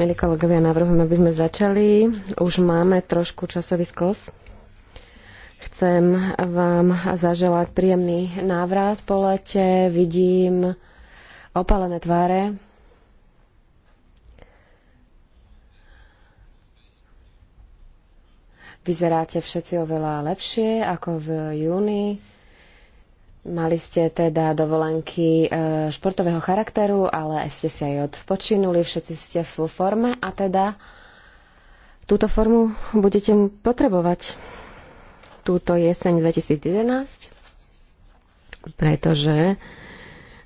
Milí kolegovia, navrhujem, aby sme začali. Už máme trošku časový sklos. Chcem vám zaželať príjemný návrat po lete. Vidím opalené tváre. Vyzeráte všetci oveľa lepšie ako v júni. Mali ste teda dovolenky e, športového charakteru, ale ste si aj odpočinuli, všetci ste v forme a teda túto formu budete potrebovať túto jeseň 2011, pretože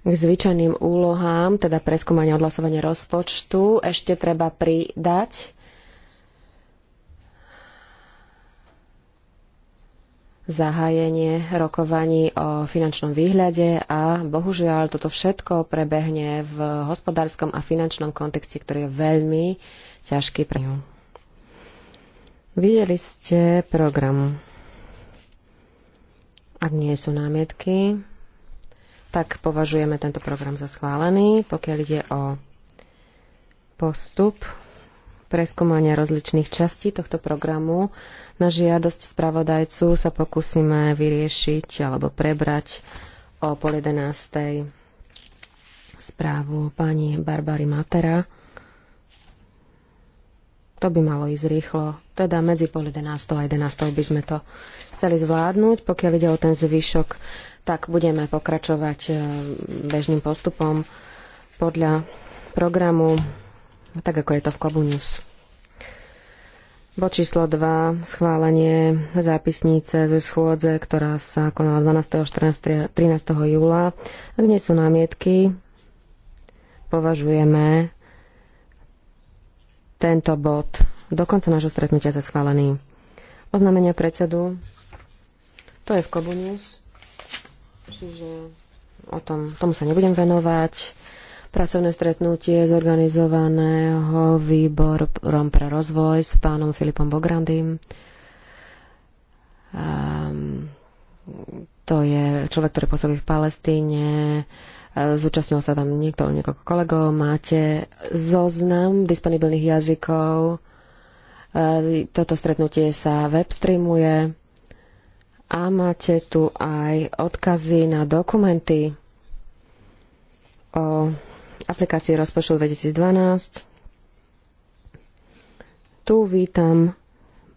k zvyčajným úlohám, teda preskúmanie odhlasovanie rozpočtu, ešte treba pridať zahájenie rokovaní o finančnom výhľade a bohužiaľ toto všetko prebehne v hospodárskom a finančnom kontexte, ktorý je veľmi ťažký pre ňu. Videli ste program. Ak nie sú námietky, tak považujeme tento program za schválený. Pokiaľ ide o postup preskúmania rozličných častí tohto programu. Na žiadosť spravodajcu sa pokúsime vyriešiť alebo prebrať o pol 11. správu pani Barbary Matera. To by malo ísť rýchlo. Teda medzi pol 11. a 11. by sme to chceli zvládnuť. Pokiaľ ide o ten zvyšok, tak budeme pokračovať eh, bežným postupom podľa programu No tak ako je to v News. Bod číslo 2, schválenie zápisnice zo schôdze, ktorá sa konala 12. 14. 13. júla. Ak nie sú námietky, považujeme tento bod do konca nášho stretnutia za schválený. Oznámenia predsedu, to je v Kobunius, čiže o tom, tomu sa nebudem venovať pracovné stretnutie zorganizovaného výborom pre rozvoj s pánom Filipom Bograndým. Um, ehm, to je človek, ktorý pôsobí v Palestíne. E, zúčastnil sa tam niekto, niekoľko kolegov. Máte zoznam disponibilných jazykov. E, toto stretnutie sa webstreamuje a máte tu aj odkazy na dokumenty o aplikácie rozpočtu 2012. Tu vítam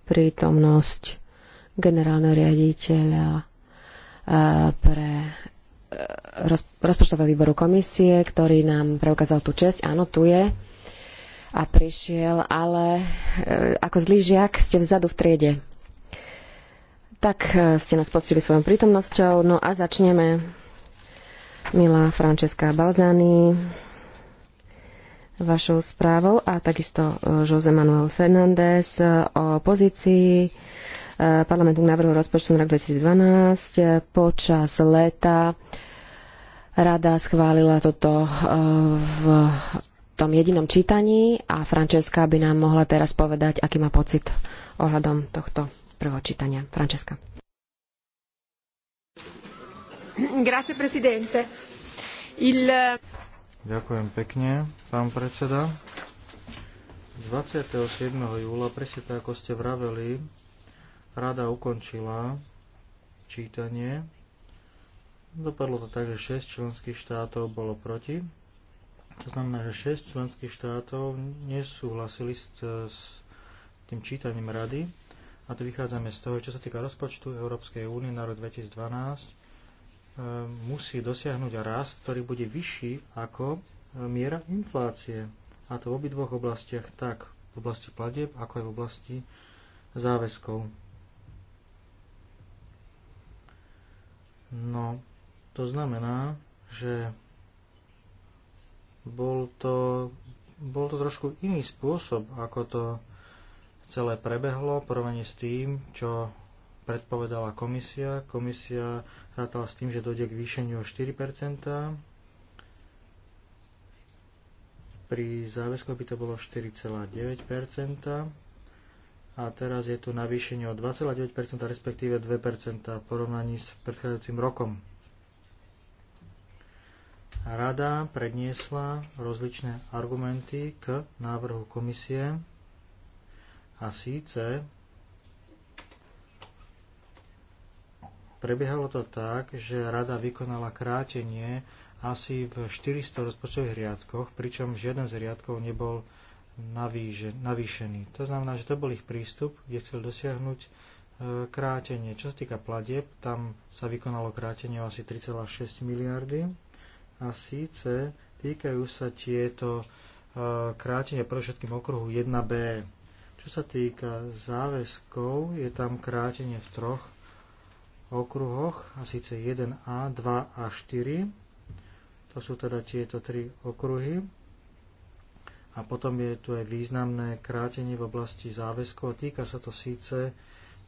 prítomnosť generálneho riaditeľa eh, pre eh, rozpočtového výboru komisie, ktorý nám preukázal tú česť. Áno, tu je a prišiel, ale eh, ako zlý žiak ste vzadu v triede. Tak ste nás poctili svojou prítomnosťou. No a začneme. Milá Francesca Balzani, vašou správou a takisto e, Jose Manuel Fernández e, o pozícii e, parlamentu k návrhu rozpočtu na rok 2012. Počas leta rada schválila toto v tom jedinom čítaní a Francesca by nám mohla teraz povedať, aký má pocit ohľadom tohto prvého čítania. Francesca. Grazie, presidente. Il... Ďakujem pekne, pán predseda. 27. júla, presne tak ako ste vraveli, rada ukončila čítanie. Dopadlo to tak, že 6 členských štátov bolo proti. To znamená, že 6 členských štátov nesúhlasili s, s tým čítaním rady. A tu vychádzame z toho, čo sa týka rozpočtu Európskej únie na rok 2012, E, musí dosiahnuť rast, ktorý bude vyšší ako e, miera inflácie. A to v obidvoch oblastiach, tak v oblasti pladeb, ako aj v oblasti záväzkov. No, to znamená, že bol to, bol to trošku iný spôsob, ako to celé prebehlo, porovnaní s tým, čo predpovedala komisia. Komisia rátala s tým, že dojde k výšeniu o 4 Pri záväzku by to bolo 4,9 a teraz je tu navýšenie o 2,9%, respektíve 2% v porovnaní s predchádzajúcim rokom. Rada predniesla rozličné argumenty k návrhu komisie a síce Prebiehalo to tak, že rada vykonala krátenie asi v 400 rozpočtových riadkoch, pričom žiaden z riadkov nebol navýšený. To znamená, že to bol ich prístup, kde chcel dosiahnuť e, krátenie. Čo sa týka platieb, tam sa vykonalo krátenie asi 3,6 miliardy a síce týkajú sa tieto e, krátenia pre všetkým okruhu 1b. Čo sa týka záväzkov, je tam krátenie v troch okruhoch, a síce 1A, 2 a 4. To sú teda tieto tri okruhy. A potom je tu aj významné krátenie v oblasti záväzkov a týka sa to síce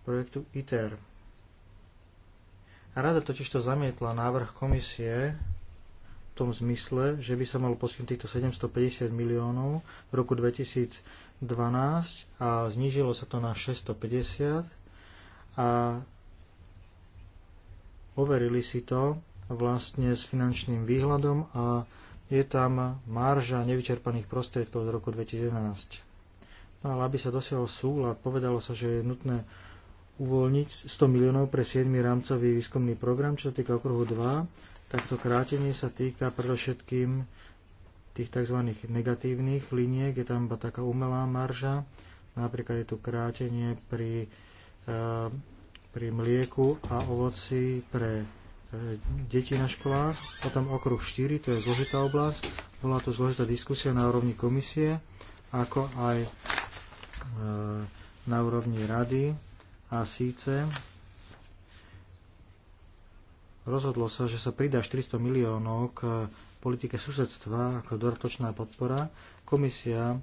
projektu ITER. A rada totiž to zamietla návrh komisie v tom zmysle, že by sa malo poskytnúť týchto 750 miliónov v roku 2012 a znížilo sa to na 650 a overili si to vlastne s finančným výhľadom a je tam marža nevyčerpaných prostriedkov z roku 2011. No ale aby sa dosiahol súlad, povedalo sa, že je nutné uvoľniť 100 miliónov pre 7. rámcový výskumný program, čo sa týka okruhu 2, tak to krátenie sa týka predovšetkým tých tzv. negatívnych liniek, je tam iba taká umelá marža, napríklad je tu krátenie pri e, pri mlieku a ovoci pre e, deti na školách, potom okruh 4, to je zložitá oblasť, bola tu zložitá diskusia na úrovni komisie, ako aj e, na úrovni rady a síce rozhodlo sa, že sa pridá 400 miliónov k e, politike susedstva ako dodatočná podpora. Komisia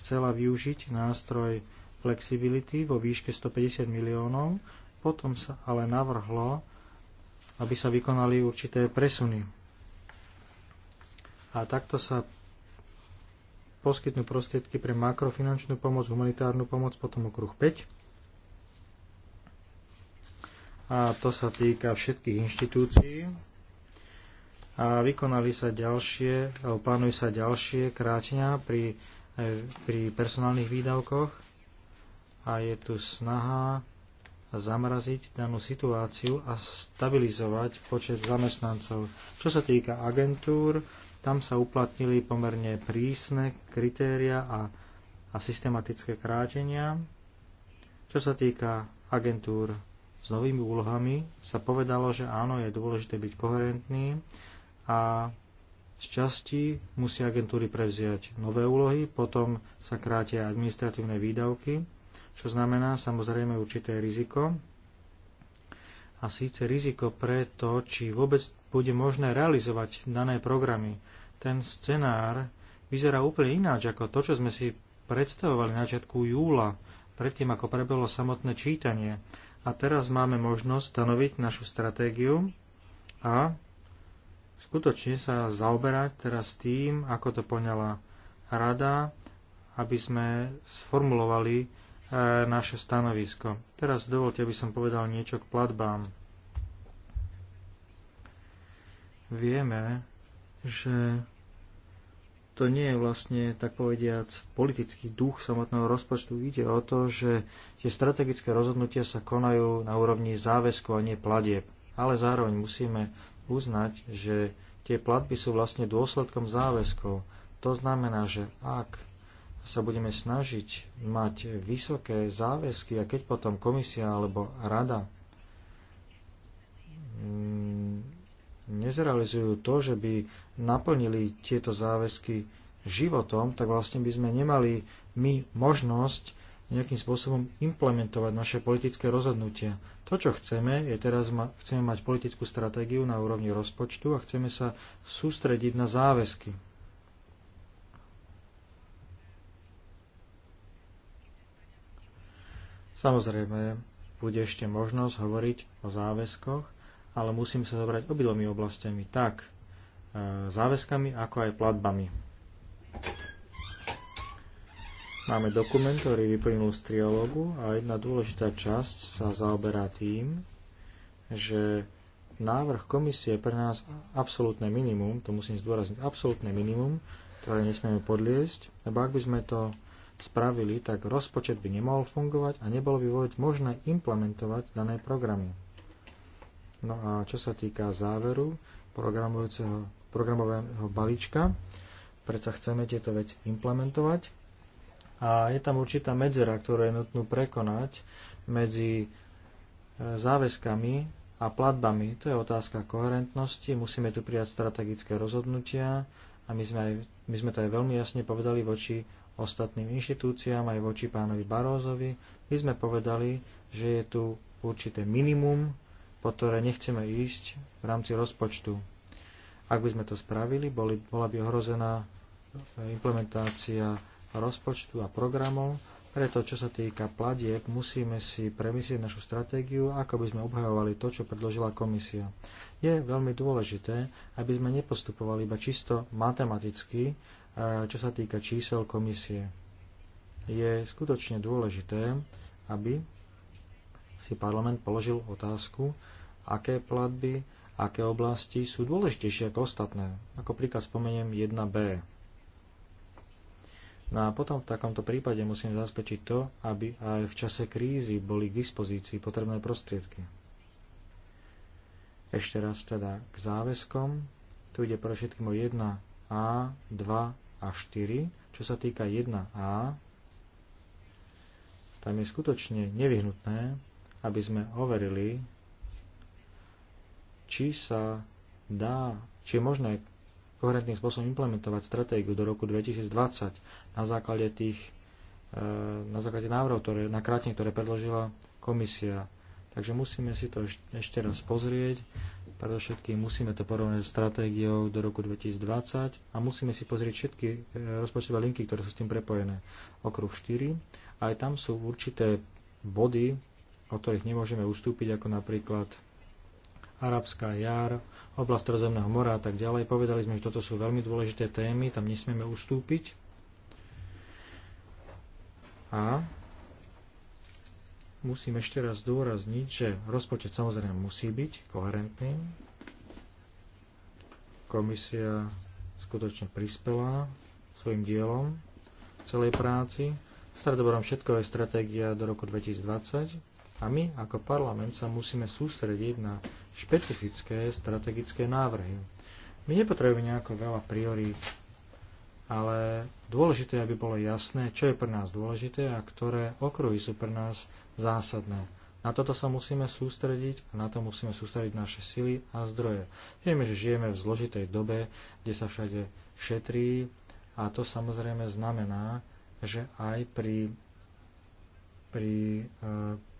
chcela využiť nástroj flexibility vo výške 150 miliónov, potom sa ale navrhlo, aby sa vykonali určité presuny. A takto sa poskytnú prostriedky pre makrofinančnú pomoc, humanitárnu pomoc, potom okruh 5. A to sa týka všetkých inštitúcií. A vykonali sa ďalšie, alebo plánujú sa ďalšie krátenia pri, pri personálnych výdavkoch a je tu snaha zamraziť danú situáciu a stabilizovať počet zamestnancov. Čo sa týka agentúr, tam sa uplatnili pomerne prísne kritéria a, a systematické krátenia. Čo sa týka agentúr s novými úlohami, sa povedalo, že áno, je dôležité byť koherentný a z časti musia agentúry prevziať nové úlohy, potom sa krátia administratívne výdavky, čo znamená samozrejme určité riziko. A síce riziko pre to, či vôbec bude možné realizovať dané programy. Ten scenár vyzerá úplne ináč ako to, čo sme si predstavovali na začiatku júla, predtým ako prebehlo samotné čítanie. A teraz máme možnosť stanoviť našu stratégiu a skutočne sa zaoberať teraz tým, ako to poňala rada, aby sme sformulovali E, naše stanovisko. Teraz dovolte, aby som povedal niečo k platbám. Vieme, že to nie je vlastne, tak povediac, politický duch samotného rozpočtu. Ide o to, že tie strategické rozhodnutia sa konajú na úrovni záväzku a nie platieb. Ale zároveň musíme uznať, že tie platby sú vlastne dôsledkom záväzkov. To znamená, že ak sa budeme snažiť mať vysoké záväzky a keď potom komisia alebo rada mm, nezrealizujú to, že by naplnili tieto záväzky životom, tak vlastne by sme nemali my možnosť nejakým spôsobom implementovať naše politické rozhodnutia. To, čo chceme, je teraz ma, chceme mať politickú stratégiu na úrovni rozpočtu a chceme sa sústrediť na záväzky. Samozrejme, bude ešte možnosť hovoriť o záväzkoch, ale musím sa zobrať obidvomi oblastiami, tak e, záväzkami, ako aj platbami. Máme dokument, ktorý vyplnil z trialógu a jedna dôležitá časť sa zaoberá tým, že návrh komisie pre nás absolútne minimum, to musím zdôrazniť, absolútne minimum, ktoré nesmieme podliesť, lebo ak by sme to spravili, tak rozpočet by nemohol fungovať a nebolo by vôbec možné implementovať dané programy. No a čo sa týka záveru programového balíčka, predsa chceme tieto veci implementovať a je tam určitá medzera, ktorú je nutnú prekonať medzi e, záväzkami a platbami. To je otázka koherentnosti, musíme tu prijať strategické rozhodnutia a my sme, aj, my sme to aj veľmi jasne povedali voči ostatným inštitúciám, aj voči pánovi Barózovi. My sme povedali, že je tu určité minimum, po ktoré nechceme ísť v rámci rozpočtu. Ak by sme to spravili, boli, bola by ohrozená implementácia rozpočtu a programov. Preto, čo sa týka platieb, musíme si premyslieť našu stratégiu, ako by sme obhajovali to, čo predložila komisia. Je veľmi dôležité, aby sme nepostupovali iba čisto matematicky, čo sa týka čísel komisie. Je skutočne dôležité, aby si parlament položil otázku, aké platby, aké oblasti sú dôležitejšie ako ostatné. Ako príklad spomeniem 1b. No a potom v takomto prípade musím zabezpečiť to, aby aj v čase krízy boli k dispozícii potrebné prostriedky. Ešte raz teda k záväzkom. Tu ide pre všetkým o 1A, 2 a 4. Čo sa týka 1a, tam je skutočne nevyhnutné, aby sme overili, či sa dá, či je možné koherentným spôsobom implementovať stratégiu do roku 2020 na základe tých e, na základe návrhov, ktoré, na krátne, ktoré predložila komisia. Takže musíme si to ešte raz pozrieť, Predovšetkým musíme to porovnať s stratégiou do roku 2020 a musíme si pozrieť všetky e, rozpočtové linky, ktoré sú s tým prepojené. Okruh 4. Aj tam sú určité body, o ktorých nemôžeme ustúpiť, ako napríklad arabská jar, oblasť rozemného mora a tak ďalej. Povedali sme, že toto sú veľmi dôležité témy, tam nesmieme ustúpiť. A musím ešte raz zdôrazniť, že rozpočet samozrejme musí byť koherentný. Komisia skutočne prispela svojim dielom celej práci. Stredoborom všetko je stratégia do roku 2020 a my ako parlament sa musíme sústrediť na špecifické strategické návrhy. My nepotrebujeme nejako veľa priorít ale dôležité, aby bolo jasné, čo je pre nás dôležité a ktoré okruhy sú pre nás zásadné. Na toto sa musíme sústrediť a na to musíme sústrediť naše sily a zdroje. Vieme, že žijeme v zložitej dobe, kde sa všade šetrí a to samozrejme znamená, že aj pri, pri e,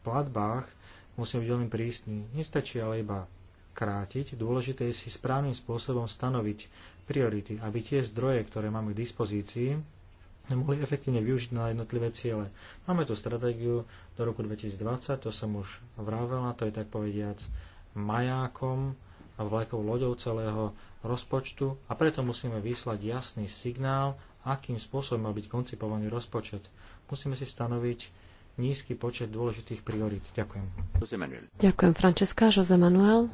platbách musíme byť veľmi prísni. Nestačí ale iba krátiť, dôležité je si správnym spôsobom stanoviť priority, aby tie zdroje, ktoré máme k dispozícii, mohli efektívne využiť na jednotlivé ciele. Máme tu stratégiu do roku 2020, to som už vravela, to je tak povediac majákom a vlajkou loďou celého rozpočtu a preto musíme vyslať jasný signál, akým spôsobom má byť koncipovaný rozpočet. Musíme si stanoviť nízky počet dôležitých priorit. Ďakujem. Ďakujem, Francesca. Jose Manuel.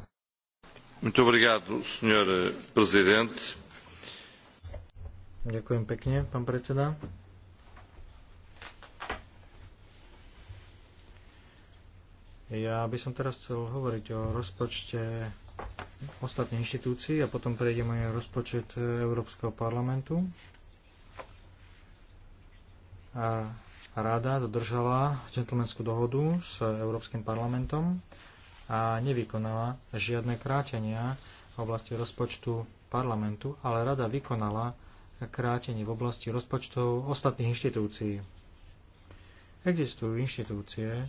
Eh, Ďakujem pekne, pán predseda. Ja by som teraz chcel hovoriť o rozpočte ostatných inštitúcií a potom prejdeme aj rozpočet Európskeho parlamentu. A rada dodržala džentlmenskú dohodu s Európskym parlamentom a nevykonala žiadne krátenia v oblasti rozpočtu parlamentu, ale rada vykonala krátenie v oblasti rozpočtov ostatných inštitúcií. Existujú inštitúcie,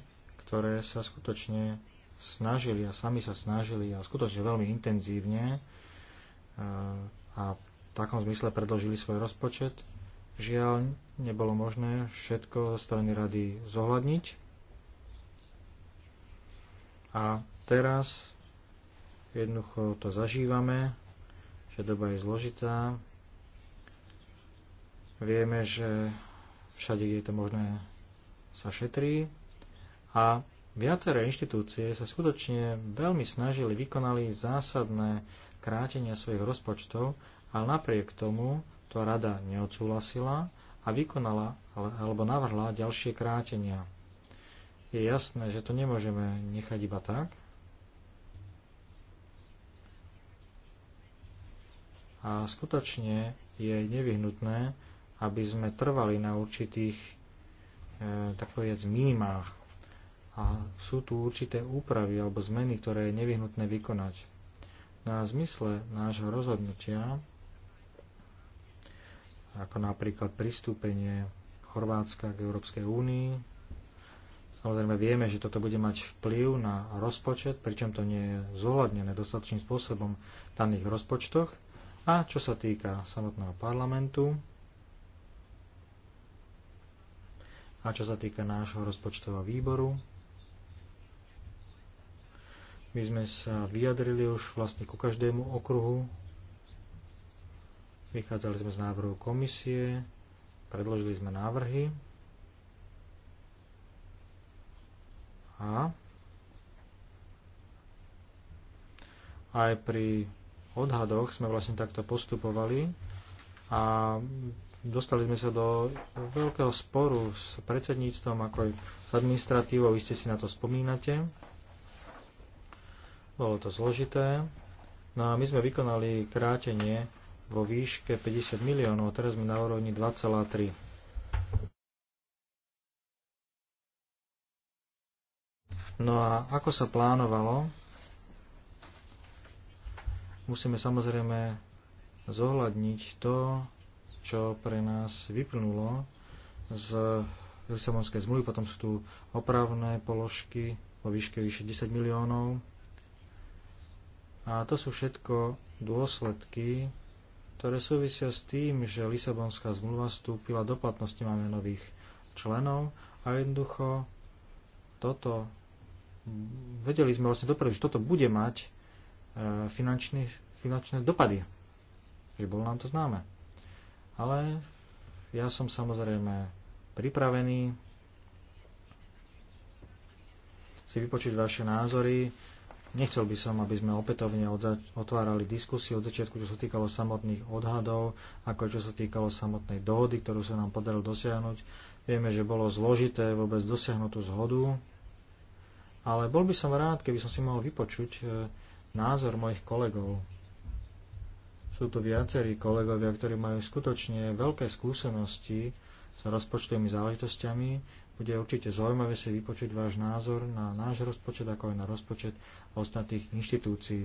ktoré sa skutočne snažili a sami sa snažili a skutočne veľmi intenzívne e, a v takom zmysle predložili svoj rozpočet. Žiaľ, nebolo možné všetko zo strany rady zohľadniť a teraz jednoducho to zažívame, že doba je zložitá. Vieme, že všade, kde je to možné, sa šetrí. A viaceré inštitúcie sa skutočne veľmi snažili, vykonali zásadné krátenia svojich rozpočtov, ale napriek tomu to rada neodsúhlasila a vykonala alebo navrhla ďalšie krátenia je jasné, že to nemôžeme nechať iba tak. A skutočne je nevyhnutné, aby sme trvali na určitých e, minimách. A sú tu určité úpravy alebo zmeny, ktoré je nevyhnutné vykonať. Na no zmysle nášho rozhodnutia, ako napríklad pristúpenie Chorvátska k Európskej únii, Samozrejme vieme, že toto bude mať vplyv na rozpočet, pričom to nie je zohľadnené dostatočným spôsobom v daných rozpočtoch. A čo sa týka samotného parlamentu a čo sa týka nášho rozpočtového výboru, my sme sa vyjadrili už vlastne ku každému okruhu. Vychádzali sme z návrhu komisie, predložili sme návrhy A aj pri odhadoch sme vlastne takto postupovali a dostali sme sa do veľkého sporu s predsedníctvom, ako aj s administratívou, ste si na to spomínate. Bolo to zložité. No a my sme vykonali krátenie vo výške 50 miliónov, teraz sme na úrovni 2,3 No a ako sa plánovalo, musíme samozrejme zohľadniť to, čo pre nás vyplnulo z Lisabonskej zmluvy. Potom sú tu opravné položky vo výške vyše 10 miliónov. A to sú všetko dôsledky, ktoré súvisia s tým, že Lisabonská zmluva vstúpila do platnosti, máme nových členov a jednoducho toto vedeli sme vlastne dopredu, že toto bude mať e, finančný, finančné dopady. Že bolo nám to známe. Ale ja som samozrejme pripravený si vypočuť vaše názory. Nechcel by som, aby sme opätovne otvárali diskusiu od začiatku, čo sa týkalo samotných odhadov, ako čo sa týkalo samotnej dohody, ktorú sa nám podarilo dosiahnuť. Vieme, že bolo zložité vôbec dosiahnuť tú zhodu, ale bol by som rád, keby som si mohol vypočuť e, názor mojich kolegov. Sú tu viacerí kolegovia, ktorí majú skutočne veľké skúsenosti s rozpočtovými záležitosťami. Bude určite zaujímavé si vypočuť váš názor na náš rozpočet, ako aj na rozpočet ostatných inštitúcií.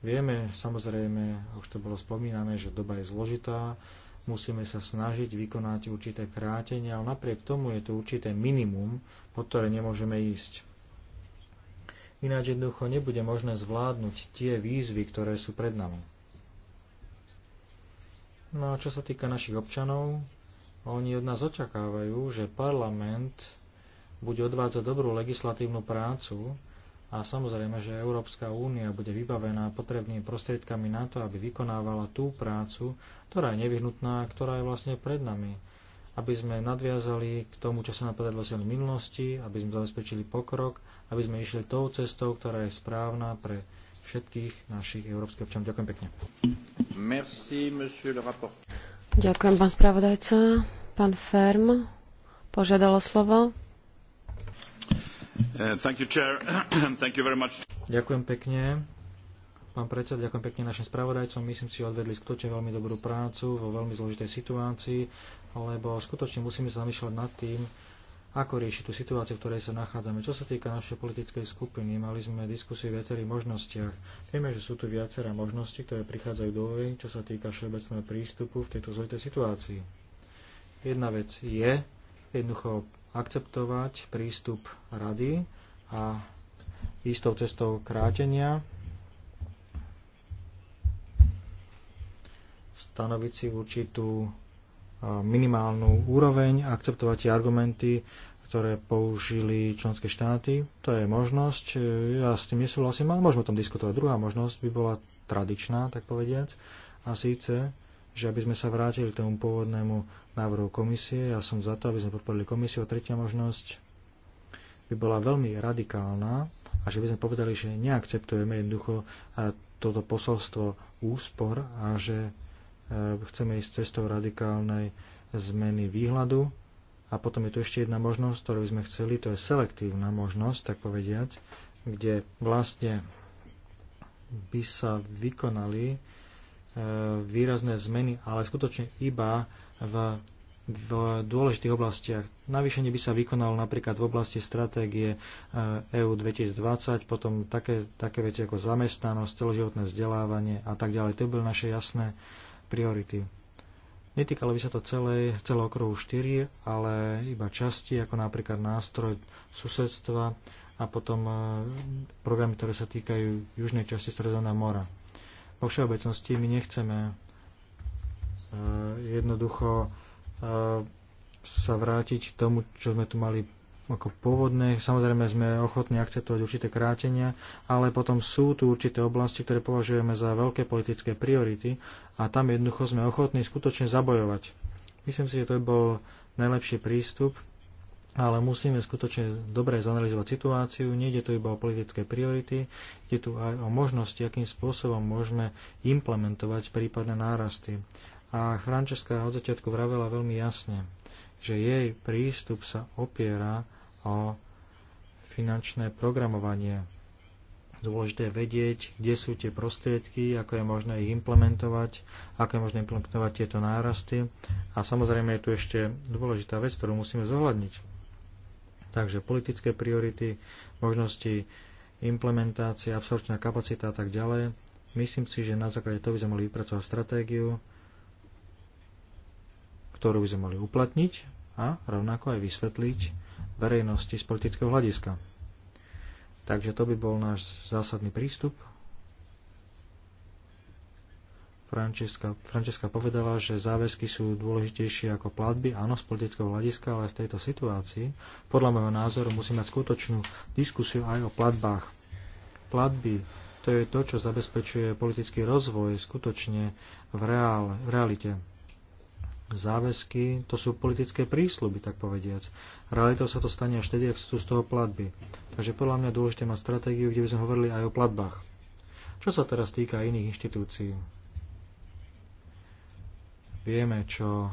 Vieme, samozrejme, už to bolo spomínané, že doba je zložitá, musíme sa snažiť vykonať určité krátenie, ale napriek tomu je to určité minimum, pod ktoré nemôžeme ísť ináč jednoducho nebude možné zvládnuť tie výzvy, ktoré sú pred nami. No a čo sa týka našich občanov, oni od nás očakávajú, že parlament bude odvádzať dobrú legislatívnu prácu a samozrejme, že Európska únia bude vybavená potrebnými prostriedkami na to, aby vykonávala tú prácu, ktorá je nevyhnutná, ktorá je vlastne pred nami aby sme nadviazali k tomu, čo sa nám podarilo v minulosti, aby sme zabezpečili pokrok, aby sme išli tou cestou, ktorá je správna pre všetkých našich európskych občanov. Ďakujem pekne. Merci, monsieur le rapport. Ďakujem, pán spravodajca. Pán Ferm požiadalo slovo. Uh, you, ďakujem pekne. Pán predseda, ďakujem pekne našim spravodajcom. Myslím si, že odvedli skutočne veľmi dobrú prácu vo veľmi zložitej situácii lebo skutočne musíme sa zamýšľať nad tým, ako riešiť tú situáciu, v ktorej sa nachádzame. Čo sa týka našej politickej skupiny, mali sme diskusiu o viacerých možnostiach. Vieme, že sú tu viaceré možnosti, ktoré prichádzajú do úvahy, čo sa týka všeobecného prístupu v tejto zložitej situácii. Jedna vec je jednoducho akceptovať prístup rady a istou cestou krátenia stanoviť si určitú minimálnu úroveň a akceptovať tie argumenty, ktoré použili členské štáty. To je možnosť, ja s tým nesúhlasím, ale môžeme o tom diskutovať. Druhá možnosť by bola tradičná, tak povediac, a síce, že aby sme sa vrátili k tomu pôvodnému návrhu komisie, ja som za to, aby sme podporili komisiu. A tretia možnosť by bola veľmi radikálna a že by sme povedali, že neakceptujeme jednoducho toto posolstvo úspor a že Eh, chceme ísť cestou radikálnej zmeny výhľadu. A potom je tu ešte jedna možnosť, ktorú sme chceli, to je selektívna možnosť, tak povediac, kde vlastne by sa vykonali eh, výrazné zmeny, ale skutočne iba v, v dôležitých oblastiach. Navýšenie by sa vykonalo napríklad v oblasti stratégie EU eh, e 2020, potom také, také veci ako zamestnanosť, celoživotné vzdelávanie a tak ďalej. To by boli naše jasné priority. Netýkalo by sa to celé, celé okruhu 4, ale iba časti, ako napríklad nástroj susedstva a potom e, programy, ktoré sa týkajú južnej časti Stredozemného mora. Vo všeobecnosti my nechceme e, jednoducho e, sa vrátiť k tomu, čo sme tu mali ako pôvodné. Samozrejme sme ochotní akceptovať určité krátenia, ale potom sú tu určité oblasti, ktoré považujeme za veľké politické priority a tam jednoducho sme ochotní skutočne zabojovať. Myslím si, že to bol najlepší prístup, ale musíme skutočne dobre zanalizovať situáciu. Nejde tu iba o politické priority, ide tu aj o možnosti, akým spôsobom môžeme implementovať prípadné nárasty. A Frančeska od začiatku vravela veľmi jasne, že jej prístup sa opiera a finančné programovanie. Dôležité je vedieť, kde sú tie prostriedky, ako je možné ich implementovať, ako je možné implementovať tieto nárasty. A samozrejme je tu ešte dôležitá vec, ktorú musíme zohľadniť. Takže politické priority, možnosti implementácie, absorpčná kapacita a tak ďalej. Myslím si, že na základe toho by sme mohli vypracovať stratégiu, ktorú by sme mali uplatniť a rovnako aj vysvetliť verejnosti z politického hľadiska. Takže to by bol náš zásadný prístup. Frančeska, Frančeska povedala, že záväzky sú dôležitejšie ako platby, áno, z politického hľadiska, ale v tejto situácii, podľa môjho názoru, musí mať skutočnú diskusiu aj o platbách. Platby, to je to, čo zabezpečuje politický rozvoj skutočne v, reál, v realite záväzky, to sú politické prísluby, tak povediac. Realitou sa to stane až tedy, ak sú z toho platby. Takže podľa mňa dôležité mať stratégiu, kde by sme hovorili aj o platbách. Čo sa teraz týka iných inštitúcií? Vieme, čo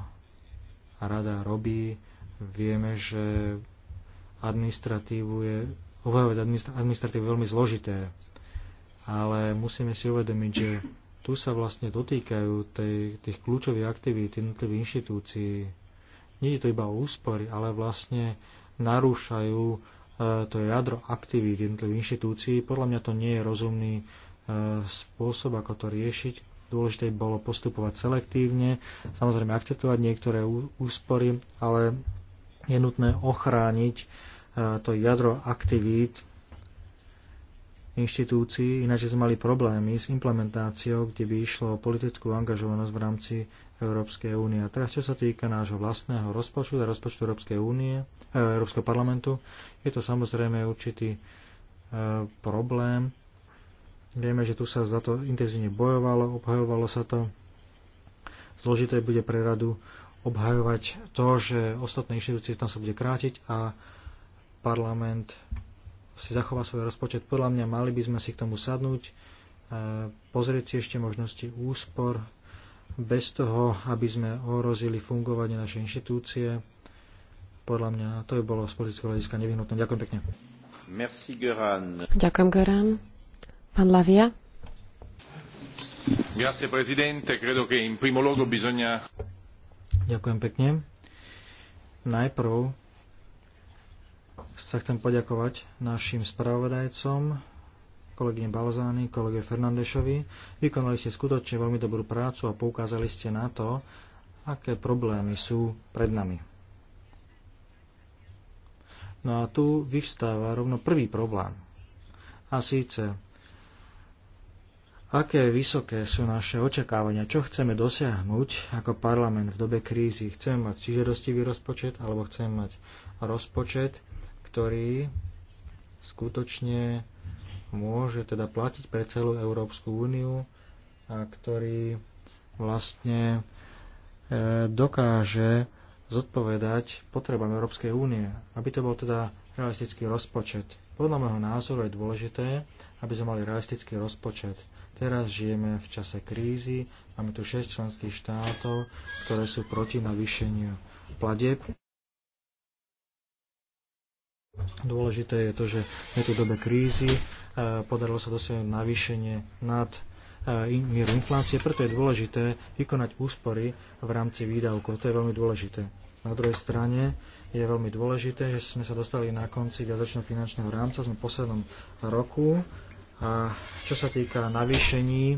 rada robí, vieme, že administratívu je, obhajovať administratívu je veľmi zložité, ale musíme si uvedomiť, že tu sa vlastne dotýkajú tej, tých kľúčových aktivít jednotlivých inštitúcií. Nie je to iba o úspory, ale vlastne narúšajú e, to jadro aktivít jednotlivých inštitúcií. Podľa mňa to nie je rozumný e, spôsob, ako to riešiť. Dôležité bolo postupovať selektívne, samozrejme akceptovať niektoré úspory, ale je nutné ochrániť e, to jadro aktivít inštitúcií, ináč sme mali problémy s implementáciou, kde by išlo o politickú angažovanosť v rámci Európskej únie. A teraz, čo sa týka nášho vlastného rozpočtu a teda rozpočtu Európskej únie, eh, Európskeho parlamentu, je to samozrejme určitý e, problém. Vieme, že tu sa za to intenzívne bojovalo, obhajovalo sa to. Zložité bude pre radu obhajovať to, že ostatné inštitúcie tam sa bude krátiť a parlament si zachová svoj rozpočet. Podľa mňa mali by sme si k tomu sadnúť, e, pozrieť si ešte možnosti úspor, bez toho, aby sme ohrozili fungovanie našej inštitúcie. Podľa mňa to by bolo z politického hľadiska nevyhnutné. Ďakujem pekne. Merci, Göran. Ďakujem, Göran. Pán Lavia. Grazie, prezidente. Credo che in primo logo bisogna... Ďakujem pekne. Najprv sa chcem poďakovať našim spravodajcom, kolegyne Balzány, kolege Fernandešovi. Vykonali ste skutočne veľmi dobrú prácu a poukázali ste na to, aké problémy sú pred nami. No a tu vyvstáva rovno prvý problém. A síce, aké vysoké sú naše očakávania, čo chceme dosiahnuť ako parlament v dobe krízy. Chceme mať cižerostivý rozpočet, alebo chceme mať rozpočet, ktorý skutočne môže teda platiť pre celú Európsku úniu a ktorý vlastne e, dokáže zodpovedať potrebám Európskej únie, aby to bol teda realistický rozpočet. Podľa môjho názoru je dôležité, aby sme mali realistický rozpočet. Teraz žijeme v čase krízy, máme tu 6 členských štátov, ktoré sú proti navýšeniu pladeb. Dôležité je to, že v tejto dobe krízy e, podarilo sa dosiahnuť navýšenie nad e, mieru inflácie, preto je dôležité vykonať úspory v rámci výdavkov. To je veľmi dôležité. Na druhej strane je veľmi dôležité, že sme sa dostali na konci viacročného finančného rámca, sme v poslednom roku a čo sa týka navýšení e,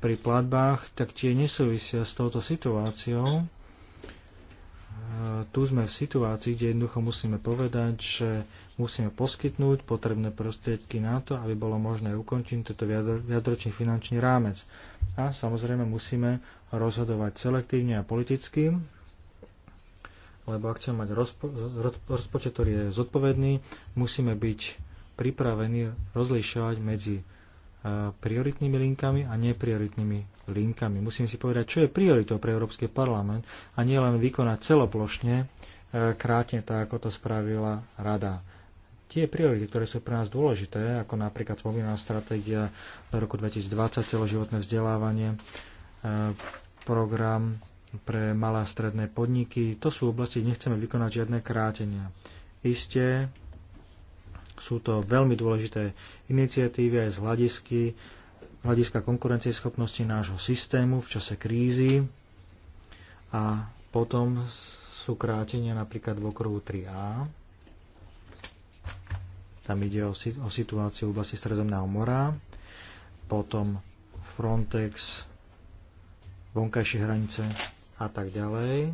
pri platbách, tak tie nesúvisia s touto situáciou tu sme v situácii, kde jednoducho musíme povedať, že musíme poskytnúť potrebné prostriedky na to, aby bolo možné ukončiť tento viacročný finančný rámec. A samozrejme musíme rozhodovať selektívne a politicky, lebo ak chceme mať rozpo- rozpočet, ktorý je zodpovedný, musíme byť pripravení rozlišovať medzi prioritnými linkami a neprioritnými linkami. Musím si povedať, čo je prioritou pre Európsky parlament a nie len vykonať celoplošne e, krátne tak, ako to spravila rada. Tie priority, ktoré sú pre nás dôležité, ako napríklad spomínaná stratégia do roku 2020, celoživotné vzdelávanie, e, program pre malé a stredné podniky, to sú oblasti, kde nechceme vykonať žiadne krátenia. Isté, sú to veľmi dôležité iniciatívy aj z hľadisky, hľadiska konkurencieschopnosti nášho systému v čase krízy a potom sú krátenia napríklad v okruhu 3a. Tam ide o, o situáciu v oblasti Stredomného mora, potom Frontex, vonkajšie hranice a tak ďalej.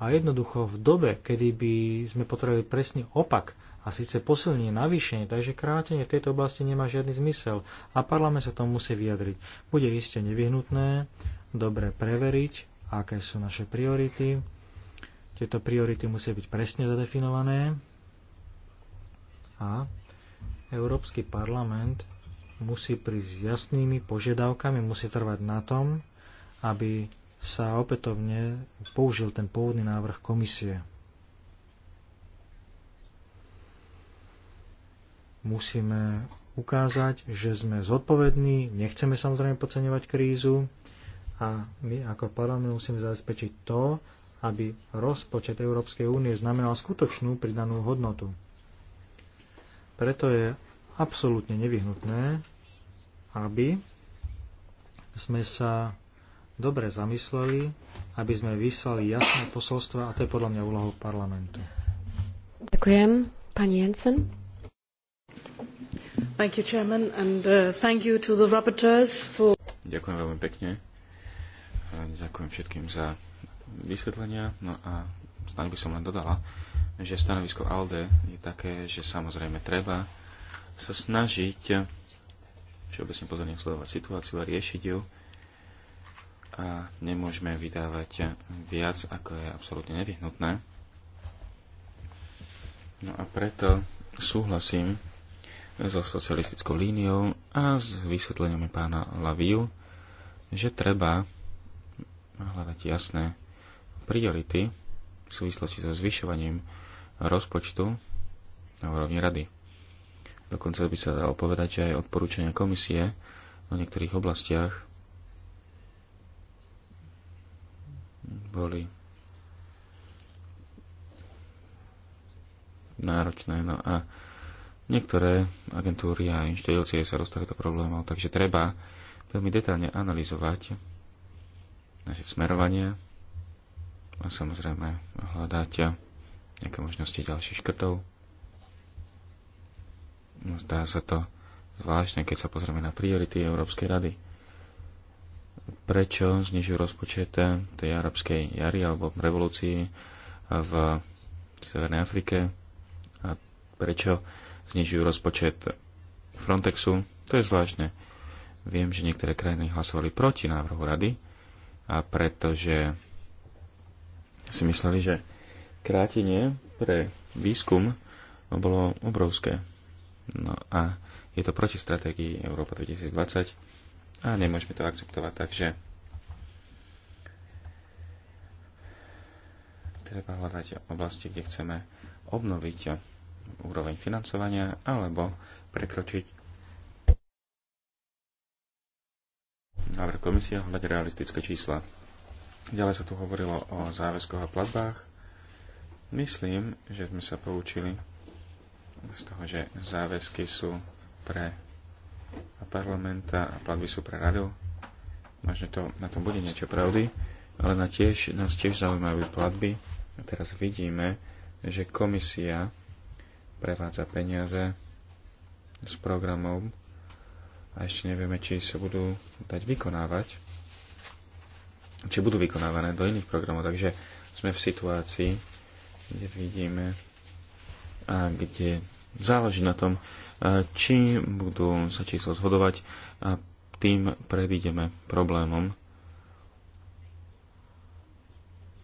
A jednoducho v dobe, kedy by sme potrebovali presný opak a síce posilnenie, navýšenie, takže krátenie v tejto oblasti nemá žiadny zmysel a parlament sa tomu musí vyjadriť. Bude iste nevyhnutné dobre preveriť, aké sú naše priority. Tieto priority musia byť presne zadefinované a Európsky parlament musí prísť s jasnými požiadavkami, musí trvať na tom, aby sa opätovne použil ten pôvodný návrh komisie. Musíme ukázať, že sme zodpovední, nechceme samozrejme podceňovať krízu a my ako parlament musíme zabezpečiť to, aby rozpočet Európskej únie znamenal skutočnú pridanú hodnotu. Preto je absolútne nevyhnutné, aby sme sa dobre zamysleli, aby sme vyslali jasné posolstva a to je podľa mňa úlohou parlamentu. Ďakujem. Pani Jensen? Thank you, Chairman, and uh, thank you to the rapporteurs for... Ďakujem veľmi pekne. Ďakujem všetkým za vysvetlenia. No a snáď by som len dodala, že stanovisko ALDE je také, že samozrejme treba sa snažiť všeobecne pozorne sledovať situáciu a riešiť ju a nemôžeme vydávať viac, ako je absolútne nevyhnutné. No a preto súhlasím so socialistickou líniou a s vysvetleniami pána Laviu, že treba hľadať jasné priority v súvislosti so zvyšovaním rozpočtu na úrovni rady. Dokonca by sa dalo povedať, že aj odporúčania komisie o niektorých oblastiach boli náročné. No a Niektoré agentúry a inštitúcie sa dostali do problémov, takže treba veľmi detálne analyzovať naše smerovanie a samozrejme hľadať nejaké možnosti ďalších škrtov. No, zdá sa to zvláštne, keď sa pozrieme na priority Európskej rady. Prečo znižujú rozpočet tej arabskej jary alebo revolúcii v Severnej Afrike a prečo znižujú rozpočet Frontexu. To je zvláštne. Viem, že niektoré krajiny hlasovali proti návrhu rady, a pretože si mysleli, že krátenie pre výskum bolo obrovské. No a je to proti stratégii Európa 2020 a nemôžeme to akceptovať, takže treba hľadať oblasti, kde chceme obnoviť úroveň financovania alebo prekročiť návrh komisie hľadať realistické čísla. Ďalej sa tu hovorilo o záväzkoch a platbách. Myslím, že sme sa poučili z toho, že záväzky sú pre parlamenta a platby sú pre radu. Možno to, na tom bude niečo pravdy, ale na tiež, nás tiež zaujímajú platby. A teraz vidíme, že komisia prevádza peniaze s programov a ešte nevieme, či sa budú dať vykonávať, či budú vykonávané do iných programov. Takže sme v situácii, kde vidíme a kde záleží na tom, či budú sa číslo zhodovať a tým predídeme problémom,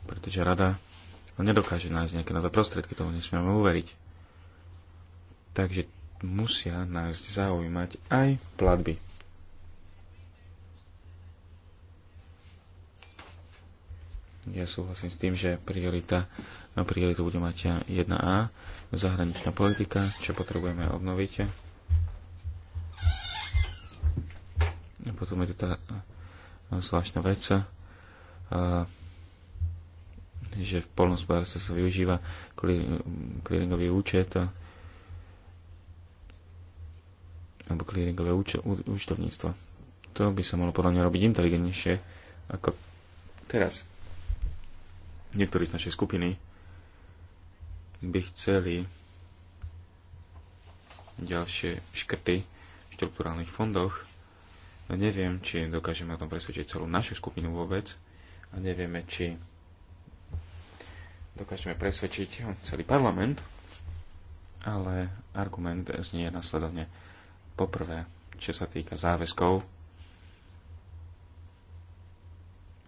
pretože rada nedokáže nájsť nejaké nové prostriedky, tomu nesmieme uveriť. Takže musia nás zaujímať aj platby. Ja súhlasím s tým, že priorita, na prioritu bude mať 1A, zahraničná politika, čo potrebujeme obnoviť. A potom je to tá zvláštna vec, že v polnospodárstve sa využíva clearingový účet, alebo clearingové účtovníctvo. To by sa mohlo podľa mňa robiť inteligentnejšie ako teraz. Niektorí z našej skupiny by chceli ďalšie škrty v štruktúrálnych fondoch. No neviem, či dokážeme o tom presvedčiť celú našu skupinu vôbec a nevieme, či dokážeme presvedčiť celý parlament, ale argument znie nasledovne Poprvé, čo sa týka záväzkov,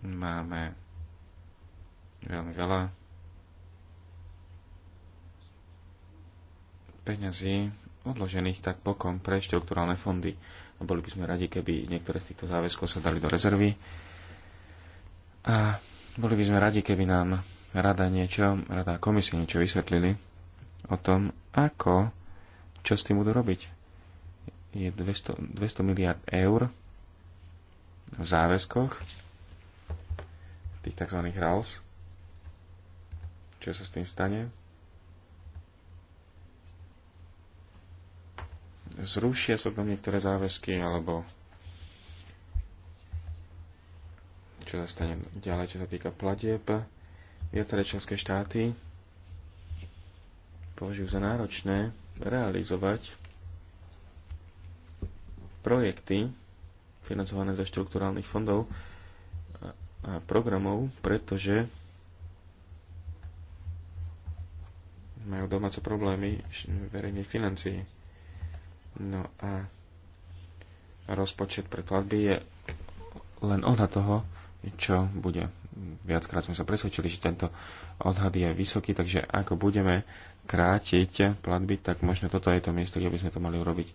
máme veľmi veľa peňazí odložených tak bokom pre štruktúralne fondy. A boli by sme radi, keby niektoré z týchto záväzkov sa dali do rezervy. A boli by sme radi, keby nám rada niečo, rada komisie niečo vysvetlili o tom, ako, čo s tým budú robiť je 200, 200 miliard eur v záväzkoch tých tzv. RALS. Čo sa s tým stane? Zrušia sa tam niektoré záväzky, alebo čo sa stane ďalej, čo sa týka platieb. Viaceré členské štáty považujú za náročné realizovať projekty financované zo štrukturálnych fondov a programov, pretože majú domáce problémy verejnej financií. No a rozpočet pre platby je len ona toho, čo bude. Viackrát sme sa presvedčili, že tento odhad je vysoký, takže ako budeme krátiť platby, tak možno toto je to miesto, kde by sme to mali urobiť.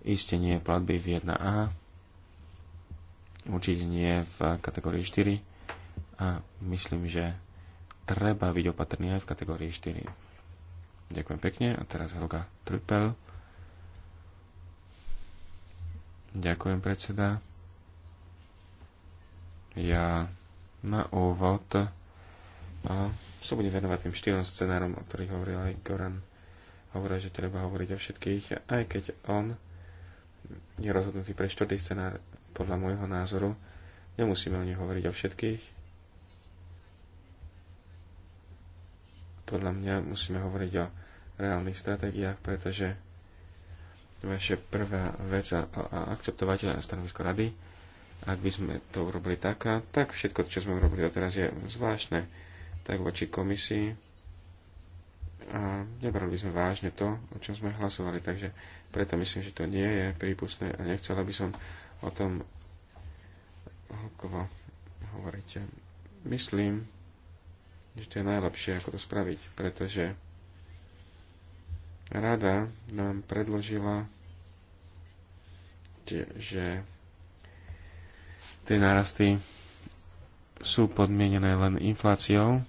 Isté nie platby v 1A, určite nie v kategórii 4 a myslím, že treba byť opatrný aj v kategórii 4. Ďakujem pekne a teraz Helga Trupel. Ďakujem predseda. Ja na úvod a sa budem venovať tým štyrom scenárom, o ktorých hovoril aj Goran. Hovoril, že treba hovoriť o všetkých, aj keď on je rozhodnutý pre štvrtý scenár podľa môjho názoru. Nemusíme o nich hovoriť o všetkých. Podľa mňa musíme hovoriť o reálnych stratégiách, pretože vaše prvá vec a, a akceptovateľné stanovisko rady, ak by sme to urobili taká, tak všetko, čo sme urobili doteraz, je zvláštne. Tak voči komisii, a nebrali by sme vážne to, o čom sme hlasovali. Takže preto myslím, že to nie je prípustné a nechcela by som o tom hlbkovo hovoriť. Myslím, že to je najlepšie, ako to spraviť, pretože rada nám predložila, že tie narasty sú podmienené len infláciou,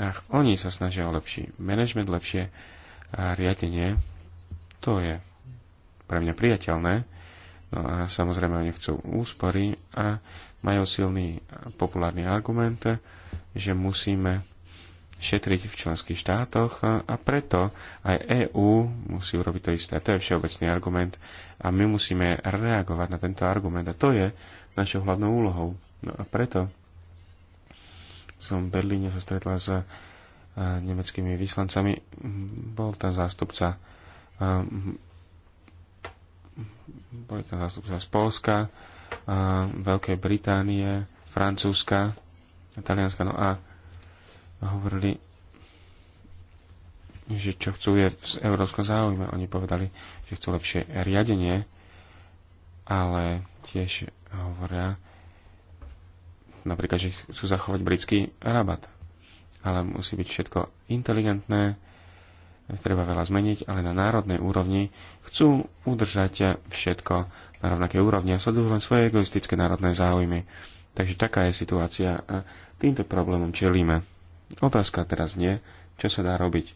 Ach, oni sa snažia o lepší manažment, lepšie riadenie. To je pre mňa priateľné. No a samozrejme oni chcú úspory a majú silný populárny argument, že musíme šetriť v členských štátoch a preto aj EÚ musí urobiť to isté. To je všeobecný argument a my musíme reagovať na tento argument a to je našou hlavnou úlohou. No a preto som v Berlíne sa stretla s eh, nemeckými vyslancami. Bol tam zástupca eh, boli tam zástupca z Polska, eh, Veľkej Británie, Francúzska, Talianska, no a hovorili, že čo chcú je v európskom záujme. Oni povedali, že chcú lepšie riadenie, ale tiež hovoria, napríklad, že chcú zachovať britský rabat. Ale musí byť všetko inteligentné, treba veľa zmeniť, ale na národnej úrovni chcú udržať všetko na rovnaké úrovni a sledujú len svoje egoistické národné záujmy. Takže taká je situácia a týmto problémom čelíme. Otázka teraz nie, čo sa dá robiť.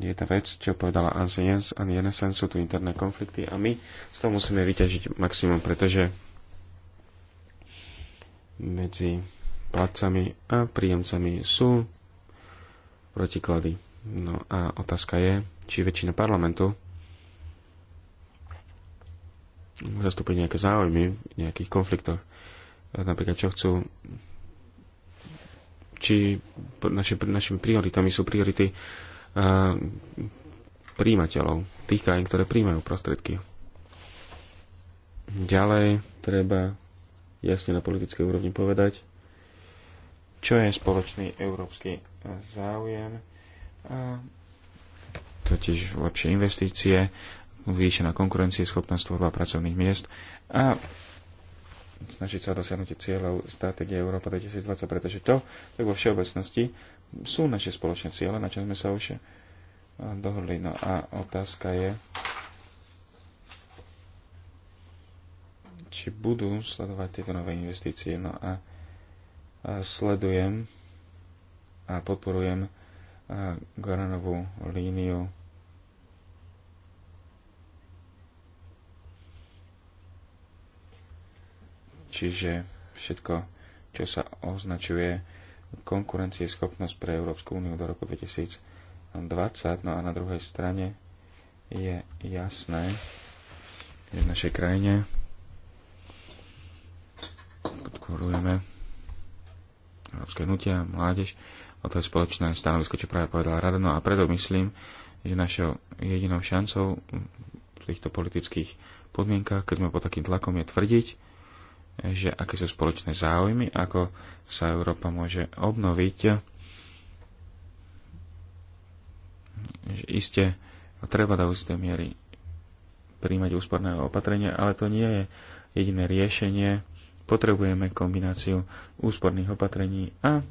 Je tá vec, čo povedala Anse Jens a Jensen, sú tu interné konflikty a my z toho musíme vyťažiť maximum, pretože medzi platcami a príjemcami sú protiklady. No a otázka je, či väčšina parlamentu zastúpi nejaké záujmy v nejakých konfliktoch. Napríklad, čo chcú či naši, našimi prioritami sú priority uh, príjimateľov, tých krajín, ktoré príjmajú prostriedky. Ďalej treba jasne na politickej úrovni povedať, čo je spoločný európsky záujem, a totiž lepšie investície, zvýšená schopnosť tvorba pracovných miest a snažiť sa dosiahnutie cieľov stratégie Európa 2020, pretože to, tak vo všeobecnosti, sú naše spoločné ciele, na čo sme sa už dohodli. No a otázka je, či budú sledovať tieto nové investície. No a sledujem a podporujem Goranovú líniu Čiže všetko, čo sa označuje schopnosť pre Európsku úniu do roku 2020, no a na druhej strane je jasné, že v našej krajine podporujeme Európske hnutia, mládež, a to je spoločné stanovisko, čo práve povedala Rada. No a preto myslím, že našou jedinou šancou v týchto politických podmienkach, keď sme pod takým tlakom, je tvrdiť, že aké sú spoločné záujmy, ako sa Európa môže obnoviť. Že iste treba do určitej miery príjmať úsporné opatrenia, ale to nie je jediné riešenie Potrebujeme kombináciu úsporných opatrení a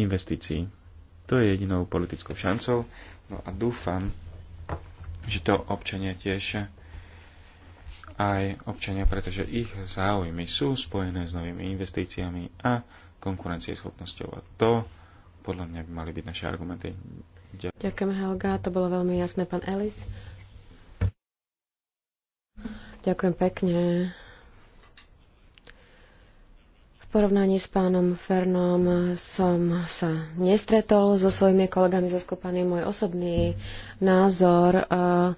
investícií. To je jedinou politickou šancou. No a dúfam, že to občania tiež aj občania, pretože ich záujmy sú spojené s novými investíciami a konkurencieschopnosťou. A to podľa mňa by mali byť naše argumenty. Ďakujem. Ďakujem Helga, to bolo veľmi jasné, pán Ellis. Ďakujem pekne porovnaní s pánom Fernom som sa nestretol so svojimi kolegami zo skupiny. Môj osobný názor, eh,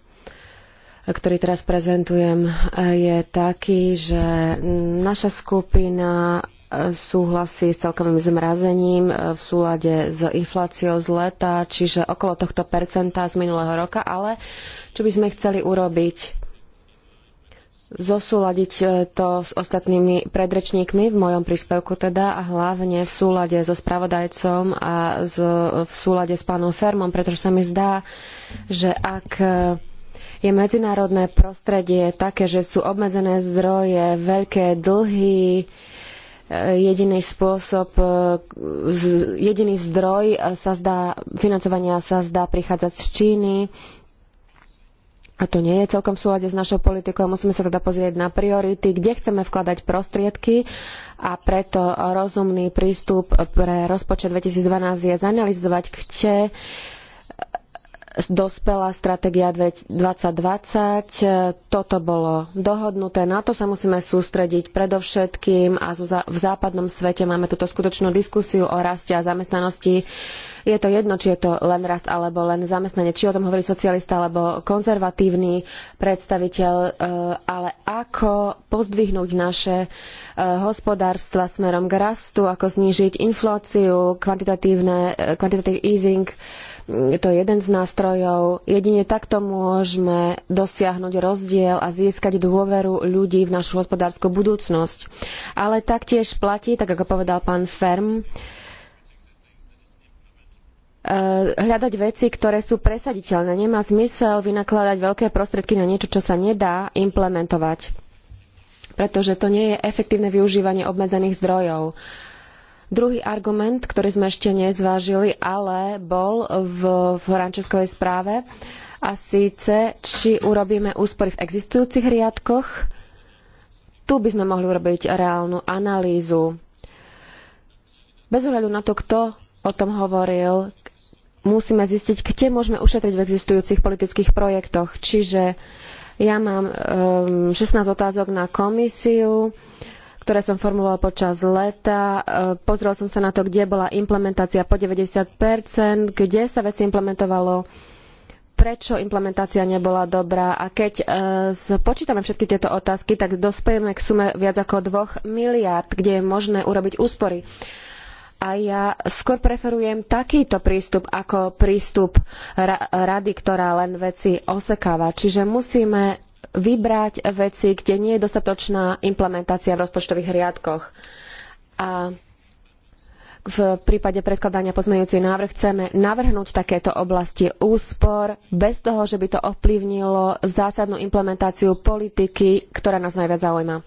ktorý teraz prezentujem, eh, je taký, že naša skupina eh, súhlasí s celkovým zmrazením v súlade s infláciou z leta, čiže okolo tohto percenta z minulého roka, ale čo by sme chceli urobiť zosúladiť e, to s ostatnými predrečníkmi v mojom príspevku teda a hlavne v súlade so spravodajcom a z, v súlade s pánom Fermom, pretože sa mi zdá, že ak e, je medzinárodné prostredie také, že sú obmedzené zdroje, veľké dlhy, e, jediný spôsob, jediný zdroj sa zdá, financovania sa zdá prichádzať z Číny, a to nie je celkom v súlade s našou politikou. Musíme sa teda pozrieť na priority, kde chceme vkladať prostriedky a preto rozumný prístup pre rozpočet 2012 je zanalizovať, kde dospela stratégia 2020. E, Toto bolo dohodnuté. Na to sa musíme sústrediť predovšetkým a v západnom svete máme túto skutočnú diskusiu o raste a zamestnanosti. Je to jedno, či je to len rast alebo len zamestnanie, či o tom hovorí socialista alebo konzervatívny predstaviteľ, e, ale ako pozdvihnúť naše e, hospodárstva smerom k rastu, ako znížiť infláciu, kvantitatívne, kvantitatívny easing, to je jeden z nástrojov. Jedine takto môžeme dosiahnuť rozdiel a získať dôveru ľudí v našu hospodárskú budúcnosť. Ale taktiež platí, tak ako povedal pán Ferm, e, hľadať veci, ktoré sú presaditeľné. Nemá zmysel vynakladať veľké prostriedky na niečo, čo sa nedá implementovať pretože to nie je efektívne využívanie obmedzených zdrojov. Uh, Druhý argument, ktorý sme ešte nezvážili, ale bol v Frančeskovej správe, a síce, či urobíme úspory v existujúcich riadkoch, tu by sme mohli urobiť reálnu analýzu. Bez ohľadu na to, kto o tom hovoril, musíme zistiť, kde môžeme ušetriť v existujúcich politických projektoch. Čiže ja mám um, ehm, 16 otázok na komisiu ktoré som formuloval počas leta. E, pozrel som sa na to, kde bola implementácia po 90%, kde sa veci implementovalo, prečo implementácia nebola dobrá. A keď e, počítame všetky tieto otázky, tak dospejeme k sume viac ako 2 miliárd, kde je možné urobiť úspory. A ja skôr preferujem takýto prístup ako prístup rady, ktorá len veci osekáva. Čiže musíme vybrať veci, kde nie je dostatočná implementácia v rozpočtových riadkoch. A v prípade predkladania pozmeňujúcich návrh chceme navrhnúť takéto oblasti úspor bez toho, že by to ovplyvnilo zásadnú implementáciu politiky, ktorá nás najviac zaujíma.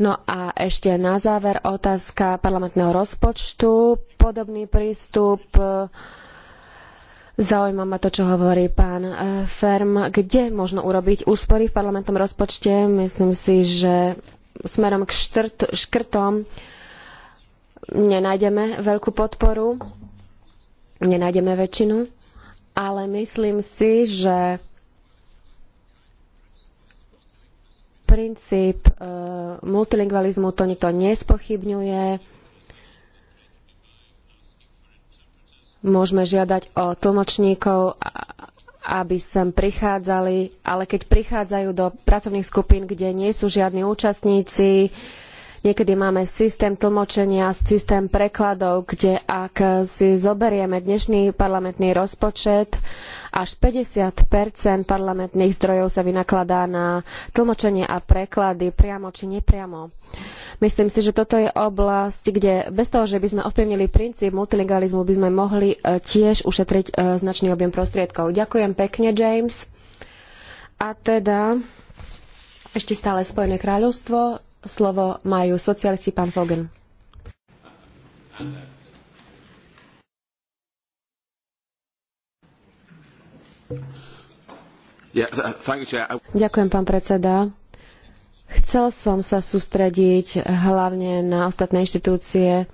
No a ešte na záver otázka parlamentného rozpočtu. Podobný prístup uh, Zaujíma ma to, čo hovorí pán e, Ferm. Kde možno urobiť úspory v parlamentnom rozpočte? Myslím si, že smerom k štrt, škrtom nenájdeme veľkú podporu, nenájdeme väčšinu, ale myslím si, že princíp e, multilingualizmu to nikto nespochybňuje Môžeme žiadať o tlmočníkov, aby sem prichádzali, ale keď prichádzajú do pracovných skupín, kde nie sú žiadni účastníci, Niekedy máme systém tlmočenia, systém prekladov, kde ak si zoberieme dnešný parlamentný rozpočet, až 50 parlamentných zdrojov sa vynakladá na tlmočenie a preklady priamo či nepriamo. Myslím si, že toto je oblasť, kde bez toho, že by sme ovplyvnili princíp multilingualizmu, by sme mohli e, tiež ušetriť e, značný objem prostriedkov. Ďakujem pekne, James. A teda ešte stále Spojené kráľovstvo, slovo majú socialisti pán Fogen. Ďakujem, pán predseda. Chcel som sa sústrediť hlavne na ostatné inštitúcie,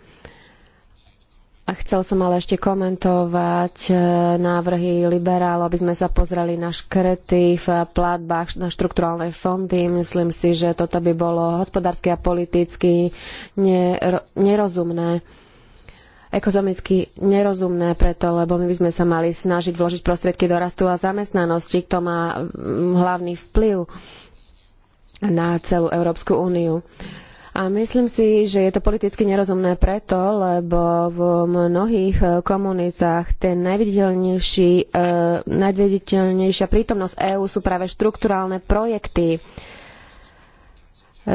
Chcel som ale ešte komentovať e, návrhy liberálov, aby sme sa pozreli na škrety v platbách na štrukturálne fondy. Myslím si, že toto by bolo hospodársky a politicky nerozumné ekonomicky nerozumné preto, lebo my by sme sa mali snažiť vložiť prostriedky do rastu a zamestnanosti. To má hlavný vplyv na celú Európsku úniu. A myslím si, že je to politicky nerozumné preto, lebo v mnohých e, komunitách ten najviditeľnejší, e, najviditeľnejšia prítomnosť EÚ sú práve štrukturálne projekty. E,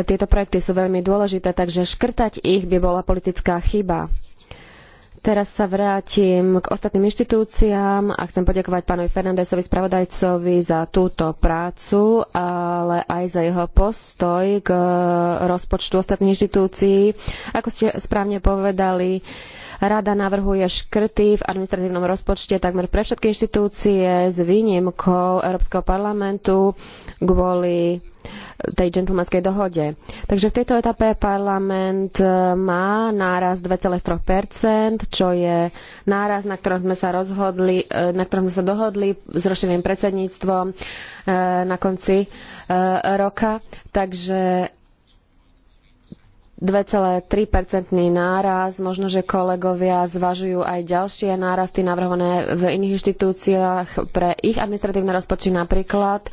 tieto projekty sú veľmi dôležité, takže škrtať ich by bola politická chyba. Teraz sa vrátim k ostatným inštitúciám a chcem poďakovať pánovi Fernandesovi spravodajcovi za túto prácu, ale aj za jeho postoj k rozpočtu ostatných inštitúcií. Ako ste správne povedali, Rada navrhuje škrty v administratívnom rozpočte takmer pre všetky inštitúcie s výnimkou Európskeho parlamentu kvôli tej džentlmenskej dohode. Takže v tejto etape parlament e, má náraz 2,3%, čo je náraz, na ktorom sme sa rozhodli, e, na ktorom sme sa dohodli s rozšíreným predsedníctvom e, na konci roka. Takže 23 náraz. Možno, že kolegovia zvažujú aj ďalšie nárasty navrhované v iných inštitúciách pre ich administratívne rozpočty napríklad.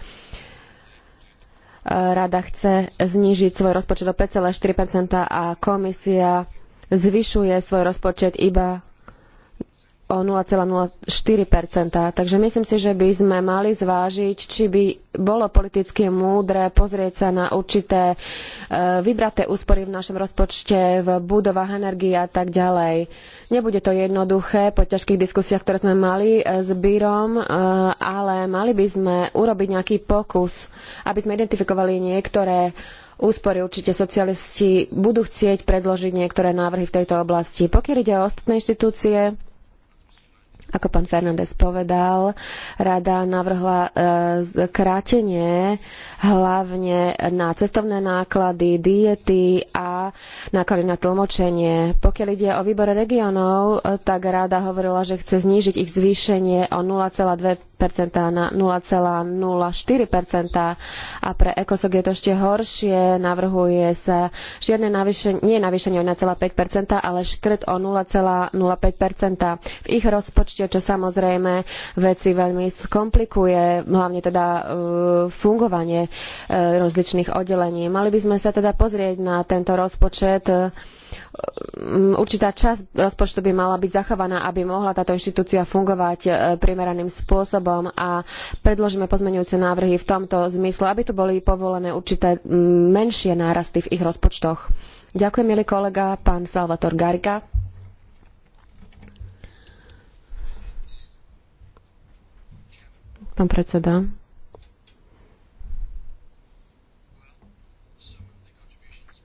Rada chce znížiť svoj rozpočet o 5,4 a komisia zvyšuje svoj rozpočet iba o 0,04 Takže myslím si, že by sme mali zvážiť, či by bolo politicky múdre pozrieť sa na určité e, vybraté úspory v našom rozpočte, v budovách energie a tak ďalej. Nebude to jednoduché po ťažkých diskusiách, ktoré sme mali e, s Bírom, e, ale mali by sme urobiť nejaký pokus, aby sme identifikovali niektoré úspory. Určite socialisti budú chcieť predložiť niektoré návrhy v tejto oblasti. Pokiaľ ide o ostatné inštitúcie, ako pán Fernández povedal, rada navrhla e, krátenie hlavne na cestovné náklady, diety a náklady na tlmočenie. Pokiaľ ide o výbor regionov, e, tak rada hovorila, že chce znížiť ich zvýšenie o 0,2 na 0,04% a pre ekosok je to ešte horšie. Navrhuje sa žiadne navýšenie, nie navýšenie o 1,5%, ale škrt o 0,05% v ich rozpočte, čo samozrejme veci veľmi skomplikuje, hlavne teda e, fungovanie e, rozličných oddelení. Mali by sme sa teda pozrieť na tento rozpočet e, Mm, určitá časť rozpočtu by mala byť zachovaná, aby mohla táto inštitúcia fungovať e, primeraným spôsobom a predložíme pozmeňujúce návrhy v tomto zmysle, aby tu boli povolené určité mm, menšie nárasty v ich rozpočtoch. Ďakujem, milý kolega, pán Salvator Garika. Pán predseda.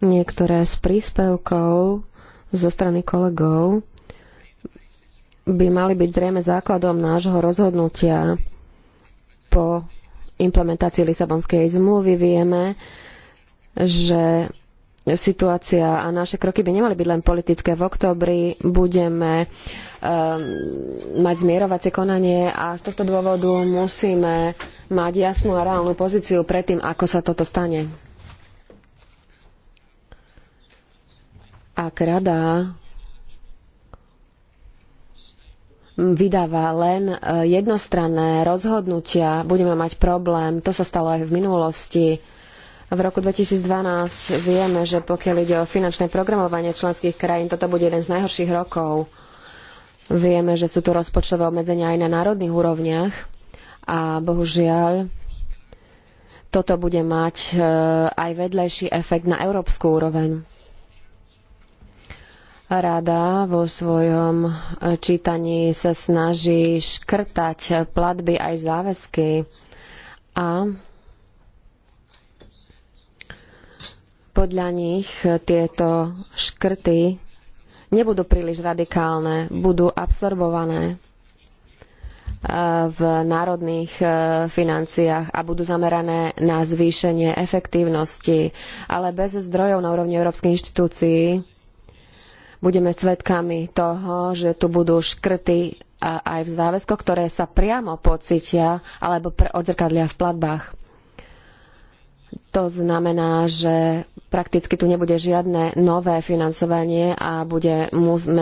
Niektoré z príspevkov zo strany kolegov by mali byť zrejme základom nášho rozhodnutia po implementácii Lisabonskej zmluvy. Vieme, že situácia a naše kroky by nemali byť len politické. V oktobri budeme um, mať zmierovacie konanie a z tohto dôvodu musíme mať jasnú a reálnu pozíciu pred tým, ako sa toto stane. ak rada vydáva len e, jednostranné rozhodnutia, budeme mať problém. To sa stalo aj v minulosti. V roku 2012 vieme, že pokiaľ ide o finančné programovanie členských krajín, toto bude jeden z najhorších rokov. Vieme, že sú tu rozpočtové obmedzenia aj na národných úrovniach a bohužiaľ toto bude mať e, aj vedlejší efekt na európsku úroveň. Rada vo svojom e, čítaní sa snaží škrtať platby aj záväzky a podľa nich tieto škrty nebudú príliš radikálne, budú absorbované e, v národných e, financiách a budú zamerané na zvýšenie efektívnosti, ale bez zdrojov na úrovni európskych inštitúcií budeme svedkami toho, že tu budú škrty aj v záväzkoch, ktoré sa priamo pocitia alebo odzrkadlia v platbách. To znamená, že prakticky tu nebude žiadne nové financovanie a budeme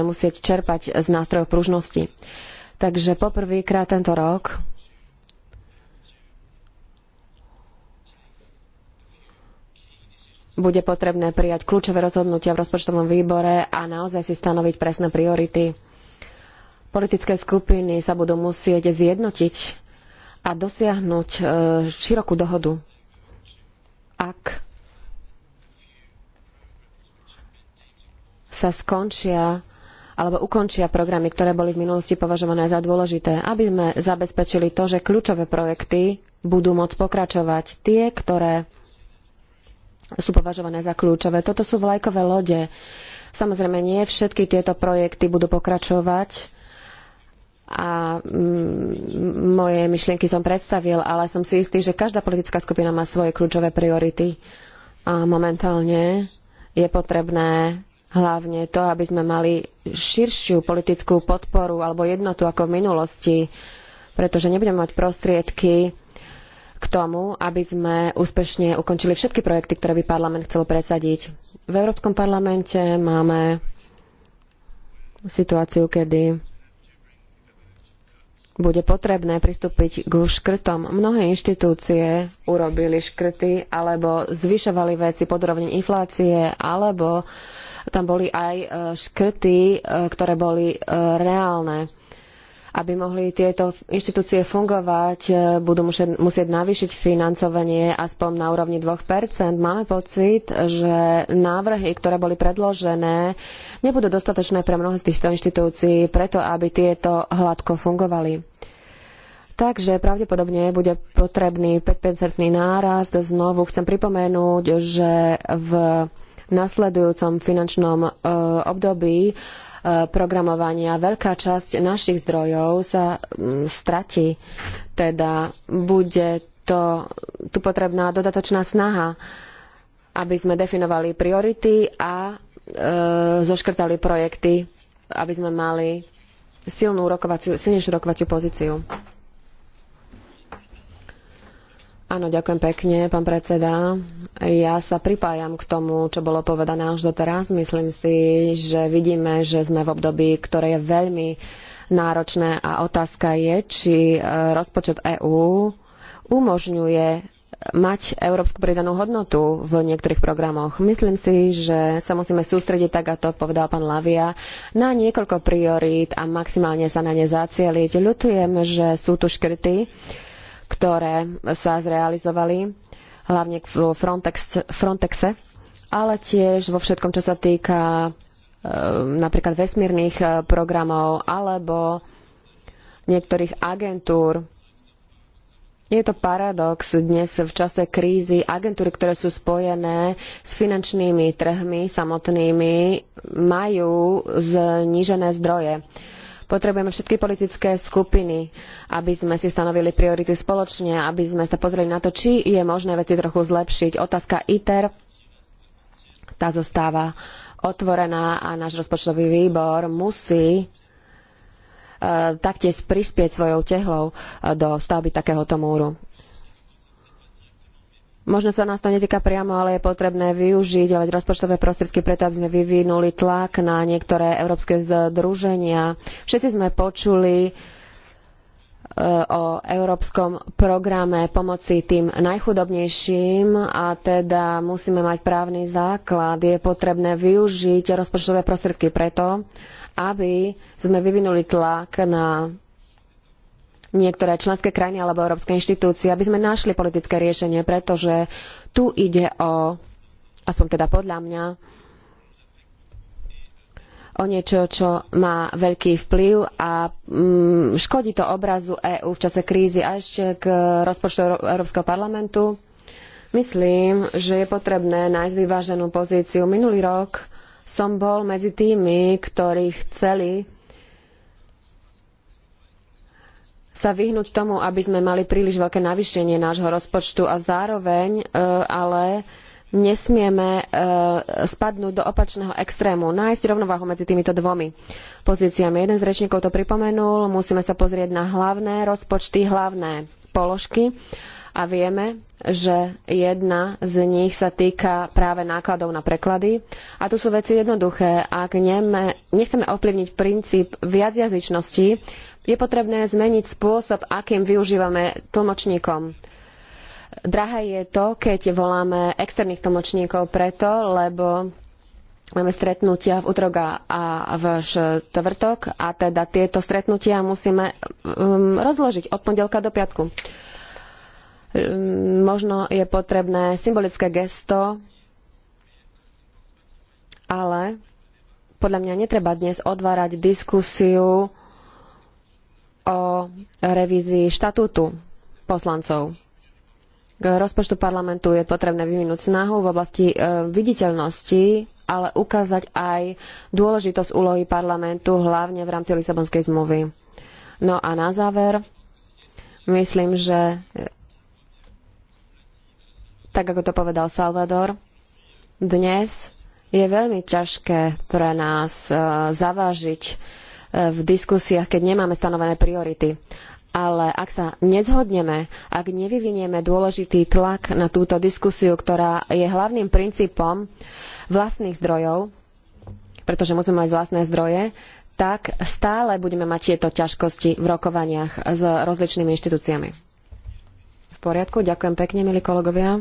musieť čerpať z nástrojov pružnosti. Takže poprvýkrát tento rok bude potrebné prijať kľúčové rozhodnutia v rozpočtovom výbore a naozaj si stanoviť presné priority. Politické skupiny sa budú musieť zjednotiť a dosiahnuť e, širokú dohodu. Ak sa skončia alebo ukončia programy, ktoré boli v minulosti považované za dôležité, aby sme zabezpečili to, že kľúčové projekty budú môcť pokračovať. Tie, ktoré sú považované za kľúčové. Toto sú vlajkové lode. Samozrejme, nie všetky tieto projekty budú pokračovať a mm, moje myšlienky som predstavil, ale som si istý, že každá politická skupina má svoje kľúčové priority a momentálne je potrebné hlavne to, aby sme mali širšiu politickú podporu alebo jednotu ako v minulosti, pretože nebudeme mať prostriedky k tomu, aby sme úspešne ukončili všetky projekty, ktoré by parlament chcel presadiť. V Európskom parlamente máme situáciu, kedy bude potrebné pristúpiť k škrtom. Mnohé inštitúcie urobili škrty alebo zvyšovali veci pod úrovni inflácie alebo tam boli aj e, škrty, e, ktoré boli e, reálne aby mohli tieto inštitúcie fungovať, e, budú musieť, musieť navýšiť financovanie aspoň na úrovni 2%. Máme pocit, že návrhy, ktoré boli predložené, nebudú dostatočné pre mnohé z týchto inštitúcií, preto aby tieto hladko fungovali. Takže pravdepodobne bude potrebný 5-percentný nárast. Znovu chcem pripomenúť, že v nasledujúcom finančnom e, období programovania. Veľká časť našich zdrojov sa mm, stratí, teda bude to tu potrebná dodatočná snaha, aby sme definovali priority a e, zoškrtali projekty, aby sme mali silnú rokovaciu, silnejšiu rokovaciu pozíciu. Áno, ďakujem pekne, pán predseda. Ja sa pripájam k tomu, čo bolo povedané až doteraz. Myslím si, že vidíme, že sme v období, ktoré je veľmi náročné a otázka je, či e, rozpočet EÚ umožňuje mať európsku pridanú hodnotu v niektorých programoch. Myslím si, že sa musíme sústrediť, tak a to povedal pán Lavia, na niekoľko priorít a maximálne sa na ne zacieliť. Ľutujem, že sú tu škrty ktoré sa zrealizovali, hlavne v Frontex, Frontexe, ale tiež vo všetkom, čo sa týka e, napríklad vesmírnych e, programov alebo niektorých agentúr. Je to paradox dnes v čase krízy. Agentúry, ktoré sú spojené s finančnými trhmi samotnými, majú znížené zdroje. Potrebujeme všetky politické skupiny, aby sme si stanovili priority spoločne, aby sme sa pozreli na to, či je možné veci trochu zlepšiť. Otázka ITER, tá zostáva otvorená a náš rozpočtový výbor musí e, taktiež prispieť svojou tehlou e, do stavby takéhoto múru. Možno sa nás to netýka priamo, ale je potrebné využiť ale rozpočtové prostriedky preto, aby sme vyvinuli tlak na niektoré európske združenia. Všetci sme počuli e, o európskom programe pomoci tým najchudobnejším a teda musíme mať právny základ. Je potrebné využiť rozpočtové prostriedky preto, aby sme vyvinuli tlak na niektoré členské krajiny alebo európske inštitúcie, aby sme našli politické riešenie, pretože tu ide o, aspoň teda podľa mňa, o niečo, čo má veľký vplyv a mm, škodí to obrazu EÚ v čase krízy. A ešte k rozpočtu Európskeho parlamentu. Myslím, že je potrebné nájsť vyváženú pozíciu. Minulý rok som bol medzi tými, ktorí chceli sa vyhnúť tomu, aby sme mali príliš veľké navýšenie nášho rozpočtu a zároveň e, ale nesmieme e, spadnúť do opačného extrému. Nájsť rovnováhu medzi týmito dvomi pozíciami. Jeden z rečníkov to pripomenul, musíme sa pozrieť na hlavné rozpočty, hlavné položky a vieme, že jedna z nich sa týka práve nákladov na preklady. A tu sú veci jednoduché. Ak nechceme ovplyvniť princíp viacjazyčnosti, je potrebné zmeniť spôsob, akým využívame tlmočníkom. Drahé je to, keď voláme externých tlmočníkov preto, lebo máme stretnutia v útorok a v štvrtok a teda tieto stretnutia musíme um, rozložiť od pondelka do piatku. Um, možno je potrebné symbolické gesto, ale podľa mňa netreba dnes otvárať diskusiu o revízii štatútu poslancov. K rozpočtu parlamentu je potrebné vyvinúť snahu v oblasti e, viditeľnosti, ale ukázať aj dôležitosť úlohy parlamentu, hlavne v rámci Lisabonskej zmluvy. No a na záver, myslím, že e, tak ako to povedal Salvador, dnes je veľmi ťažké pre nás e, zavážiť v diskusiách, keď nemáme stanovené priority. Ale ak sa nezhodneme, ak nevyvinieme dôležitý tlak na túto diskusiu, ktorá je hlavným princípom vlastných zdrojov, pretože musíme mať vlastné zdroje, tak stále budeme mať tieto ťažkosti v rokovaniach s rozličnými inštitúciami. V poriadku, ďakujem pekne, milí kolegovia.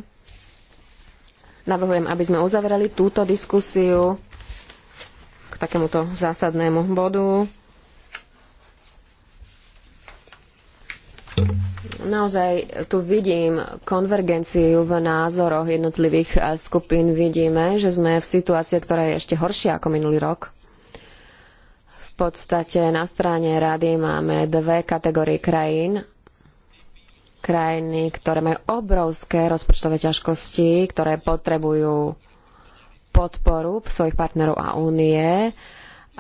Navrhujem, aby sme uzavreli túto diskusiu k takémuto zásadnému bodu. Naozaj tu vidím konvergenciu v názoroch jednotlivých eh, skupín. Vidíme, že sme v situácii, ktorá je ešte horšia ako minulý rok. V podstate na strane rady máme dve kategórie krajín. Krajiny, ktoré majú obrovské rozpočtové ťažkosti, ktoré potrebujú podporu svojich partnerov a únie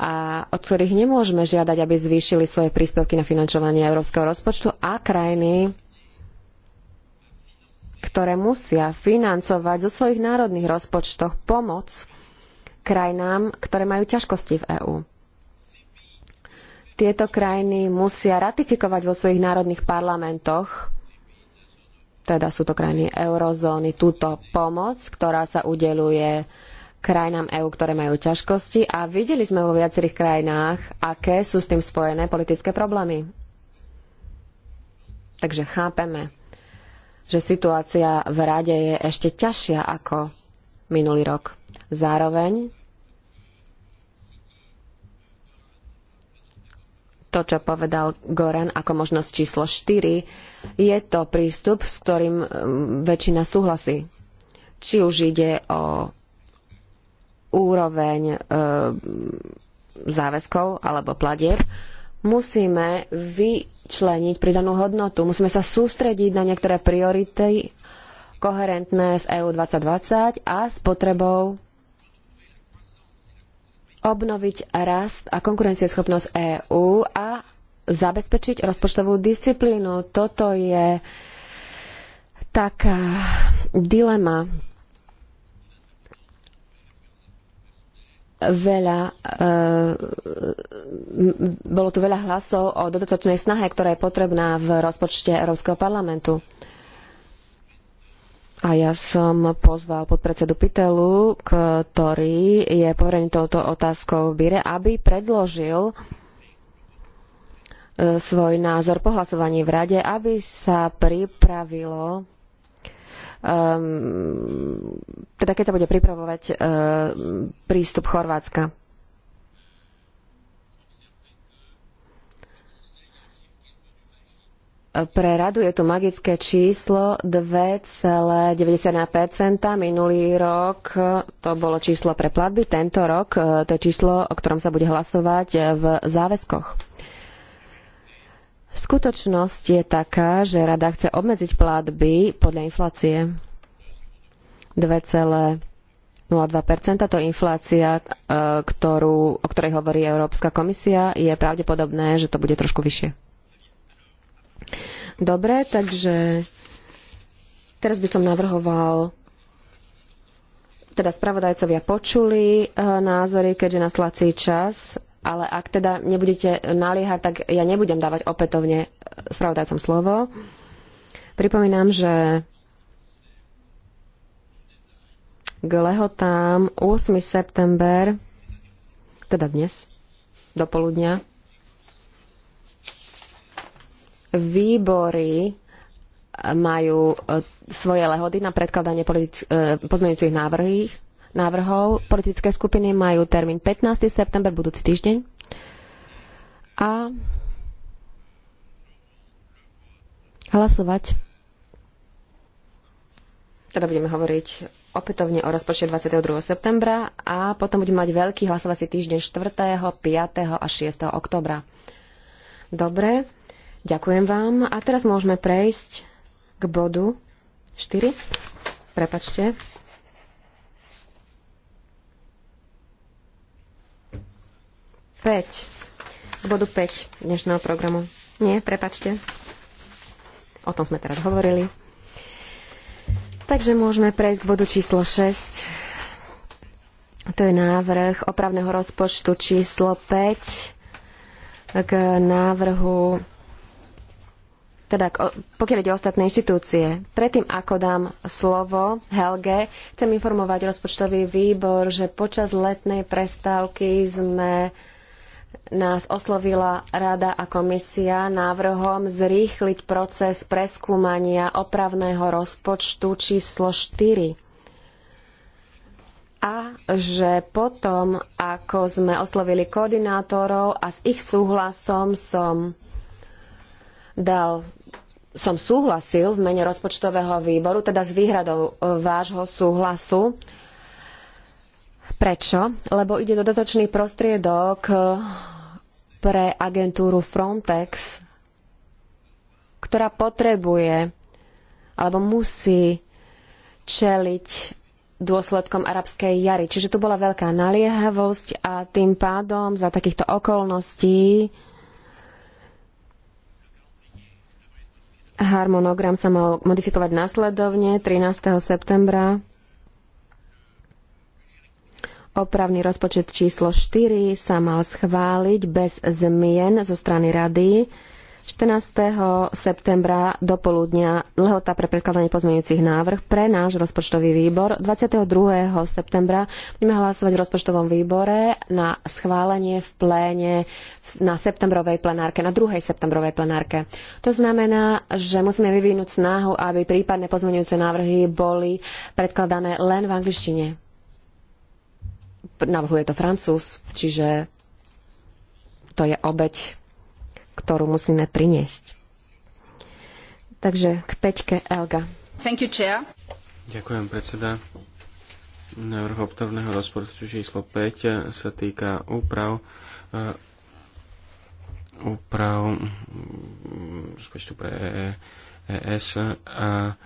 a od ktorých nemôžeme žiadať, aby zvýšili svoje príspevky na financovanie európskeho rozpočtu a krajiny, ktoré musia financovať zo svojich národných rozpočtoch pomoc krajinám, ktoré majú ťažkosti v EÚ. Tieto krajiny musia ratifikovať vo svojich národných parlamentoch teda sú to krajiny eurozóny, túto pomoc, ktorá sa udeluje krajinám EÚ, ktoré majú ťažkosti a videli sme vo viacerých krajinách, aké sú s tým spojené politické problémy. Takže chápeme, že situácia v Rade je ešte ťažšia ako minulý rok. Zároveň to, čo povedal Goren ako možnosť číslo 4, je to prístup, s ktorým mm, väčšina súhlasí. Či už ide o úroveň e, záväzkov alebo pladieb, musíme vyčleniť pridanú hodnotu, musíme sa sústrediť na niektoré priority koherentné s EU 2020 a s potrebou obnoviť rast a konkurencieschopnosť EÚ a zabezpečiť rozpočtovú disciplínu. Toto je taká dilema veľa, e, bolo tu veľa hlasov o dodatočnej snahe, ktorá je potrebná v rozpočte Európskeho parlamentu. A ja som pozval podpredsedu Pitelu, ktorý je poverený touto otázkou v Bíre, aby predložil eh, svoj názor po hlasovaní v rade, aby sa pripravilo Ehm, teda keď sa bude pripravovať ehm, prístup Chorvátska. Pre radu je tu magické číslo 2,91%. Minulý rok e, to bolo číslo pre platby, tento rok e, to je číslo, o ktorom sa bude hlasovať e, v záväzkoch. Skutočnosť je taká, že rada chce obmedziť platby podľa inflácie 2,02%. To je inflácia, e, ktorú, o ktorej hovorí Európska komisia. Je pravdepodobné, že to bude trošku vyššie. Dobre, takže teraz by som navrhoval teda spravodajcovia počuli e, názory, keďže nás tlací čas ale ak teda nebudete naliehať, tak ja nebudem dávať opätovne e, spravodajcom slovo. Pripomínam, že k lehotám 8. september, teda dnes, do poludnia, výbory e, majú e, svoje lehody na predkladanie pozmeňujúcich návrhov návrhov. Politické skupiny majú termín 15. september, budúci týždeň. A hlasovať. Teda budeme hovoriť opätovne o rozpočte 22. septembra a potom budeme mať veľký hlasovací týždeň 4., 5. a 6. oktobra. Dobre, ďakujem vám. A teraz môžeme prejsť k bodu 4. Prepačte. 5, k bodu 5 dnešného programu. Nie, prepačte. O tom sme teraz hovorili. Takže môžeme prejsť k bodu číslo 6. To je návrh opravného rozpočtu číslo 5 k návrhu teda pokiaľ ide o ostatné inštitúcie. Predtým, ako dám slovo Helge, chcem informovať rozpočtový výbor, že počas letnej prestávky sme nás oslovila Rada a komisia návrhom zrýchliť proces preskúmania opravného rozpočtu číslo 4. A že potom, ako sme oslovili koordinátorov a s ich súhlasom som dal som súhlasil v mene rozpočtového výboru, teda s výhradou vášho súhlasu, Prečo? Lebo ide dodatočný prostriedok eh, pre agentúru Frontex, ktorá potrebuje alebo musí čeliť dôsledkom arabskej jary. Čiže tu bola veľká naliehavosť a tým pádom za takýchto okolností harmonogram sa mal modifikovať následovne 13. septembra Opravný rozpočet číslo 4 sa mal schváliť bez zmien zo strany rady 14. septembra do poludnia lehota pre predkladanie pozmeňujúcich návrh pre náš rozpočtový výbor. 22. septembra budeme hlasovať v rozpočtovom výbore na schválenie v pléne na septembrovej plenárke, na druhej septembrovej plenárke. To znamená, že musíme vyvinúť snahu, aby prípadné pozmeňujúce návrhy boli predkladané len v angličtine navrhuje to Francúz, čiže to je obeď, ktorú musíme priniesť. Takže k Peťke Elga. Thank you, chair. Ďakujem, predseda. Návrh obtovného rozpočtu číslo 5 sa týka úprav eh, úprav rozpočtu pre ES a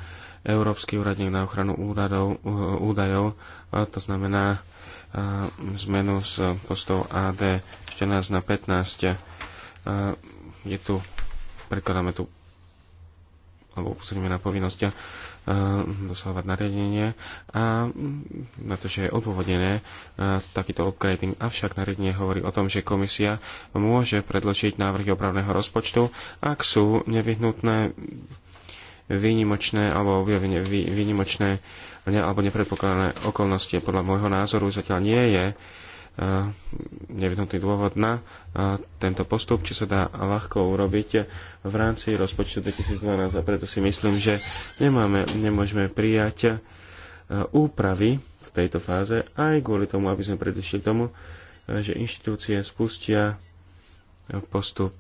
Európsky úradník na ochranu eh, údajov, údajov to znamená Mm, zmenu z postov AD 14 na 15. Je tu, prekladáme tu, alebo upozoríme na povinnosť mm, dosahovať nariadenie a mm, na to, že je odôvodnené takýto upgrading. Avšak nariadenie hovorí o tom, že komisia môže predložiť návrhy opravného rozpočtu, ak sú nevyhnutné výnimočné alebo objavene výnimočné uh, ne, alebo nepredpokladané okolnosti. Podľa môjho názoru zatiaľ nie je e, nevyhnutný dôvod na e, tento postup, či sa dá ľahko urobiť v rámci rozpočtu 2012 a preto si myslím, že nemáme, nemôžeme prijať e, úpravy v tejto fáze aj kvôli tomu, aby sme predišli tomu, že inštitúcie spustia postup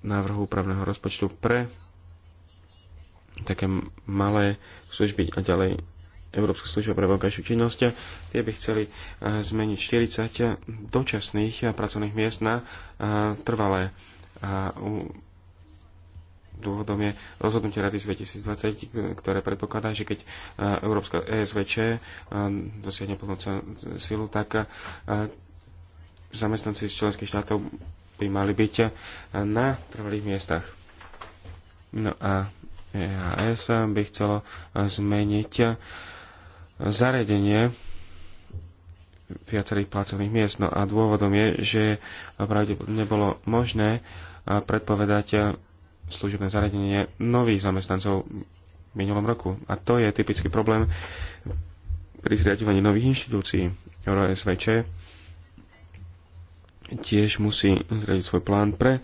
návrhu úpravného rozpočtu pre také malé služby a ďalej Európska služba pre vonkajšiu činnosť, tie by chceli zmeniť 40 dočasných pracovných miest na trvalé. A dôvodom je rozhodnutie Rady z 2020, ktoré predpokladá, že keď Európska ESVČ dosiahne plnú silu, tak zamestnanci z členských štátov by mali byť na trvalých miestach. No a EAS by chcelo zmeniť zariadenie viacerých pracovných miest. No a dôvodom je, že pravdepodobne bolo možné predpovedať služobné zariadenie nových zamestnancov v minulom roku. A to je typický problém pri zriadovaní nových inštitúcií. EuroSVČ tiež musí zriadiť svoj plán pre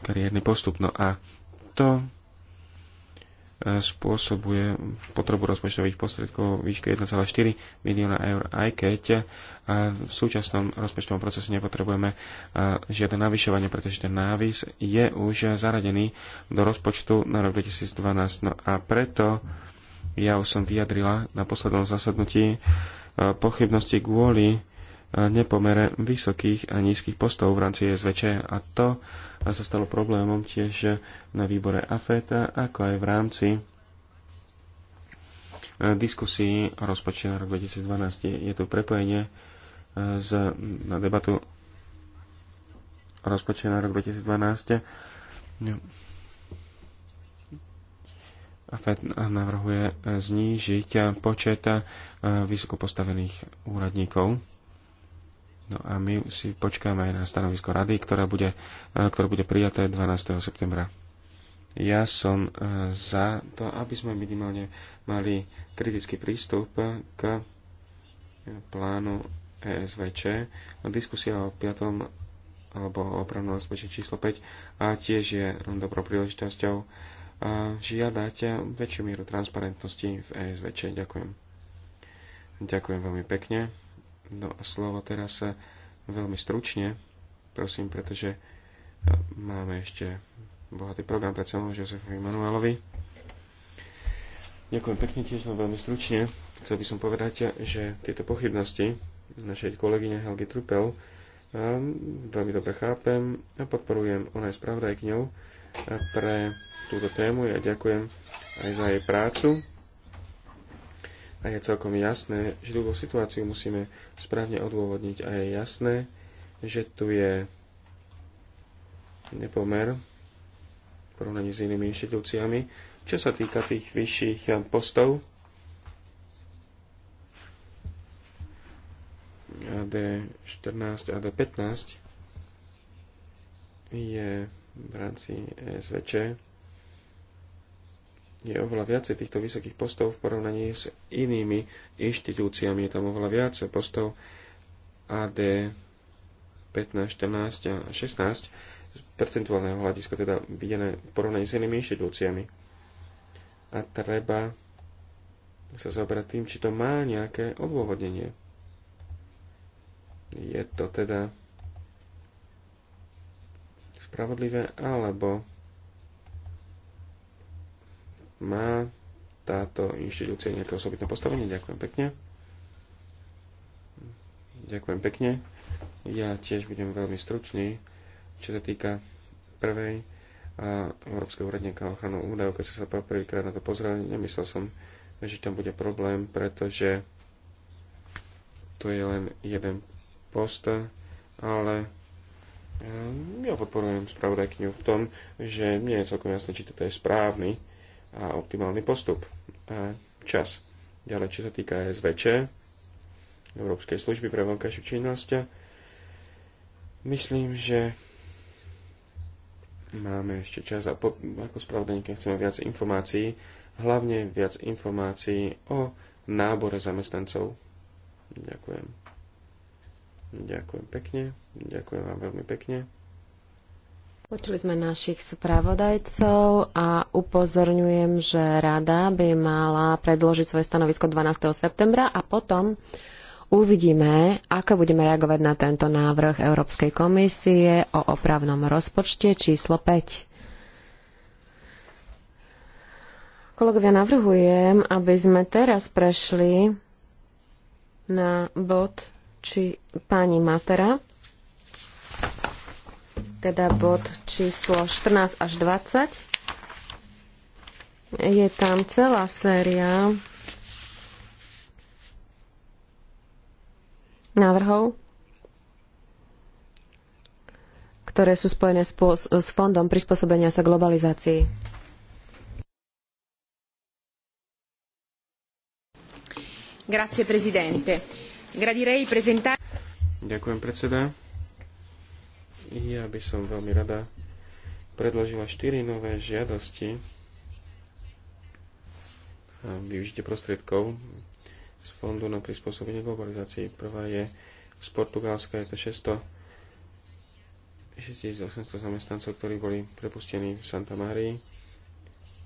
kariérny postup. No a to spôsobuje potrebu rozpočtových prostriedkov výške 1,4 milióna eur, aj keď e, v súčasnom rozpočtovom procese nepotrebujeme e, žiadne navyšovanie, pretože ten návis je už zaradený do rozpočtu na rok 2012. No a preto ja už som vyjadrila na poslednom zasadnutí e, pochybnosti kvôli nepomere vysokých a nízkych postov v rámci SVČ a to sa stalo problémom tiež na výbore AFETA, e ako aj v rámci e, diskusí o rozpočte na rok 2012. Je tu prepojenie e, z, na debatu o rozpočte na rok 2012. No. Afet navrhuje znížiť počet vysoko postavených úradníkov. No a my si počkáme aj na stanovisko rady, ktoré bude, e, ktoré bude prijaté 12. septembra. Ja som e, za to, aby sme minimálne mali kritický prístup k plánu ESVČ. Diskusia o 5. alebo o opravnom rozpočte číslo 5 a tiež je dobrou príležitosťou e, žiadať väčšiu mieru transparentnosti v ESVČ. Ďakujem. Ďakujem veľmi pekne do no, slovo teraz eh, veľmi stručne, prosím, pretože eh, máme ešte bohatý program pre celom Josefovi Manuelovi. Ďakujem pekne tiež, no veľmi stručne. Chcel by som povedať, eh, že tieto pochybnosti našej kolegyne Helgi Trupel ehm, veľmi dobre chápem a podporujem. Ona je kňou pre túto tému. Ja ďakujem aj za jej prácu a je celkom jasné, že túto situáciu musíme správne odôvodniť a je jasné, že tu je nepomer v porovnaní s inými inštitúciami. Čo sa týka tých vyšších postov, AD14 a AD15 je v rámci SVČ je oveľa viacej týchto vysokých postov v porovnaní s inými inštitúciami. Je tam oveľa viacej postov AD 15, 14 a 16 z percentuálneho hľadiska, teda videné v porovnaní s inými inštitúciami. A treba sa zaoberať tým, či to má nejaké odôvodnenie. Je to teda spravodlivé, alebo má táto inštitúcia nejaké osobitné postavenie? Ďakujem pekne. Ďakujem pekne. Ja tiež budem veľmi stručný, čo sa týka prvej a Európskeho úradníka ochranu údajov, keď som sa prvýkrát na to pozrel, nemyslel som, že tam bude problém, pretože to je len jeden post, ale ehm, ja podporujem spravodajkyňu v tom, že nie je celkom jasné, či toto je správny a optimálny postup a čas. Ďalej, čo sa týka SVČ, Európskej služby pre vonkajšiu činnosť, myslím, že máme ešte čas a po, ako spravodajníka chceme viac informácií, hlavne viac informácií o nábore zamestnancov. Ďakujem. Ďakujem pekne. Ďakujem vám veľmi pekne. Počuli sme našich spravodajcov a upozorňujem, že rada by mala predložiť svoje stanovisko 12. septembra a potom uvidíme, ako budeme reagovať na tento návrh Európskej komisie o opravnom rozpočte číslo 5. Kolegovia, navrhujem, aby sme teraz prešli na bod či pani Matera teda bod číslo 14 až 20. Je tam celá séria návrhov, ktoré sú spojené s, fondom prispôsobenia sa globalizácii. Grazie, prezidente. Gradirei presentare... Ďakujem, predseda. Ja by som veľmi rada predložila štyri nové žiadosti a využite prostriedkov z Fondu na prispôsobenie globalizácii. Prvá je z Portugalska, je to 600 6800 zamestnancov, ktorí boli prepustení v Santa Marii,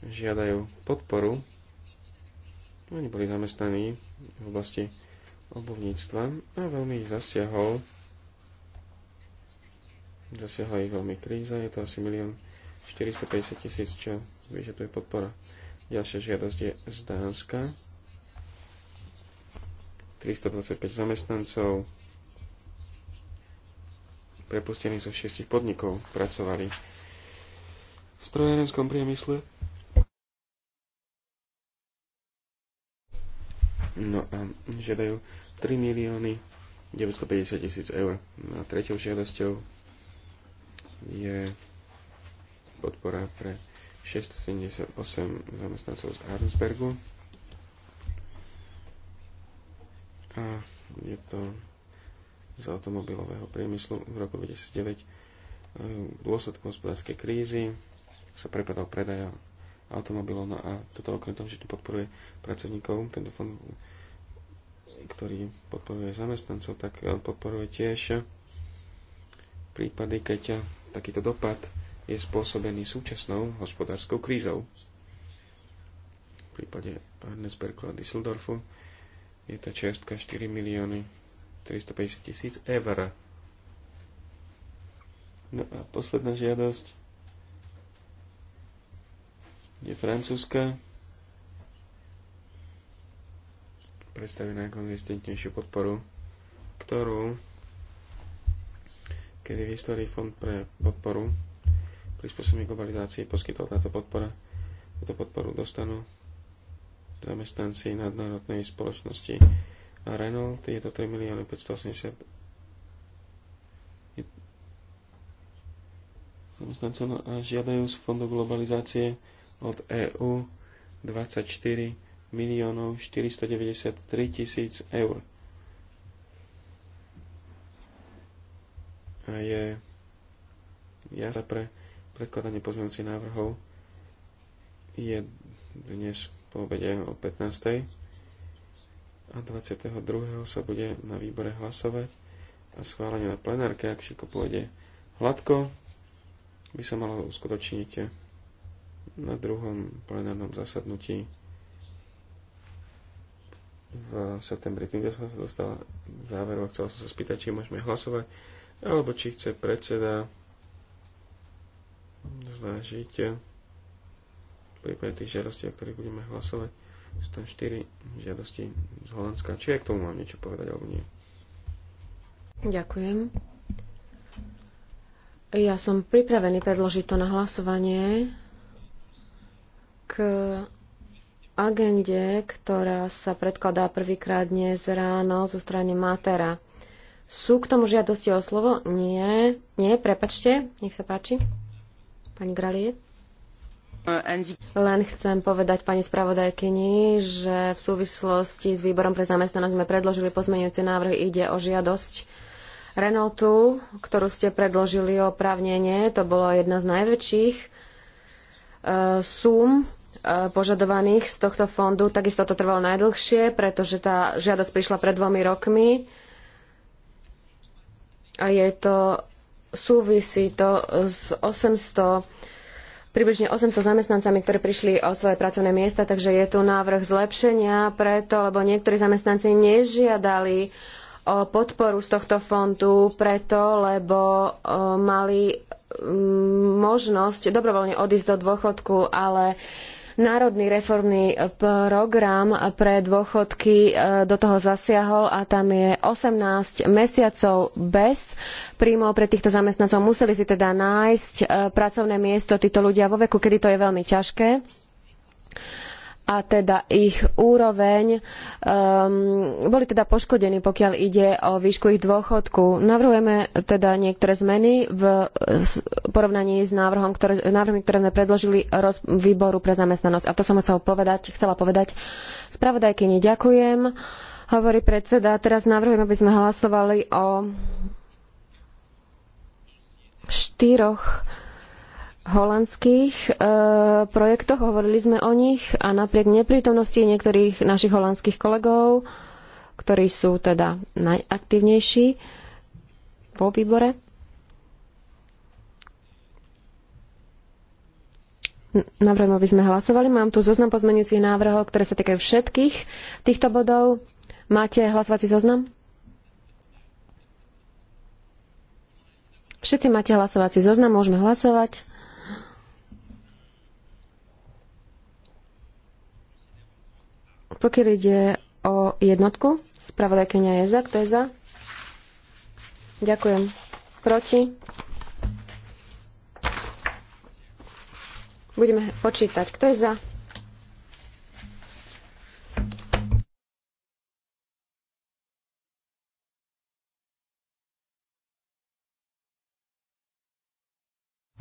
žiadajú podporu. Oni boli zamestnaní v oblasti obuvníctva a veľmi ich zasiahol Zasiahla ich veľmi kríza, je to asi 1 450 tisíc, čo vyžaduje podpora. Ďalšia žiadosť je z Dánska. 325 zamestnancov prepustení zo šiestich podnikov pracovali v strojárenskom priemysle. No a žiadajú 3 milióny 950 tisíc eur. No a tretou žiadosťou je podpora pre 678 zamestnancov z Arnsbergu. A je to z automobilového priemyslu v roku 2009 e, v dôsledku hospodárskej krízy sa prepadal predaj automobilov no a toto okrem toho, že to podporuje pracovníkov, tento fond, ktorý podporuje zamestnancov, tak e, podporuje tiež prípady, keď takýto dopad je spôsobený súčasnou hospodárskou krízou. V prípade Arnesbergu a Düsseldorfu je tá čiastka 4 milióny 350 tisíc eur. No a posledná žiadosť je francúzska. Predstavená konzistentnejšiu podporu, ktorú kedy v histórii Fond pre podporu prispôsobenie globalizácii poskytol táto podpora. Túto podporu dostanú zamestnanci nadnárodnej spoločnosti a Renault. Je to 3 milióny 580 zamestnancov no a žiadajú z Fondu globalizácie od EU 24 miliónov 493 tisíc eur. a je ja za pre predkladanie pozmeňujúcich návrhov je dnes po obede o 15. a 22. sa bude na výbore hlasovať a schválenie na plenárke, ak všetko pôjde hladko, by sa malo uskutočniť na druhom plenárnom zasadnutí v septembri. Tým, som sa dostala záveru a chcel som sa spýtať, či môžeme hlasovať alebo či chce predseda zvážiť v prípade tých žiadostí, o ktorých budeme hlasovať. Sú tam 4 žiadosti z Holandska. Či ja k tomu mám niečo povedať, alebo nie? Ďakujem. Ja som pripravený predložiť to na hlasovanie k agende, ktorá sa predkladá prvýkrát dnes ráno zo strany Matera. Sú k tomu žiadosti o slovo? Nie. Nie, prepačte. Nech sa páči. Pani Gralie. Len chcem povedať pani spravodajkyni, že v súvislosti s výborom pre zamestnanosť sme predložili pozmeňujúce návrhy, Ide o žiadosť Renaultu, ktorú ste predložili o právnenie. To bolo jedna z najväčších uh, sum e, požadovaných z tohto fondu. Takisto to trvalo najdlhšie, pretože tá žiadosť prišla pred dvomi rokmi a je to, súvisí to s 800 približne 800 zamestnancami, ktorí prišli o svoje pracovné miesta, takže je tu návrh zlepšenia preto, lebo niektorí zamestnanci nežiadali o podporu z tohto fondu preto, lebo mali možnosť dobrovoľne odísť do dôchodku, ale národný reformný eh, program pre dôchodky eh, do toho zasiahol a tam je 18 mesiacov bez príjmov pre týchto zamestnancov. Museli si teda nájsť eh, pracovné miesto títo ľudia vo veku, kedy to je veľmi ťažké a teda ich úroveň um, boli teda poškodení, pokiaľ ide o výšku ich dôchodku. Navrhujeme teda niektoré zmeny v porovnaní s návrhom, ktoré, návrhmi, ktoré sme predložili roz, výboru pre zamestnanosť. A to som chcel povedať, chcela povedať spravodajkyni. Ďakujem, hovorí predseda. Teraz navrhujem, aby sme hlasovali o štyroch holandských e, projektoch, hovorili sme o nich a napriek neprítomnosti niektorých našich holandských kolegov, ktorí sú teda najaktívnejší vo výbore, navrhujem, aby sme hlasovali. Mám tu zoznam pozmenujúcich návrhov, ktoré sa týkajú všetkých týchto bodov. Máte hlasovací zoznam? Všetci máte hlasovací zoznam, môžeme hlasovať. Pokiaľ ide o jednotku, spravodajkenia je za, kto je za? Ďakujem. Proti? Budeme počítať. Kto je za?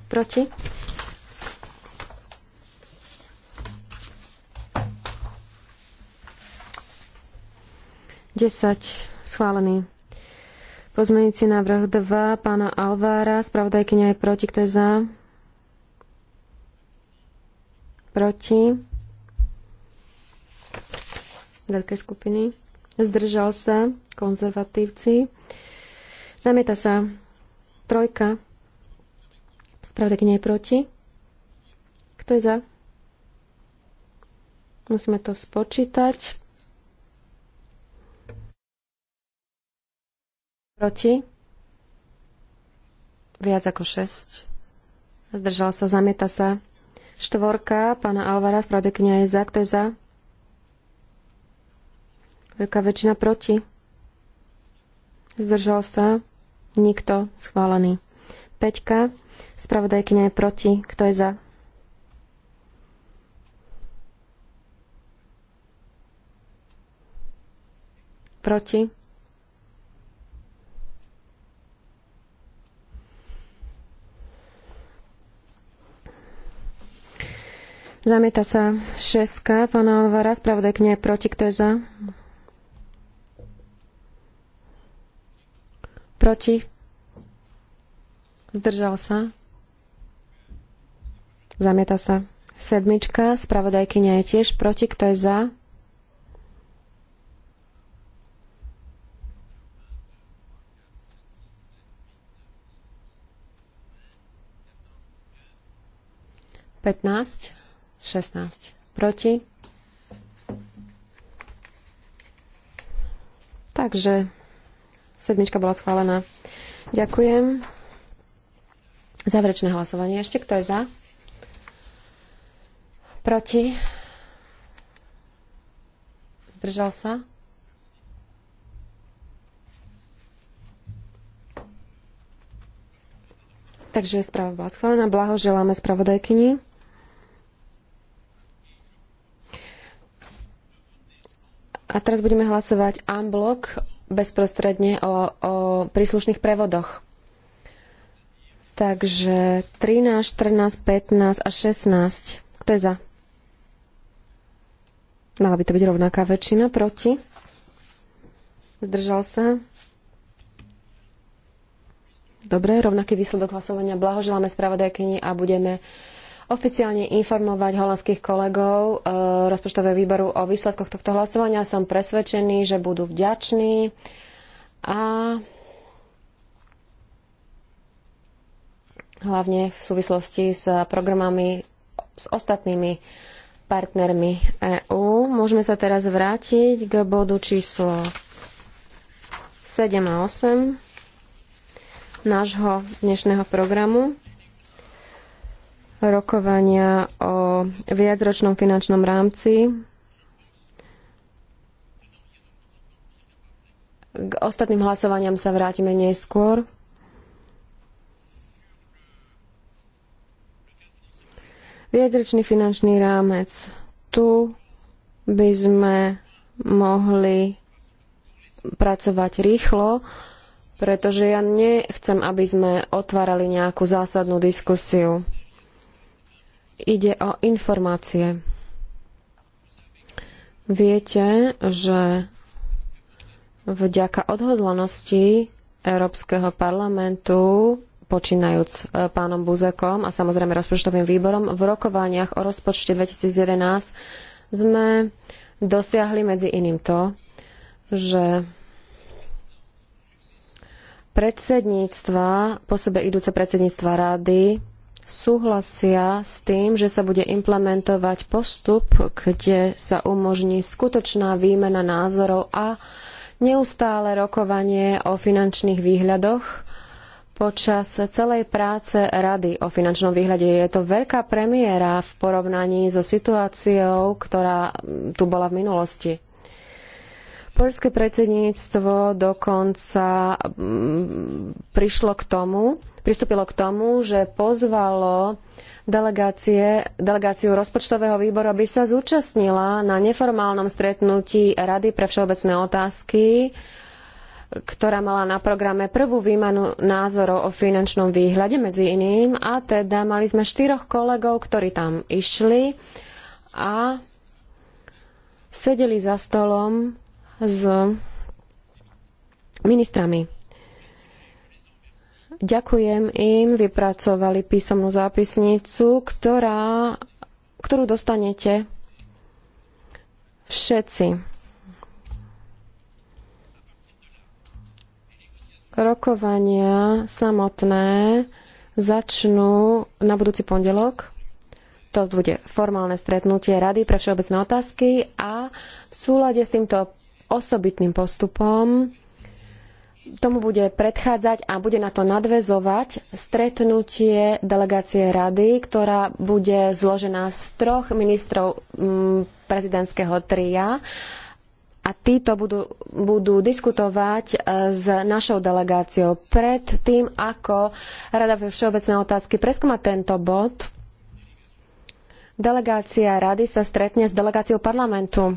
Proti? 10 schválený. Pozmeňujúci návrh 2 pána Alvára. Spravodajkyňa je proti. Kto je za? Proti. Veľké skupiny. Zdržal sa. Konzervatívci. Zamieta sa. Trojka. Spravodajkyňa je proti. Kto je za? Musíme to spočítať. Proti? Viac ako 6. Zdržal sa, zamieta sa. Štvorka, pána Alvara, kniha je za. Kto je za? Veľká väčšina proti. Zdržal sa. Nikto. Schválený. Peťka. spravodajkyňa je proti. Kto je za? Proti. Zamieta sa šeska, pána Spravodaj knie proti, kto je za? Proti? Zdržal sa? Zamieta sa. Sedmička, spravodajkynia je tiež proti, kto je za? Pätnásť. 16 proti. Takže sedmička bola schválená. Ďakujem. Záverečné hlasovanie. Ešte kto je za? Proti? Zdržal sa? Takže správa bola schválená. Blahoželáme spravodajkyni. A teraz budeme hlasovať unblock bezprostredne o, o príslušných prevodoch. Takže 13, 14, 15 a 16. Kto je za? Mala by to byť rovnaká väčšina proti. Zdržal sa. Dobre, rovnaký výsledok hlasovania. Blahoželáme spravodajkyni a budeme oficiálne informovať holandských kolegov e, rozpočtového výboru o výsledkoch tohto hlasovania. Som presvedčený, že budú vďační a hlavne v súvislosti s programami s ostatnými partnermi EÚ. Môžeme sa teraz vrátiť k bodu číslo 7 a 8 nášho dnešného programu rokovania o viacročnom finančnom rámci. K ostatným hlasovaniam sa vrátime neskôr. Viedrečný finančný rámec. Tu by sme mohli pracovať rýchlo, pretože ja nechcem, aby sme otvárali nejakú zásadnú diskusiu ide o informácie. Viete, že vďaka odhodlanosti Európskeho parlamentu, počínajúc e, pánom Buzekom a samozrejme rozpočtovým výborom, v rokovaniach o rozpočte 2011 sme dosiahli medzi iným to, že predsedníctva, po sebe idúce predsedníctva rady súhlasia s tým, že sa bude implementovať postup, kde sa umožní skutočná výmena názorov a neustále rokovanie o finančných výhľadoch počas celej práce Rady o finančnom výhľade. Je to veľká premiéra v porovnaní so situáciou, ktorá mm, tu bola v minulosti. Poľské predsedníctvo dokonca mm, prišlo k tomu, pristúpilo k tomu, že pozvalo delegácie, delegáciu rozpočtového výboru, aby sa zúčastnila na neformálnom stretnutí Rady pre všeobecné otázky, ktorá mala na programe prvú výmanu názorov o finančnom výhľade medzi iným a teda mali sme štyroch kolegov, ktorí tam išli a sedeli za stolom s ministrami Ďakujem im, vypracovali písomnú zápisnicu, ktorá, ktorú dostanete všetci. Rokovania samotné začnú na budúci pondelok. To bude formálne stretnutie Rady pre všeobecné otázky a v súlade s týmto osobitným postupom tomu bude predchádzať a bude na to nadväzovať stretnutie delegácie rady, ktorá bude zložená z troch ministrov mm, prezidentského tria a títo budú, budú diskutovať e, s našou delegáciou pred tým, ako Rada pre všeobecné otázky preskúma tento bod. Delegácia rady sa stretne s delegáciou parlamentu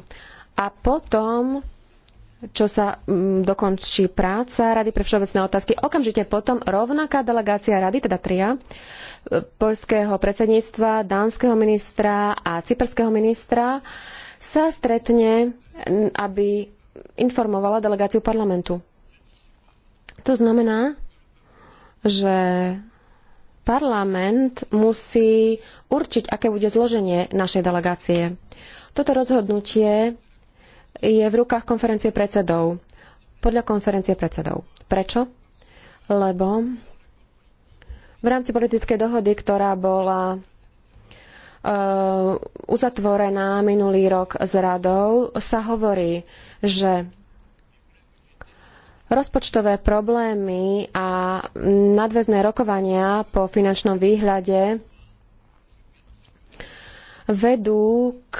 a potom čo sa mm, dokončí práca Rady pre všeobecné otázky. Okamžite potom rovnaká delegácia Rady, teda tria, e, poľského predsedníctva, dánskeho ministra a cyperského ministra sa stretne, aby informovala delegáciu parlamentu. To znamená, že parlament musí určiť, aké bude zloženie našej delegácie. Toto rozhodnutie je v rukách konferencie predsedov. Podľa konferencie predsedov. Prečo? Lebo v rámci politickej dohody, ktorá bola e, uzatvorená minulý rok s radou, sa hovorí, že rozpočtové problémy a nadväzné rokovania po finančnom výhľade vedú k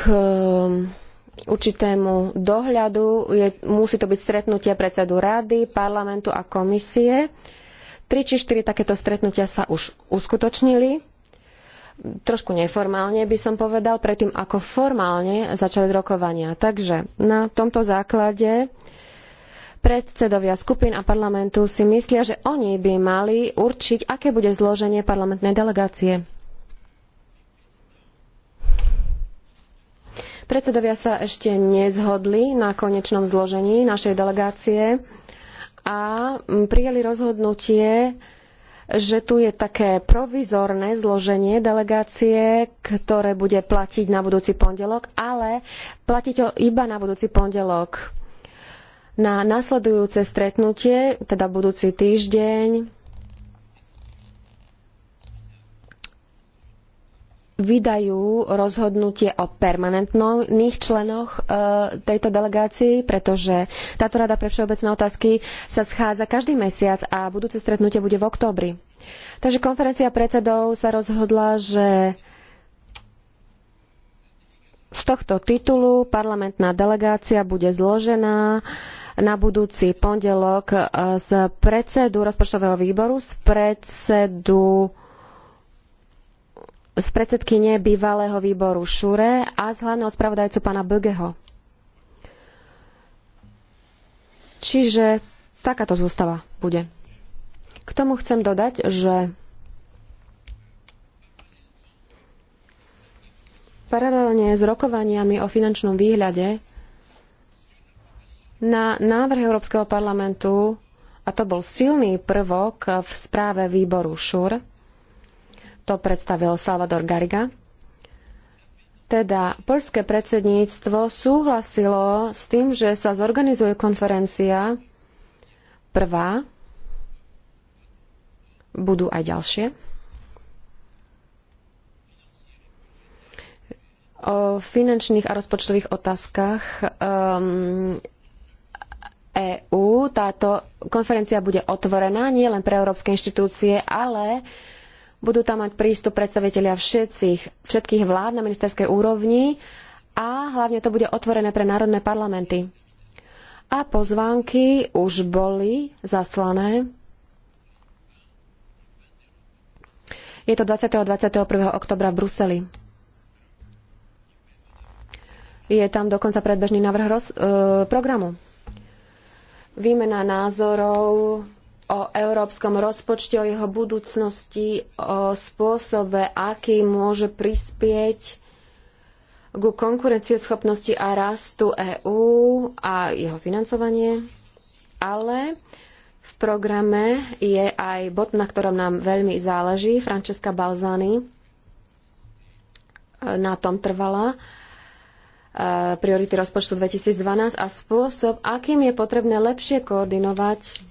určitému dohľadu. Je, musí to byť stretnutie predsedu rady, parlamentu a komisie. Tri či štyri takéto stretnutia sa už uskutočnili. Trošku neformálne by som povedal, predtým ako formálne začali rokovania. Takže na tomto základe predsedovia skupín a parlamentu si myslia, že oni by mali určiť, aké bude zloženie parlamentnej delegácie Predsedovia sa ešte nezhodli na konečnom zložení našej delegácie a prijali rozhodnutie, že tu je také provizorné zloženie delegácie, ktoré bude platiť na budúci pondelok, ale platiť to iba na budúci pondelok. Na nasledujúce stretnutie, teda budúci týždeň, vydajú rozhodnutie o permanentných členoch e, tejto delegácii, pretože táto Rada pre všeobecné otázky sa schádza každý mesiac a budúce stretnutie bude v októbri. Takže konferencia predsedov sa rozhodla, že z tohto titulu parlamentná delegácia bude zložená na budúci pondelok e, z predsedu rozpočtového výboru, z predsedu z predsedkyne bývalého výboru Šure a z hlavného spravodajcu pána Bögeho. Čiže takáto zostava bude. K tomu chcem dodať, že paralelne s rokovaniami o finančnom výhľade na návrh Európskeho parlamentu, a to bol silný prvok v správe výboru ŠUR, to predstavil Salvador Gariga. Teda poľské predsedníctvo súhlasilo s tým, že sa zorganizuje konferencia prvá, budú aj ďalšie. O finančných a rozpočtových otázkach um, ehm, EÚ táto konferencia bude otvorená nie len pre európske inštitúcie, ale budú tam mať prístup predstavitelia všetkých, všetkých vlád na ministerskej úrovni a hlavne to bude otvorené pre národné parlamenty. A pozvánky už boli zaslané. Je to 20. a 21. oktobra v Bruseli. Je tam dokonca predbežný návrh roz, e, programu. Výmena názorov o európskom rozpočte, o jeho budúcnosti, o spôsobe, aký môže prispieť ku konkurencieschopnosti a rastu EÚ a jeho financovanie. Ale v programe je aj bod, na ktorom nám veľmi záleží. Francesca Balzani na tom trvala e, priority rozpočtu 2012 a spôsob, akým je potrebné lepšie koordinovať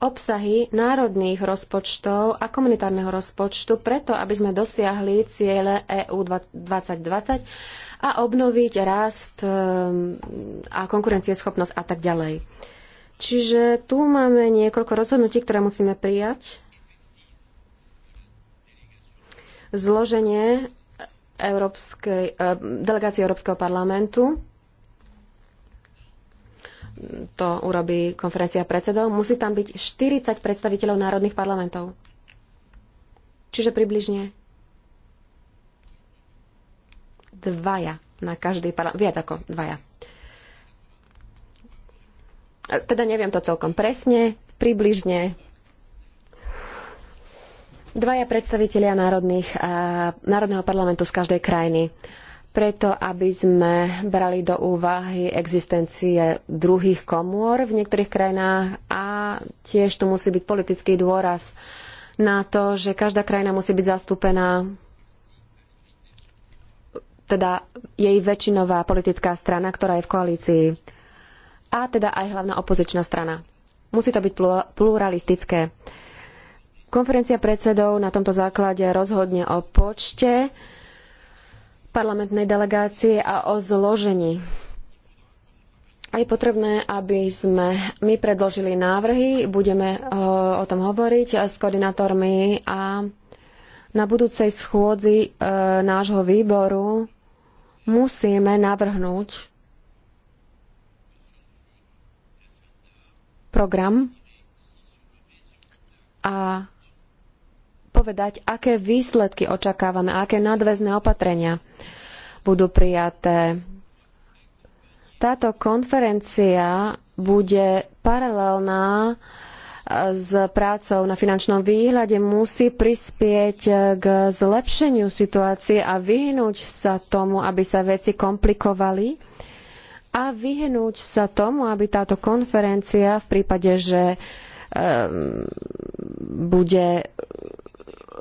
obsahy národných rozpočtov a komunitárneho rozpočtu preto, aby sme dosiahli ciele EU 2020 a obnoviť rast ehm, a konkurencieschopnosť a tak ďalej. Čiže tu máme niekoľko rozhodnutí, ktoré musíme prijať. Zloženie Európskej, ehm, delegácie Európskeho parlamentu to urobí konferencia predsedov, musí tam byť 40 predstaviteľov národných parlamentov. Čiže približne dvaja na každý parlament. Viac ako dvaja. Teda neviem to celkom presne, približne dvaja predstavitelia národných, národného parlamentu z každej krajiny preto, aby sme brali do úvahy existencie druhých komôr v niektorých krajinách a tiež tu musí byť politický dôraz na to, že každá krajina musí byť zastúpená teda jej väčšinová politická strana, ktorá je v koalícii a teda aj hlavná opozičná strana. Musí to byť pluralistické. Konferencia predsedov na tomto základe rozhodne o počte parlamentnej delegácie a o zložení. je potrebné, aby sme my predložili návrhy, budeme e, o tom hovoriť s koordinátormi a na budúcej schôdzi e, nášho výboru musíme navrhnúť program a povedať, aké výsledky očakávame, aké nadväzné opatrenia budú prijaté. Táto konferencia bude paralelná e, s prácou na finančnom výhľade musí prispieť e, k zlepšeniu situácie a vyhnúť sa tomu, aby sa veci komplikovali a vyhnúť sa tomu, aby táto konferencia v prípade, že e, bude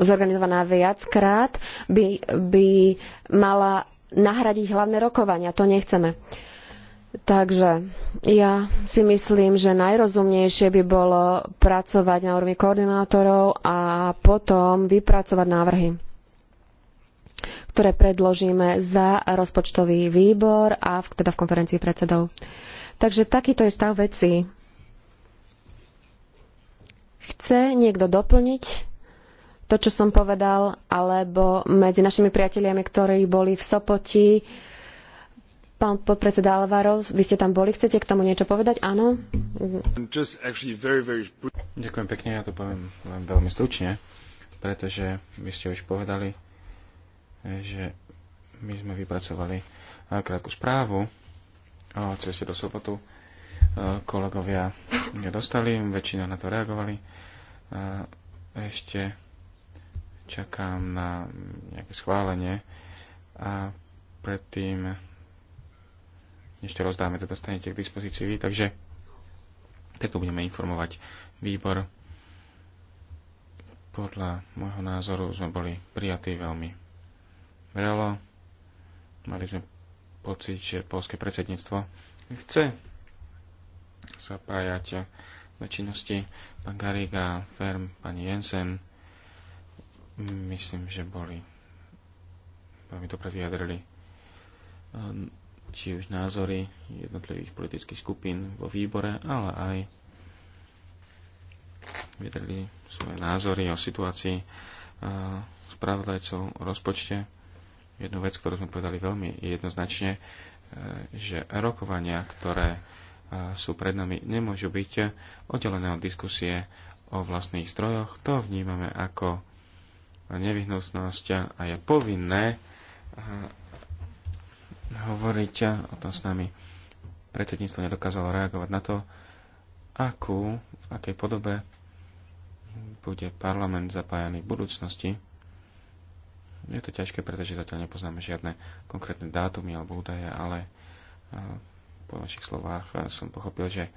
zorganizovaná viackrát, by, by mala nahradiť hlavné rokovania. To nechceme. Takže ja si myslím, že najrozumnejšie by bolo pracovať na úrovni koordinátorov a potom vypracovať návrhy ktoré predložíme za rozpočtový výbor a v, teda v konferencii predsedov. Takže takýto je stav veci. Chce niekto doplniť to, čo som povedal, alebo medzi našimi priateľiami, ktorí boli v Sopoti. Pán podpredseda Alvaro, vy ste tam boli, chcete k tomu niečo povedať? Áno? Ďakujem pekne, ja to poviem len veľmi stručne, pretože vy ste už povedali, že my sme vypracovali eh, krátku správu o ceste do Sopotu. Eh, kolegovia nedostali, väčšina na to reagovali. Eh, ešte čakám na nejaké schválenie a predtým, než to rozdáme, to teda dostanete k dispozícii vy, takže takto budeme informovať výbor. Podľa môjho názoru sme boli prijatí veľmi vrelo. Mali sme pocit, že polské predsedníctvo chce zapájať do činnosti pán Gariga, Ferm, pani Jensen myslím, že boli veľmi dobre vyjadrili ehm, či už názory jednotlivých politických skupín vo výbore, ale aj vyjadrili svoje názory o situácii ehm, spravodajcov o rozpočte. Jednu vec, ktorú sme povedali veľmi jednoznačne, ehm, že rokovania, ktoré sú pred nami, nemôžu byť oddelené od diskusie o vlastných zdrojoch. To vnímame ako nevyhnutnosť a je povinné hovoriť o tom s nami. Predsedníctvo nedokázalo reagovať na to, akú, v akej podobe bude parlament zapájaný v budúcnosti. Je to ťažké, pretože zatiaľ nepoznáme žiadne konkrétne dátumy alebo údaje, ale po vašich slovách som pochopil, že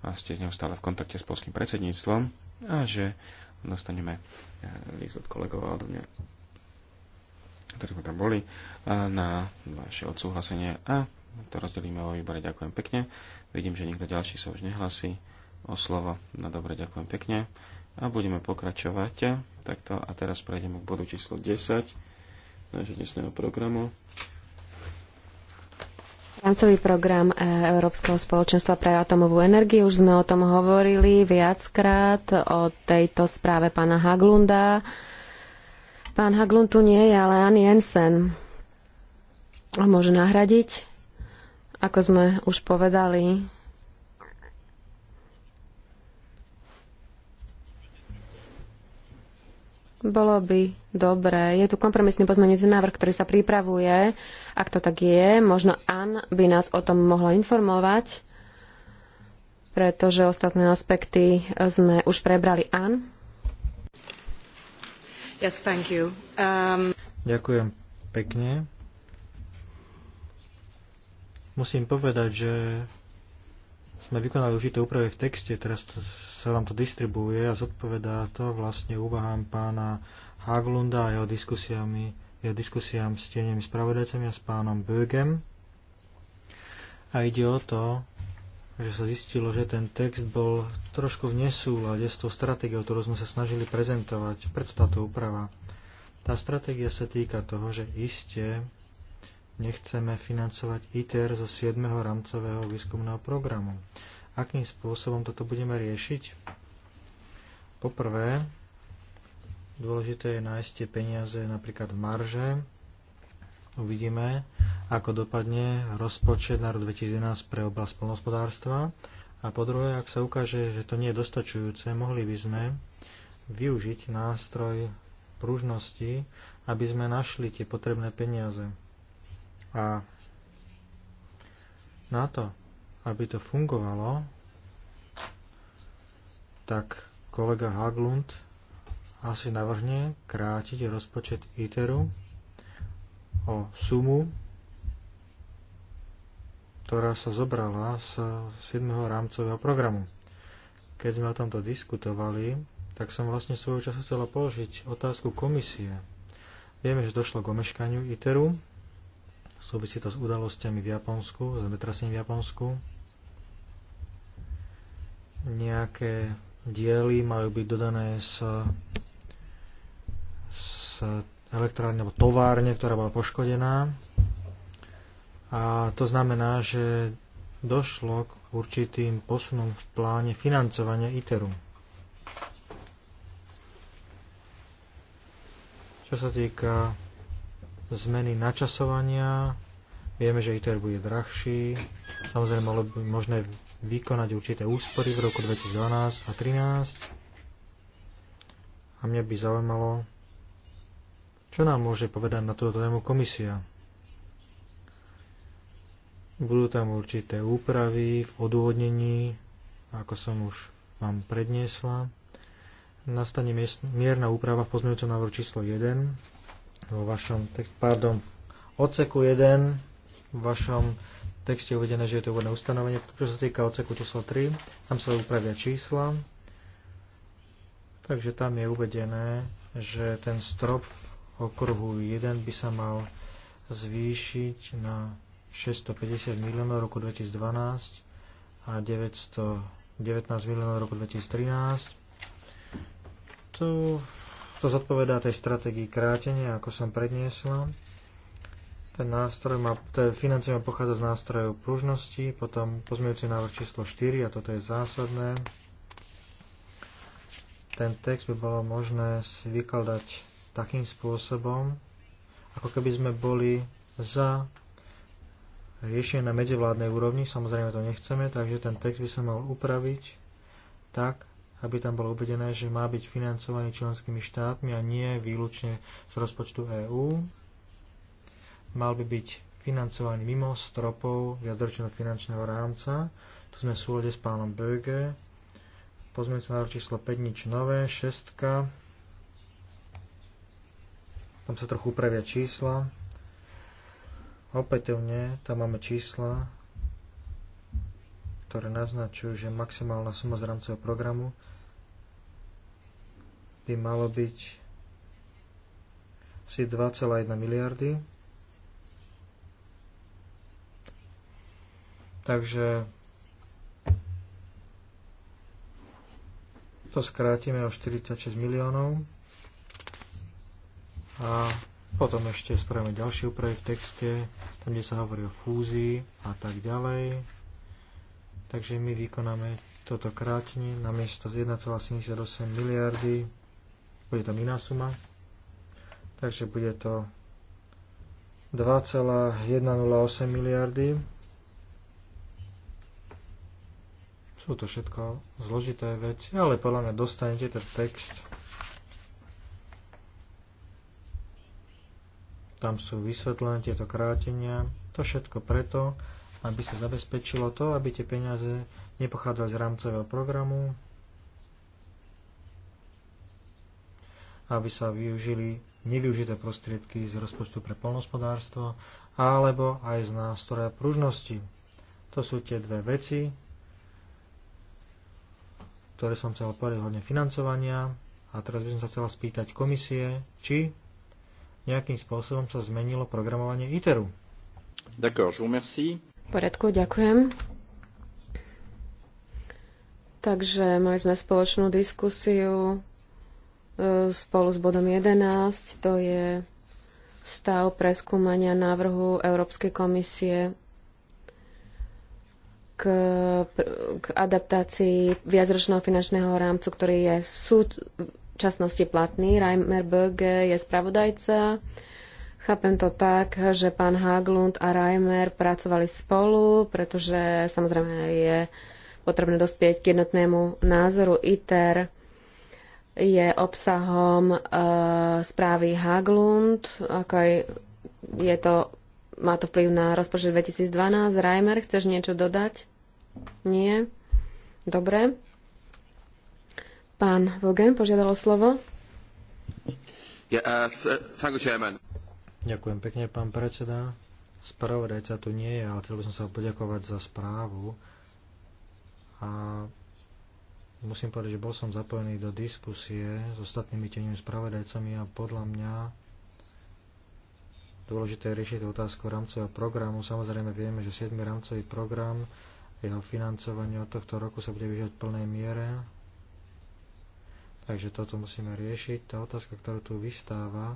a ste s ňou stále v kontakte s polským predsedníctvom a že dostaneme e, list od kolegov od mňa, ktorí sme tam boli, e, na vaše odsúhlasenie a to rozdelíme o výbore. Ďakujem pekne. Vidím, že nikto ďalší sa už nehlasí o slovo. No dobre, ďakujem pekne. A budeme pokračovať e, takto. A teraz prejdeme k bodu číslo 10 nášho dnešného programu. Rámcový program e, Európskeho spoločenstva pre atomovú energiu, už sme o tom hovorili viackrát, o tejto správe pána Haglunda. Pán Haglund tu nie je, ale Ani Jensen ho môže nahradiť. Ako sme už povedali, Bolo by dobré. Je tu kompromisný pozmeňujúci návrh, ktorý sa pripravuje. Ak to tak je, možno Ann by nás o tom mohla informovať, pretože ostatné aspekty sme už prebrali. Ann? Yes, thank you. Um... Ďakujem pekne. Musím povedať, že sme vykonali určité úpravy v texte, teraz sa vám to distribuuje a zodpovedá to vlastne úvahám pána Haglunda a jeho, diskusiami, jeho diskusiám s tenými spravodajcami a s pánom Bögem. A ide o to, že sa zistilo, že ten text bol trošku v nesúlade s tou stratégiou, ktorú sme sa snažili prezentovať. Preto táto úprava. Tá stratégia sa týka toho, že iste nechceme financovať ITER zo 7. rámcového výskumného programu akým spôsobom toto budeme riešiť. Poprvé, dôležité je nájsť tie peniaze napríklad v marže. Uvidíme, ako dopadne rozpočet na rok 2011 pre oblasť polnospodárstva. A po druhé, ak sa ukáže, že to nie je dostačujúce, mohli by sme využiť nástroj pružnosti, aby sme našli tie potrebné peniaze. A na to, aby to fungovalo, tak kolega Haglund asi navrhne krátiť rozpočet ITERu o sumu, ktorá sa zobrala z 7. rámcového programu. Keď sme o tomto diskutovali, tak som vlastne svojho času chcela položiť otázku komisie. Vieme, že došlo k omeškaniu ITERu, súvisí to s udalosťami v Japonsku, zemetrasením v Japonsku, nejaké diely majú byť dodané z, z elektrárne alebo továrne, ktorá bola poškodená. A to znamená, že došlo k určitým posunom v pláne financovania ITERu. Čo sa týka zmeny načasovania, vieme, že ITER bude drahší. Samozrejme, by možné vykonať určité úspory v roku 2012 a 2013. A mňa by zaujímalo, čo nám môže povedať na túto tému komisia. Budú tam určité úpravy v odôvodnení, ako som už vám predniesla. Nastane mierna úprava v pozmeňujúcom návrhu číslo 1 vo vašom, pardon, odseku 1 v vašom texte je uvedené, že je to úvodné ustanovenie. Čo sa týka odseku číslo 3, tam sa upravia čísla. Takže tam je uvedené, že ten strop v okruhu 1 by sa mal zvýšiť na 650 miliónov roku 2012 a 919 miliónov roku 2013. To, to zodpovedá tej stratégii krátenia, ako som predniesla. Ten nástroj má, to financovanie pochádza z nástrojov pružnosti, potom pozmeňujúci návrh číslo 4 a toto je zásadné. Ten text by bolo možné si vykladať takým spôsobom, ako keby sme boli za riešenie na medzivládnej úrovni, samozrejme to nechceme, takže ten text by sa mal upraviť tak, aby tam bolo uvedené, že má byť financovaný členskými štátmi a nie výlučne z rozpočtu EÚ mal by byť financovaný mimo stropov viadročného finančného rámca. Tu sme v súlade s pánom Böge. sa na číslo 5, nič nové, 6. Tam sa trochu upravia čísla. Opätovne tam máme čísla, ktoré naznačujú, že maximálna suma z rámcového programu by malo byť asi 2,1 miliardy Takže to skrátime o 46 miliónov a potom ešte spravíme ďalšie úpravy v texte, tam, kde sa hovorí o fúzii a tak ďalej. Takže my vykonáme toto krátenie na miesto 1,78 miliardy. Bude tam iná suma. Takže bude to 2,108 miliardy. Sú to všetko zložité veci, ale podľa mňa dostanete ten text. Tam sú vysvetlené tieto krátenia. To všetko preto, aby sa zabezpečilo to, aby tie peniaze nepochádzali z rámcového programu, aby sa využili nevyužité prostriedky z rozpočtu pre polnospodárstvo alebo aj z nástroja pružnosti. To sú tie dve veci, ktoré som chcel povedať hlavne financovania. A teraz by som sa chcela spýtať komisie, či nejakým spôsobom sa zmenilo programovanie ITERu. D'accord, je vous Poriadku, ďakujem. Takže mali sme spoločnú diskusiu e, spolu s bodom 11, to je stav preskúmania návrhu Európskej komisie k, k adaptácii viacročného finančného rámcu, ktorý je v súčasnosti platný. Reimer Böge je spravodajca. Chápem to tak, že pán Haglund a Reimer pracovali spolu, pretože samozrejme je potrebné dospieť k jednotnému názoru. ITER je obsahom e, správy Haglund, ako aj je to, má to vplyv na rozpočet 2012. Reimer, chceš niečo dodať? Nie. Dobre. Pán Vogen o slovo. Yeah, uh, Ďakujem pekne, pán predseda. Spravodajca tu nie je, ale chcel by som sa poďakovať za správu. A musím povedať, že bol som zapojený do diskusie s ostatnými tenými spravodajcami a podľa mňa dôležité je riešiť otázku rámcového programu. Samozrejme vieme, že 7. rámcový program jeho financovanie od tohto roku sa bude vyžiať v plnej miere. Takže toto musíme riešiť. Tá otázka, ktorú tu vystáva,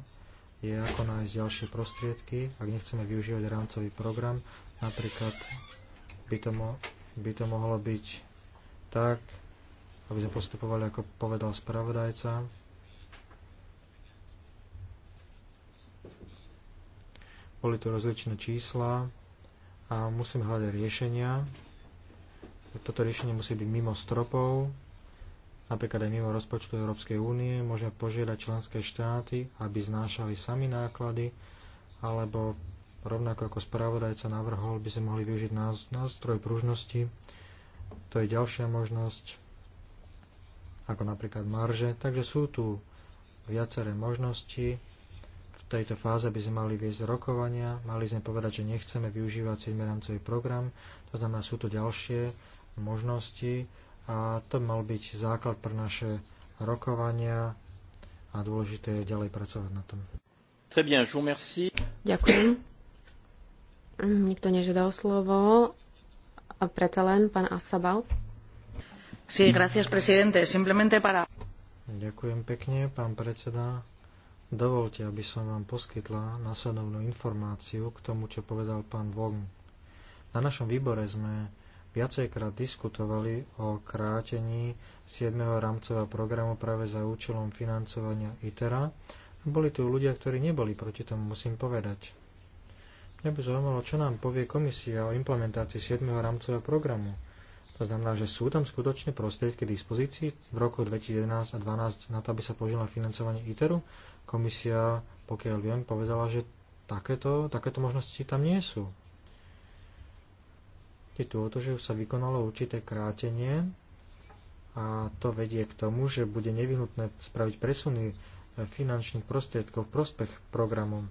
je ako nájsť ďalšie prostriedky, ak nechceme využívať rámcový program. Napríklad by to, mo- by to mohlo byť tak, aby sme postupovali, ako povedal spravodajca, boli tu rozličné čísla a musím hľadať riešenia toto riešenie musí byť mimo stropov, napríklad aj mimo rozpočtu Európskej únie. Môžeme požiadať členské štáty, aby znášali sami náklady, alebo rovnako ako spravodajca navrhol, by sme mohli využiť nástroj pružnosti. To je ďalšia možnosť, ako napríklad marže. Takže sú tu viaceré možnosti. V tejto fáze by sme mali viesť rokovania, mali sme povedať, že nechceme využívať 7 rámcový program, to znamená, sú tu ďalšie možnosti a to mal byť základ pre naše rokovania a dôležité je ďalej pracovať na tom. Ďakujem. Nikto nežadal slovo. A preto len pán Asabal. Sí, gracias, presidente. Simplemente para... Ďakujem pekne, pán predseda. Dovolte, aby som vám poskytla následovnú informáciu k tomu, čo povedal pán Vogn. Na našom výbore sme viacejkrát diskutovali o krátení 7. rámcového programu práve za účelom financovania ITERA. Boli tu ľudia, ktorí neboli proti tomu, musím povedať. Mňa by zaujímalo, čo nám povie komisia o implementácii 7. rámcového programu. To znamená, že sú tam skutočne prostriedky k dispozícii v roku 2011 a 2012 na to, aby sa použilo financovanie ITERu. Komisia, pokiaľ viem, povedala, že takéto, takéto možnosti tam nie sú je tu o to, že už sa vykonalo určité krátenie a to vedie k tomu, že bude nevyhnutné spraviť presuny e, finančných prostriedkov v prospech programom.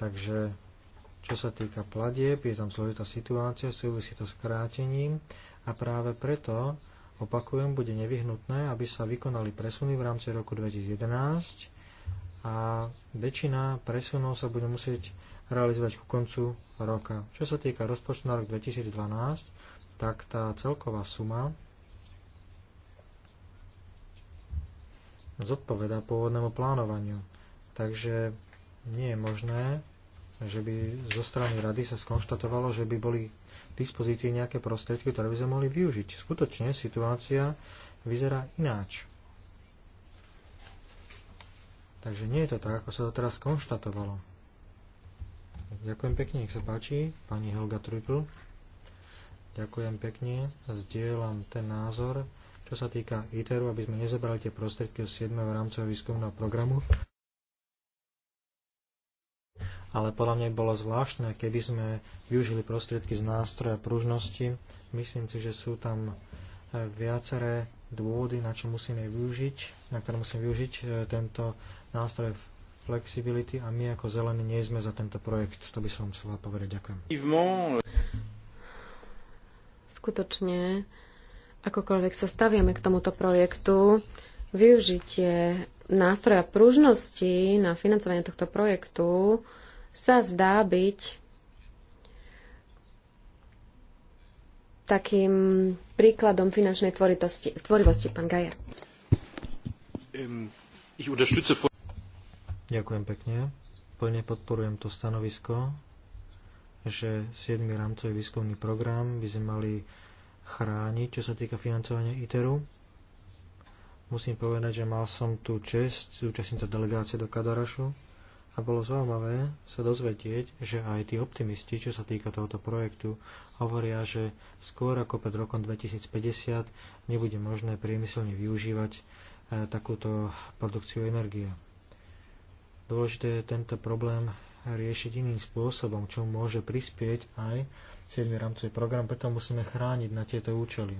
Takže čo sa týka platieb, je tam zložitá situácia, súvisí to s krátením a práve preto, opakujem, bude nevyhnutné, aby sa vykonali presuny v rámci roku 2011 a väčšina presunov sa bude musieť realizovať ku koncu roka. Čo sa týka rozpočtu na rok 2012, tak tá celková suma zodpoveda pôvodnému plánovaniu. Takže nie je možné, že by zo strany rady sa skonštatovalo, že by boli k dispozícii nejaké prostriedky, ktoré by sme mohli využiť. Skutočne situácia vyzerá ináč. Takže nie je to tak, ako sa to teraz skonštatovalo. Ďakujem pekne, nech sa páči, pani Helga Trupl. Ďakujem pekne, zdieľam ten názor, čo sa týka ITERu, aby sme nezabrali tie prostriedky z 7. rámcového výskumného programu. Ale podľa mňa bolo zvláštne, keby sme využili prostriedky z nástroja pružnosti. Myslím si, že sú tam e, viaceré dôvody, na čo musíme využiť, na ktoré musíme využiť e, tento nástroj v flexibility a my ako zelení nie sme za tento projekt. To by som chcela povedať. Ďakujem. Skutočne, akokoľvek sa staviame k tomuto projektu, využitie nástroja pružnosti na financovanie tohto projektu sa zdá byť takým príkladom finančnej tvorivosti. Pán Gajer. Ďakujem pekne. Plne podporujem to stanovisko, že 7. rámcový výskumný program by sme mali chrániť, čo sa týka financovania ITERu. Musím povedať, že mal som tú čest zúčastniť sa delegácie do Kadarašu a bolo zaujímavé sa dozvedieť, že aj tí optimisti, čo sa týka tohoto projektu, hovoria, že skôr ako pred rokom 2050 nebude možné priemyselne využívať eh, takúto produkciu energie. Dôležité je tento problém riešiť iným spôsobom, čo môže prispieť aj 7. rámcový program, preto musíme chrániť na tieto účely.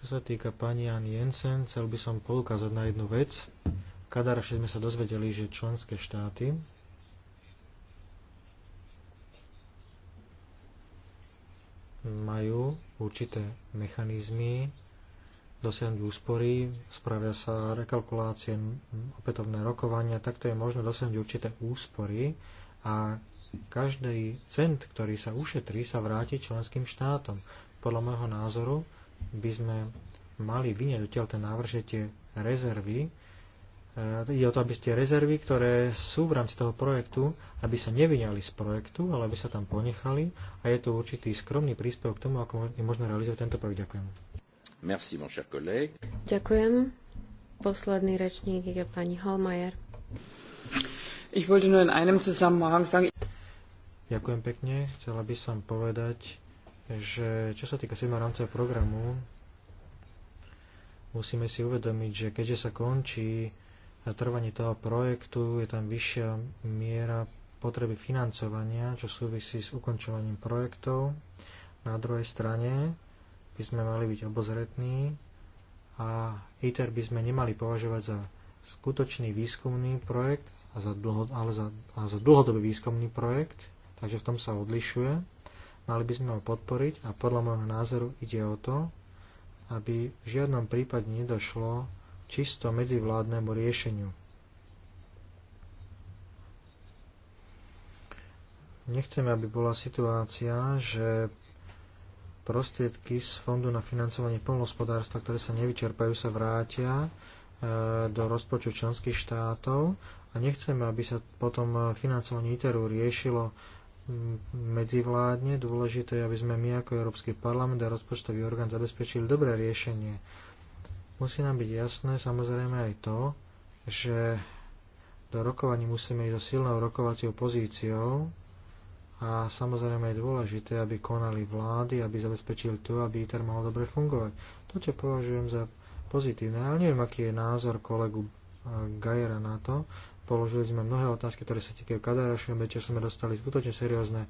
Čo sa týka pani Ani Jensen, chcel by som poukázať na jednu vec. V Kadaraši sme sa dozvedeli, že členské štáty majú určité mechanizmy dosiahnuť úspory, spravia sa rekalkulácie, opätovné rokovania, takto je možné dosiahnuť určité úspory a každý cent, ktorý sa ušetrí, sa vráti členským štátom. Podľa môjho názoru by sme mali vyňať odtiaľ ten návrh, že tie rezervy, Je o to, aby tie rezervy, ktoré sú v rámci toho projektu, aby sa nevyňali z projektu, ale aby sa tam ponechali a je to určitý skromný príspevok k tomu, ako je možné realizovať tento projekt. Ďakujem. Merci, mon cher collègue. Ďakujem. Posledný rečník je pani Holmajer. Ich wollte nur in einem Zusammenhang sagen... Ďakujem pekne. Chcela by som povedať, že čo sa týka 7. rámca programu, musíme si uvedomiť, že keďže sa končí trvanie toho projektu, je tam vyššia miera potreby financovania, čo súvisí s ukončovaním projektov. Na druhej strane by sme mali byť obozretní a ITER by sme nemali považovať za skutočný výskumný projekt, a za dlho, ale za, a za dlhodobý výskumný projekt, takže v tom sa odlišuje. Mali by sme ho podporiť a podľa môjho názoru ide o to, aby v žiadnom prípade nedošlo čisto medzivládnemu riešeniu. Nechceme, aby bola situácia, že prostriedky z Fondu na financovanie poľnohospodárstva, ktoré sa nevyčerpajú, sa vrátia e, do rozpočtu členských štátov a nechceme, aby sa potom e, financovanie ITERu riešilo medzivládne. Dôležité je, aby sme my ako Európsky parlament a rozpočtový orgán zabezpečili dobré riešenie. Musí nám byť jasné samozrejme aj to, že do rokovaní musíme ísť so silnou rokovacou pozíciou, a samozrejme je dôležité, aby konali vlády, aby zabezpečili to, aby ITER mohol dobre fungovať. To, čo považujem za pozitívne, ale neviem, aký je názor kolegu e, Gajera na to. Položili sme mnohé otázky, ktoré sa týkajú Kadarašu, večer sme dostali skutočne seriózne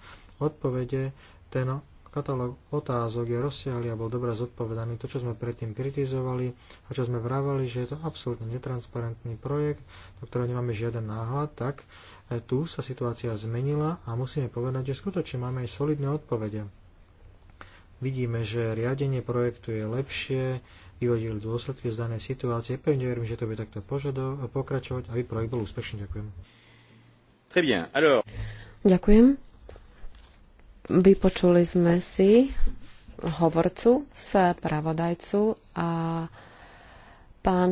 odpovede. Ten katalóg otázok je rozsiahly a bol dobre zodpovedaný. To, čo sme predtým kritizovali a čo sme vravali, že je to absolútne netransparentný projekt, do ktorého nemáme žiaden náhľad, tak E, tu sa situácia zmenila a musíme povedať, že skutočne máme aj solidné odpovede. Vidíme, že riadenie projektu je lepšie, vyvodili dôsledky z danej situácie. Pevne verím, že to bude takto požado- pokračovať, aby projekt bol úspešný. Ďakujem. Très bien. Alors... Ďakujem. Vypočuli sme si hovorcu, sa pravodajcu a pán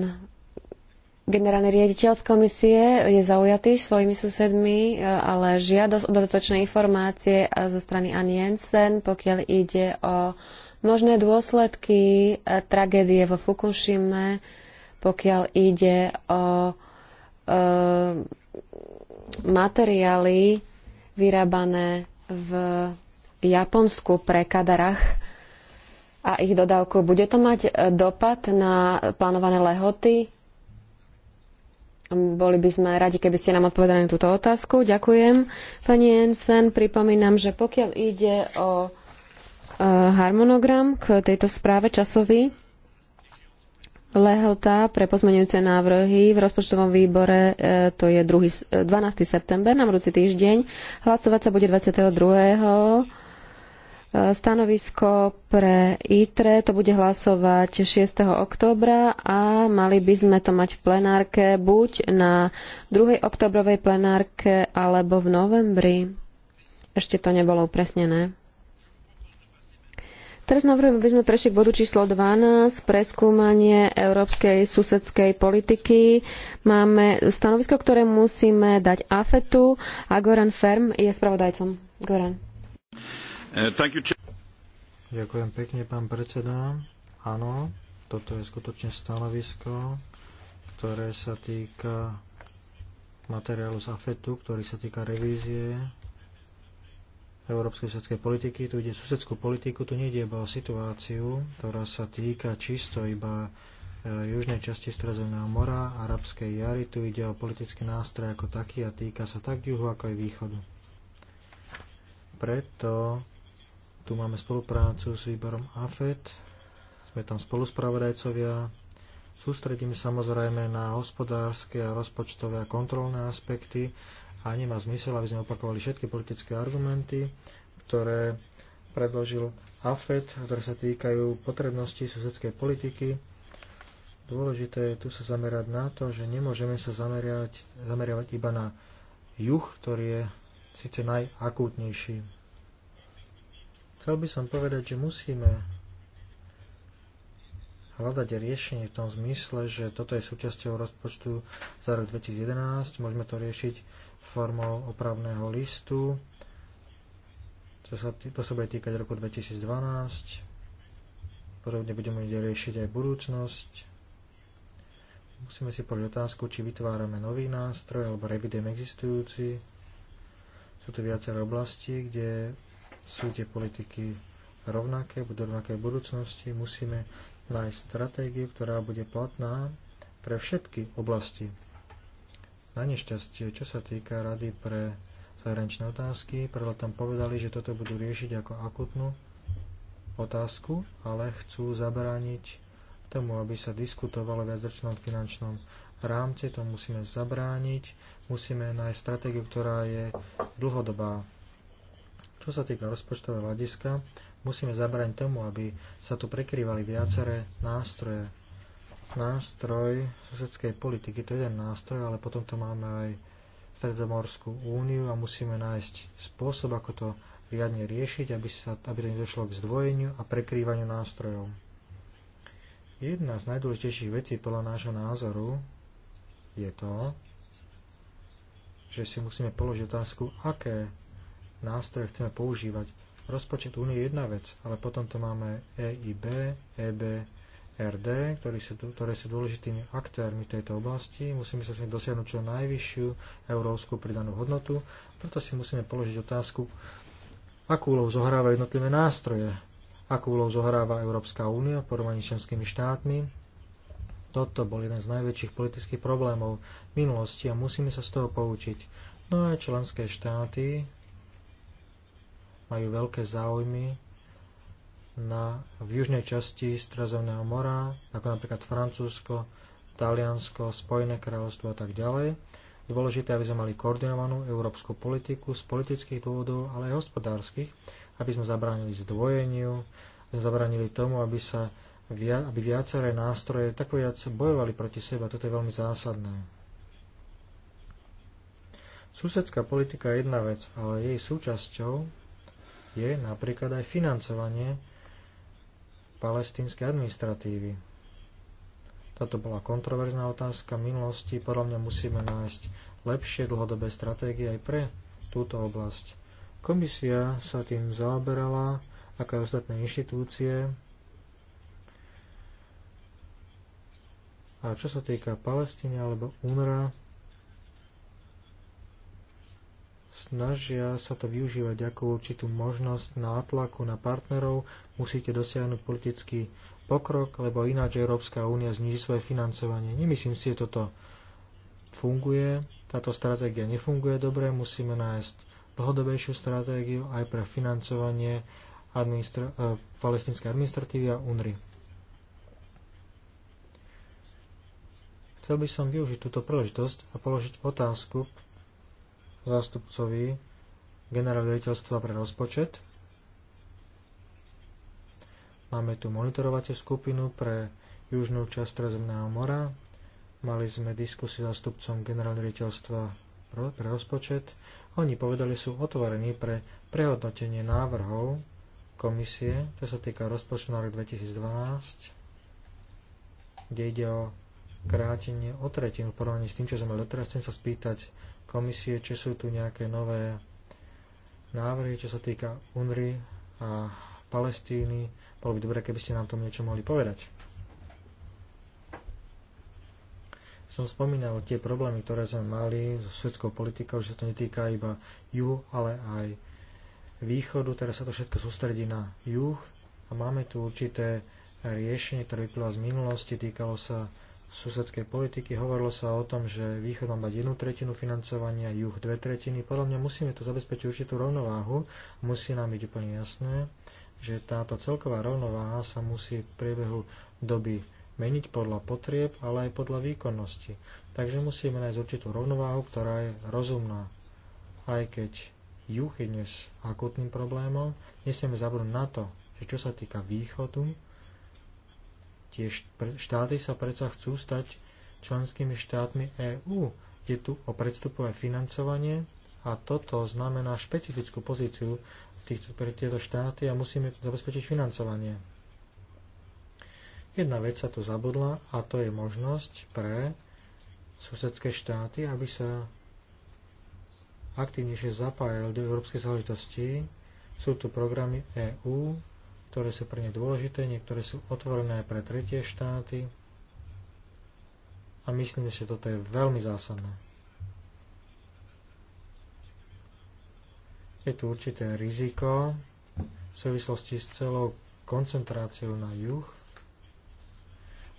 Generálny riaditeľ z komisie je zaujatý svojimi susedmi, e, ale žiadosť o dodatočné informácie e, zo strany Ani Jensen, pokiaľ ide o možné dôsledky e, tragédie vo Fukushime, pokiaľ ide o e, materiály vyrábané v Japonsku pre kadarach a ich dodávku. Bude to mať dopad na plánované lehoty boli by sme radi, keby ste nám odpovedali na túto otázku. Ďakujem, pani Jensen. Pripomínam, že pokiaľ ide o e, harmonogram k tejto správe časový, lehota pre pozmeňujúce návrhy v rozpočtovom výbore, e, to je 2, 12. E, september, na budúci týždeň. Hlasovať sa bude 22. Stanovisko pre ITRE to bude hlasovať 6. októbra a mali by sme to mať v plenárke buď na 2. oktobrovej plenárke alebo v novembri. Ešte to nebolo upresnené. Teraz navrhujem, aby sme prešli k bodu číslo 12, preskúmanie európskej susedskej politiky. Máme stanovisko, ktoré musíme dať AFETu a Goran Ferm je spravodajcom. Goran. Uh, Ďakujem pekne, pán predseda. Áno, toto je skutočne stanovisko, ktoré sa týka materiálu z AFETu, ktorý sa týka revízie európskej susedskej politiky. Tu ide susedskú politiku, tu nejde iba o situáciu, ktorá sa týka čisto iba eh, južnej časti Stredozemného mora, arabskej jary. Tu ide o politický nástroj ako taký a týka sa tak juhu, ako aj východu. Preto tu máme spoluprácu s výborom AFET, sme tam spoluspravodajcovia, sústredíme samozrejme na hospodárske a rozpočtové a kontrolné aspekty a nemá zmysel, aby sme opakovali všetky politické argumenty, ktoré predložil AFED, ktoré sa týkajú potrebnosti susedskej politiky. Dôležité je tu sa zamerať na to, že nemôžeme sa zameriať, zameriavať iba na juh, ktorý je síce najakútnejší Chcel by som povedať, že musíme hľadať riešenie v tom zmysle, že toto je súčasťou rozpočtu za rok 2011. Môžeme to riešiť formou opravného listu. čo sa, to sa bude týkať roku 2012. Podobne budeme riešiť aj budúcnosť. Musíme si povedať otázku, či vytvárame nový nástroj alebo revidujeme existujúci. Sú tu viaceré oblasti, kde sú tie politiky rovnaké, budú rovnaké v budúcnosti. Musíme nájsť stratégiu, ktorá bude platná pre všetky oblasti. Na nešťastie, čo sa týka Rady pre zahraničné otázky, preto tam povedali, že toto budú riešiť ako akutnú otázku, ale chcú zabrániť tomu, aby sa diskutovalo v viacročnom finančnom rámci. To musíme zabrániť. Musíme nájsť stratégiu, ktorá je dlhodobá. Čo sa týka rozpočtového hľadiska, musíme zabrať tomu, aby sa tu prekrývali viaceré nástroje. Nástroj susedskej politiky, to je jeden nástroj, ale potom tu máme aj Stredomorskú úniu a musíme nájsť spôsob, ako to riadne riešiť, aby, sa, aby to nedošlo k zdvojeniu a prekrývaniu nástrojov. Jedna z najdôležitejších vecí podľa nášho názoru je to, že si musíme položiť otázku, aké nástroje chceme používať. Rozpočet únie je jedna vec, ale potom to máme EIB, e RD, ktorí sa, ktoré sú dôležitými aktérmi tejto oblasti. Musíme sa s nimi dosiahnuť čo najvyššiu európsku pridanú hodnotu, preto si musíme položiť otázku, akú úlohu zohrávajú jednotlivé nástroje, akú úlohu zohráva Európska únia v porovnaní s členskými štátmi, toto bol jeden z najväčších politických problémov v minulosti a musíme sa z toho poučiť. Mnohé členské štáty majú veľké záujmy na, v južnej časti Stredozemného mora, ako napríklad Francúzsko, Taliansko, Spojené kráľovstvo a tak ďalej. Dôležité, aby sme mali koordinovanú európsku politiku z politických dôvodov, ale aj hospodárskych, aby sme zabránili zdvojeniu, aby sme zabránili tomu, aby sa aby viaceré nástroje tak viac bojovali proti sebe. Toto je veľmi zásadné. Susedská politika je jedna vec, ale jej súčasťou je napríklad aj financovanie palestínskej administratívy. Toto bola kontroverzná otázka v minulosti. Podľa mňa musíme nájsť lepšie dlhodobé stratégie aj pre túto oblasť. Komisia sa tým zaoberala, ako aj ostatné inštitúcie. A čo sa týka Palestíny alebo UNRA, snažia sa to využívať ako určitú možnosť nátlaku na partnerov, musíte dosiahnuť politický pokrok, lebo ináč Európska únia zniží svoje financovanie. Nemyslím si, že toto funguje, táto stratégia nefunguje dobre, musíme nájsť dlhodobejšiu stratégiu aj pre financovanie administra- e, palestinskej administratívy a UNRI. Chcel by som využiť túto príležitosť a položiť otázku zástupcovi generálneho riaditeľstva pre rozpočet. Máme tu monitorovaciu skupinu pre južnú časť Stredozemného mora. Mali sme diskusiu s zástupcom generálneho riaditeľstva pre rozpočet. Oni povedali, sú otvorení pre prehodnotenie návrhov komisie, čo sa týka rozpočtu na rok 2012, kde ide o krátenie o tretinu v porovnaní s tým, čo sme mali doteraz. Chcem sa spýtať komisie, či sú tu nejaké nové návrhy, čo sa týka UNRY a Palestíny. Bolo by dobre, keby ste nám tom niečo mohli povedať. Som spomínal tie problémy, ktoré sme mali so svetskou politikou, že sa to netýka iba juhu, ale aj východu. Teraz sa to všetko sústredí na juh a máme tu určité riešenie, ktoré vyplýva z minulosti, týkalo sa susedskej politiky. Hovorilo sa o tom, že východ má mať jednu tretinu financovania, juh dve tretiny. Podľa mňa musíme to zabezpečiť určitú rovnováhu. Musí nám byť úplne jasné, že táto celková rovnováha sa musí v priebehu doby meniť podľa potrieb, ale aj podľa výkonnosti. Takže musíme nájsť určitú rovnováhu, ktorá je rozumná. Aj keď juh je dnes akutným problémom, nesieme zabudnúť na to, že čo sa týka východu, Tie štáty sa predsa chcú stať členskými štátmi EÚ. Je tu o predstupové financovanie a toto znamená špecifickú pozíciu týchto, pre tieto štáty a musíme zabezpečiť financovanie. Jedna vec sa tu zabudla a to je možnosť pre susedské štáty, aby sa aktívnejšie zapájali do európskej záležitosti. Sú tu programy EÚ, ktoré sú pre ne dôležité, niektoré sú otvorené aj pre tretie štáty a myslím, že toto je veľmi zásadné. Je tu určité riziko v súvislosti s celou koncentráciou na juh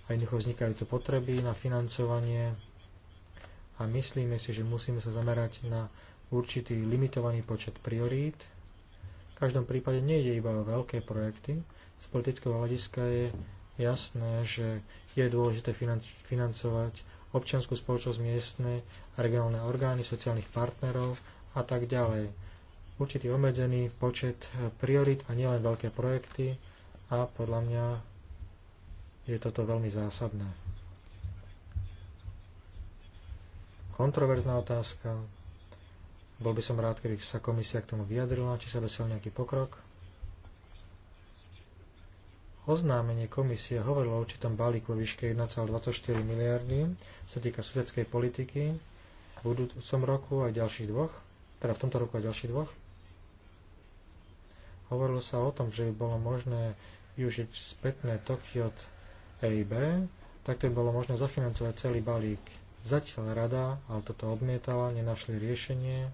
a jednoducho vznikajú tu potreby na financovanie a myslíme si, že musíme sa zamerať na určitý limitovaný počet priorít – v každom prípade nejde iba o veľké projekty. Z politického hľadiska je jasné, že je dôležité financovať občianskú spoločnosť miestne regionálne orgány, sociálnych partnerov a tak ďalej. Určitý obmedzený počet priorit a nielen veľké projekty a podľa mňa je toto veľmi zásadné kontroverzná otázka. Bol by som rád, keby sa komisia k tomu vyjadrila, či sa dosiel nejaký pokrok. Oznámenie komisie hovorilo o určitom balíku vo výške 1,24 miliardy, sa týka sudeckej politiky v budúcom roku aj ďalších dvoch, teda v tomto roku aj ďalších dvoch. Hovorilo sa o tom, že by bolo možné využiť spätné toky od EIB, takto by bolo možné zafinancovať celý balík. Zatiaľ rada, ale toto odmietala, nenašli riešenie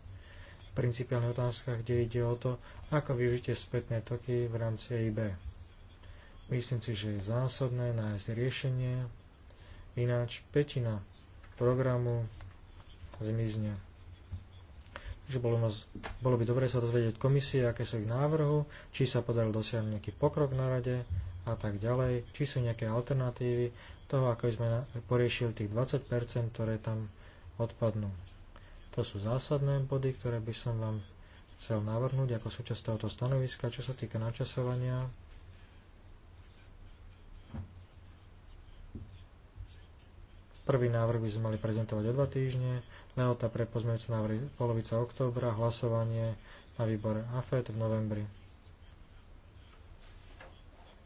principiálnych otázkach, kde ide o to, ako využite spätné toky v rámci EIB. Myslím si, že je zásadné nájsť riešenie, ináč petina programu zmizne. Takže bolo, bolo by dobre sa dozvedieť komisie, aké sú ich návrhu, či sa podaril dosiahnuť nejaký pokrok na rade a tak ďalej, či sú nejaké alternatívy toho, ako sme poriešili tých 20%, ktoré tam odpadnú. To sú zásadné body, ktoré by som vám chcel navrhnúť ako súčasť tohoto stanoviska, čo sa týka načasovania. Prvý návrh by sme mali prezentovať o dva týždne, Leota pre pozmeňujúce návrhy polovica októbra, hlasovanie na výbore AFED v novembri.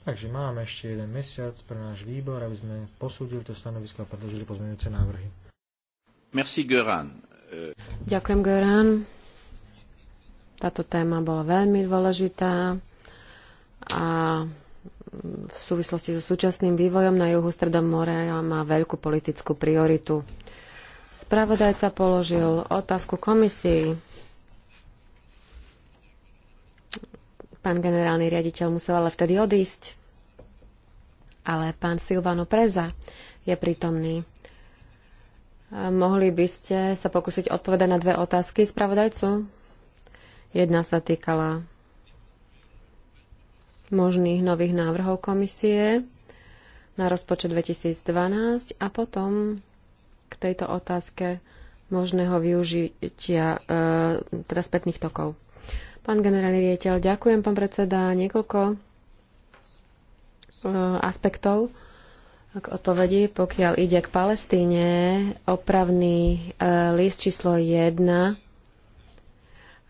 Takže máme ešte jeden mesiac pre náš výbor, aby sme posúdili to stanovisko a predložili pozmeňujúce návrhy. Merci, Göran. Ďakujem, Goran. Táto téma bola veľmi dôležitá a v súvislosti so súčasným vývojom na juhu Stredomoria má veľkú politickú prioritu. Spravodajca položil otázku komisii. Pán generálny riaditeľ musel ale vtedy odísť. Ale pán Silvano Preza je prítomný. Mohli by ste sa pokúsiť odpovedať na dve otázky spravodajcu? Jedna sa týkala možných nových návrhov komisie na rozpočet 2012 a potom k tejto otázke možného využitia e, teda spätných tokov. Pán generálny rieteľ, ďakujem, pán predseda, niekoľko e, aspektov k odpovedi, pokiaľ ide k Palestíne, opravný e, list číslo 1,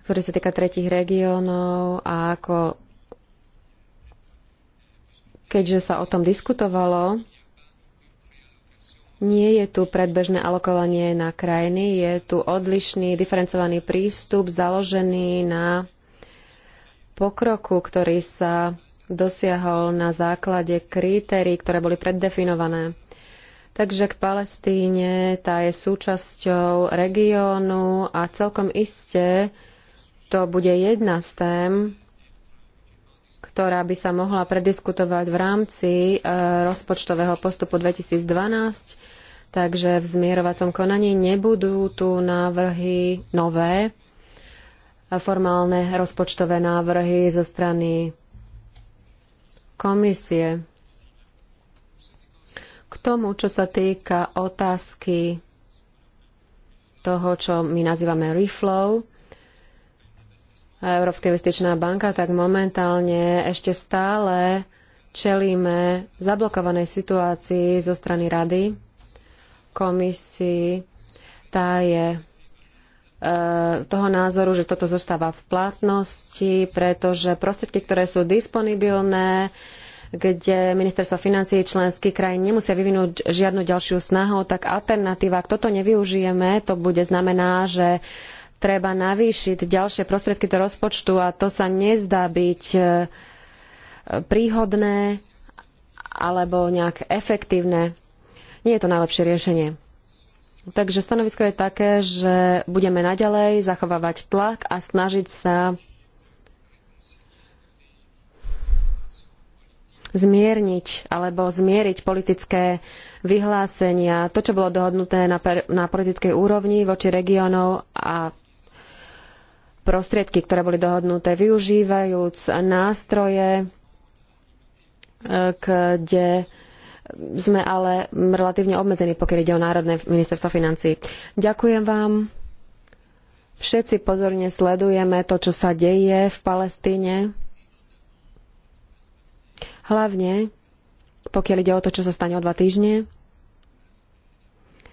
ktorý sa týka tretich regiónov a ako keďže sa o tom diskutovalo, nie je tu predbežné alokovanie na krajiny, je tu odlišný, diferencovaný prístup založený na pokroku, ktorý sa dosiahol na základe kritérií, ktoré boli preddefinované. Takže k Palestíne tá je súčasťou regiónu a celkom iste to bude jedna z tém, ktorá by sa mohla prediskutovať v rámci e, rozpočtového postupu 2012. Takže v zmierovacom konaní nebudú tu návrhy nové, formálne rozpočtové návrhy zo strany komisie. K tomu, čo sa týka otázky toho, čo my nazývame reflow, Európska investičná banka, tak momentálne ešte stále čelíme zablokovanej situácii zo strany rady, komisii. Tá je e, toho názoru, že toto zostáva v platnosti, pretože prostriedky, ktoré sú disponibilné, kde ministerstva financií členských krajín nemusia vyvinúť žiadnu ďalšiu snahu, tak alternatíva, ak toto nevyužijeme, to bude znamená, že treba navýšiť ďalšie prostriedky do rozpočtu a to sa nezdá byť e, príhodné alebo nejak efektívne. Nie je to najlepšie riešenie. Takže stanovisko je také, že budeme naďalej zachovávať tlak a snažiť sa zmierniť alebo zmieriť politické vyhlásenia, to, čo bolo dohodnuté na, na politickej úrovni voči regiónov a prostriedky, ktoré boli dohodnuté, využívajúc nástroje, e, kde sme ale relatívne obmedzení, pokiaľ ide o Národné ministerstvo financí. Ďakujem vám. Všetci pozorne sledujeme to, čo sa deje v Palestíne. Hlavne, pokiaľ ide o to, čo sa stane o dva týždne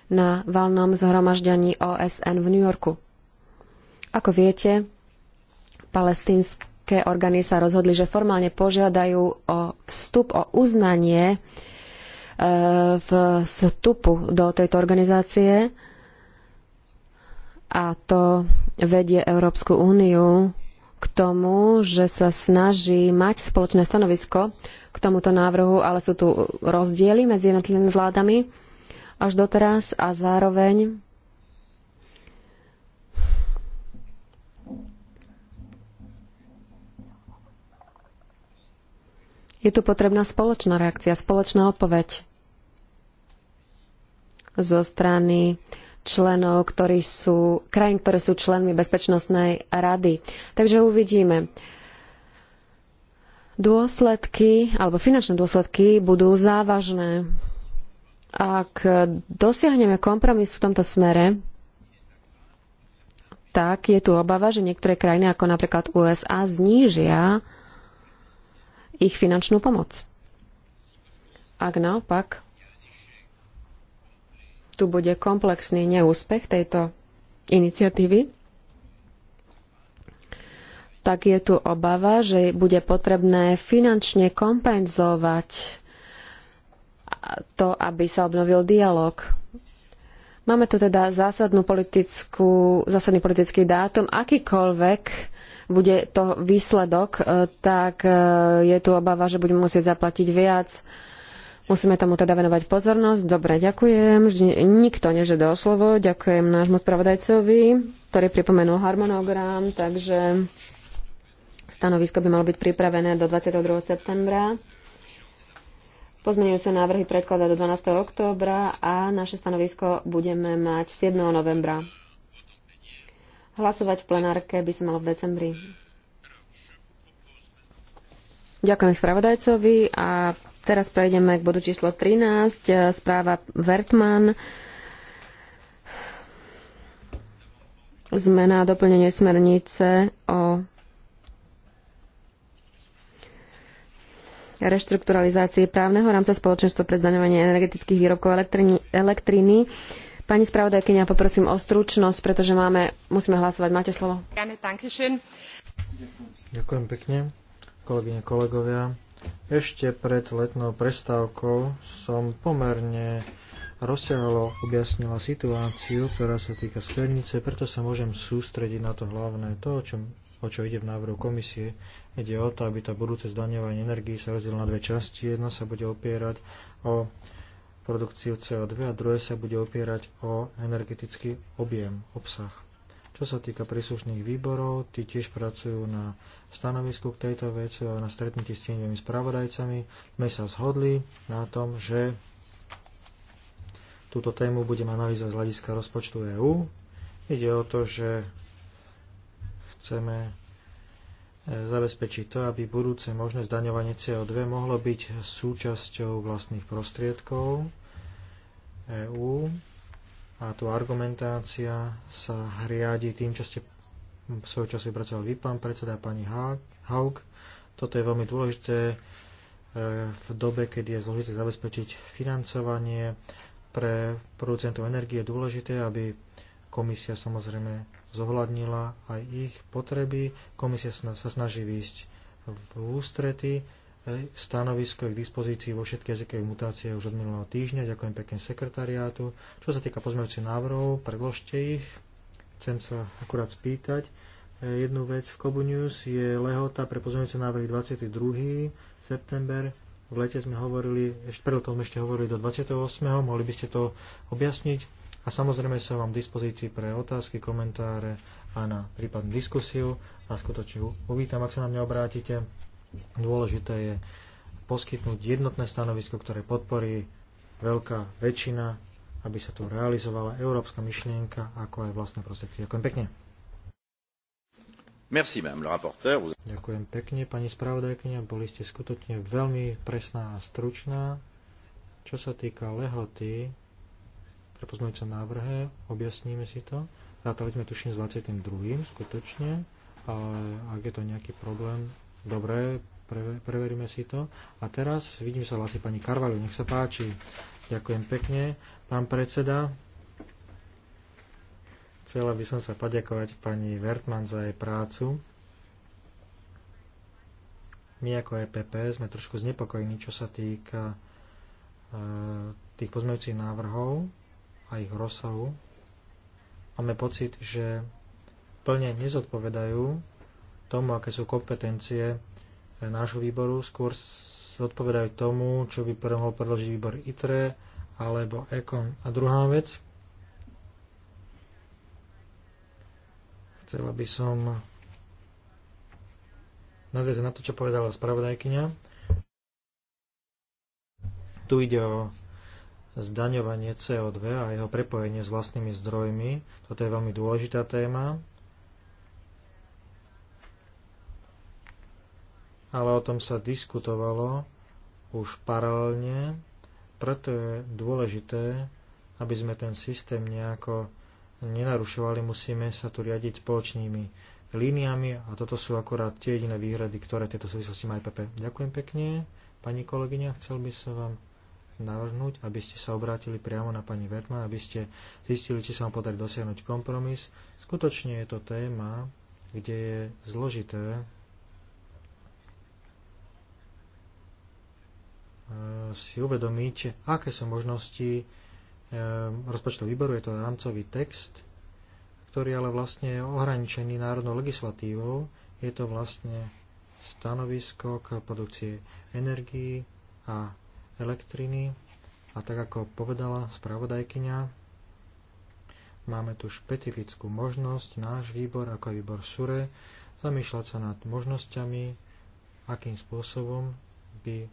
na valnom zhromažďaní OSN v New Yorku. Ako viete, palestinské orgány sa rozhodli, že formálne požiadajú o vstup, o uznanie e, v vstupu do tejto organizácie a to vedie Európsku úniu k tomu, že sa snaží mať spoločné stanovisko k tomuto návrhu, ale sú tu rozdiely medzi jednotlivými vládami až doteraz a zároveň je tu potrebná spoločná reakcia, spoločná odpoveď zo strany členov, ktorí sú, krajín, ktoré sú členmi Bezpečnostnej rady. Takže uvidíme dôsledky alebo finančné dôsledky budú závažné. Ak dosiahneme kompromis v tomto smere, tak je tu obava, že niektoré krajiny ako napríklad USA znížia ich finančnú pomoc. Ak naopak tu bude komplexný neúspech tejto iniciatívy, tak je tu obava, že bude potrebné finančne kompenzovať to, aby sa obnovil dialog. Máme tu teda zásadnú politickú, zásadný politický dátum. Akýkoľvek bude to výsledok, e, tak e, je tu obava, že budeme musieť zaplatiť viac. Musíme tomu teda venovať pozornosť. Dobre, ďakujem. Nikto nežiada o slovo. Ďakujem nášmu spravodajcovi, ktorý pripomenul harmonogram, takže Stanovisko by malo byť pripravené do 22. septembra. Pozmenujúce návrhy predkladá do 12. októbra a naše stanovisko budeme mať 7. novembra. Hlasovať v plenárke by sa malo v decembri. Ďakujem spravodajcovi a teraz prejdeme k bodu číslo 13, eh, správa Vertman. Zmena a doplnenie smernice o reštrukturalizácie právneho rámca spoločenstva pre zdaňovanie energetických výrobkov elektriny. Pani spravodajkynia, poprosím o stručnosť, pretože máme, musíme hlasovať. Máte slovo. Ďakujem pekne, kolegyne, kolegovia. Ešte pred letnou prestávkou som pomerne rozsiahlo objasnila situáciu, ktorá sa týka smernice, preto sa môžem sústrediť na to hlavné, to, o, čom, o čo ide v návrhu komisie. Ide o to, aby to budúce zdaňovanie energii sa rozdielilo na dve časti. Jedno sa bude opierať o produkciu CO2 a druhé sa bude opierať o energetický objem, obsah. Čo sa týka príslušných výborov, tí tiež pracujú na stanovisku k tejto veci a na stretnutí s tieňovými spravodajcami. My sa zhodli na tom, že túto tému budeme analýzovať z hľadiska rozpočtu EÚ. Ide o to, že chceme zabezpečiť to, aby budúce možné zdaňovanie CO2 mohlo byť súčasťou vlastných prostriedkov EÚ a tu argumentácia sa hriadi tým, čo ste v svojom času vypracoval vy, pán predseda, pani Haug. Toto je veľmi dôležité e, v dobe, keď je zložité zabezpečiť financovanie pre producentov energie. Je dôležité, aby komisia samozrejme zohľadnila aj ich potreby. Komisia sa snaží výjsť v ústrety. E, stanovisko je k dispozícii vo všetkých jazykových mutáciách už od minulého týždňa. Ďakujem pekne sekretariátu. Čo sa týka pozmeňujúcich návrhov, predložte ich. Chcem sa akurát spýtať. E, jednu vec v Kobu News je lehota pre pozmeňujúce návrhy 22. september. V lete sme hovorili, ešte pred sme ešte hovorili do 28. Mohli by ste to objasniť? A samozrejme som vám v dispozícii pre otázky, komentáre a na prípadnú diskusiu a skutočne uvítam, ak sa na mňa obrátite. Dôležité je poskytnúť jednotné stanovisko, ktoré podporí veľká väčšina, aby sa tu realizovala európska myšlienka, ako aj vlastné prostriedky. Ďakujem pekne. Merci, madame le rapporteur. Ďakujem pekne, pani spravodajkynia. Boli ste skutočne veľmi presná a stručná. Čo sa týka lehoty, teda pozmeňujúce návrhe, objasníme si to. Rátali sme tuším s 22. skutočne, ale ak je to nejaký problém, dobre, preveríme si to. A teraz vidím, že sa hlasí pani Karvaľu, nech sa páči. Ďakujem pekne. Pán predseda, chcela by som sa poďakovať pani Vertman za jej prácu. My ako EPP sme trošku znepokojení, čo sa týka e, tých pozmeňujúcich návrhov, a ich rozsahu. Máme pocit, že plne nezodpovedajú tomu, aké sú kompetencie eh, nášho výboru, skôr zodpovedajú tomu, čo by mohol predložiť výbor ITRE alebo EKON. A druhá vec, chcela by som nadviazať na to, čo povedala spravodajkyňa. Tu ide o zdaňovanie CO2 a jeho prepojenie s vlastnými zdrojmi. Toto je veľmi dôležitá téma. Ale o tom sa diskutovalo už paralelne, preto je dôležité, aby sme ten systém nejako nenarušovali, musíme sa tu riadiť spoločnými líniami a toto sú akurát tie jediné výhrady, ktoré tieto súvislosti má IPP. Ďakujem pekne. Pani kolegyňa, chcel by som vám navrhnúť, aby ste sa obrátili priamo na pani Vertman, aby ste zistili, či sa vám podarí dosiahnuť kompromis. Skutočne je to téma, kde je zložité eh, si uvedomiť, aké sú možnosti eh, rozpočtov výboru. Je to rámcový text, ktorý ale vlastne je ohraničený národnou legislatívou. Je to vlastne stanovisko k produkcii energii a elektriny a tak ako povedala spravodajkyňa, máme tu špecifickú možnosť, náš výbor ako aj výbor SURE, zamýšľať sa nad možnosťami, akým spôsobom by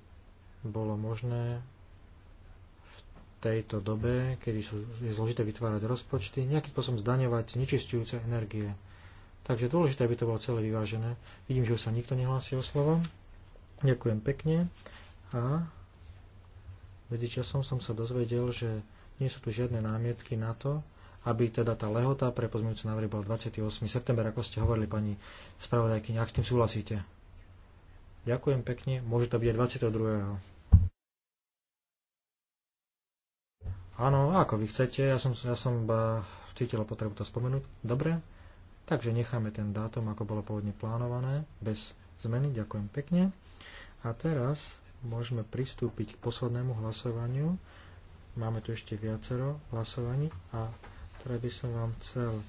bolo možné v tejto dobe, kedy sú, je zložité vytvárať rozpočty, nejakým spôsobom zdaňovať znečistujúce energie. Takže dôležité, aby to bolo celé vyvážené. Vidím, že už sa nikto nehlási o slovo. Ďakujem pekne a Medzičasom som sa dozvedel, že nie sú tu žiadne námietky na to, aby teda tá lehota pre pozmeňujúce návrhy bola 28. september, ako ste hovorili, pani spravodajky, ak s tým súhlasíte. Ďakujem pekne, môže to byť aj 22. Áno, ako vy chcete, ja som, ja som ba, cítil potrebu to spomenúť. Dobre, takže necháme ten dátum, ako bolo pôvodne plánované, bez zmeny, ďakujem pekne. A teraz môžeme pristúpiť k poslednému hlasovaniu. Máme tu ešte viacero hlasovaní a ktoré by som vám chcel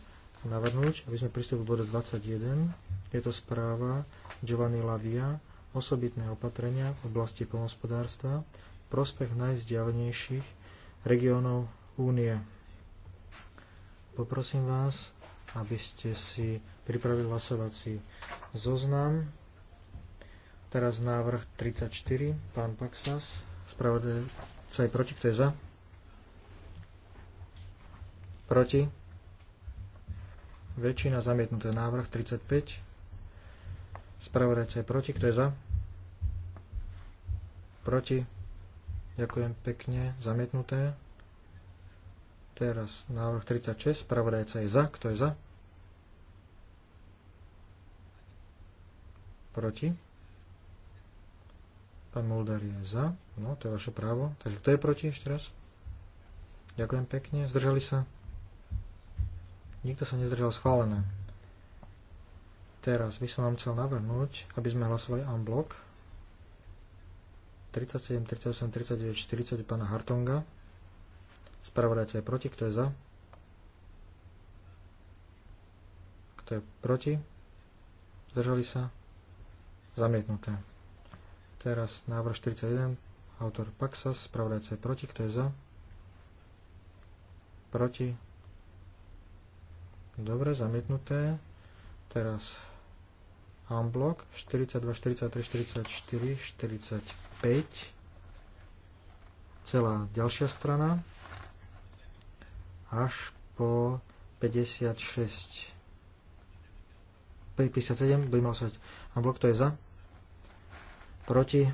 navrhnúť, aby sme pristúpili k bodu 21. Je to správa Giovanni Lavia, osobitné opatrenia v oblasti polnospodárstva, prospech najvzdialenejších regiónov únie. Poprosím vás, aby ste si pripravili hlasovací zoznam. Teraz návrh 34, pán Paxas. Spravodajca je proti, kto je za? Proti. Väčšina zamietnuté návrh 35. Spravodajca je proti, kto je za? Proti. Ďakujem pekne, zamietnuté. Teraz návrh 36, spravodajca je za, kto je za? Proti. Pán Mulder je za. No, to je vaše právo. Takže kto je proti ešte raz? Ďakujem pekne. Zdržali sa? Nikto sa nezdržal schválené. Teraz by som vám chcel navrhnúť, aby sme hlasovali en bloc 37, 38, 39, 40 pána Hartonga. Spravodajca je proti, kto je za? Kto je proti? Zdržali sa? Zamietnuté. Teraz návrh 41, autor Paxas, spravodajca je proti, kto je za? Proti. Dobre, zamietnuté. Teraz unblock 42, 43, 44, 45. Celá ďalšia strana. Až po 56. 57, budeme hlasovať unblock, to je za? proti,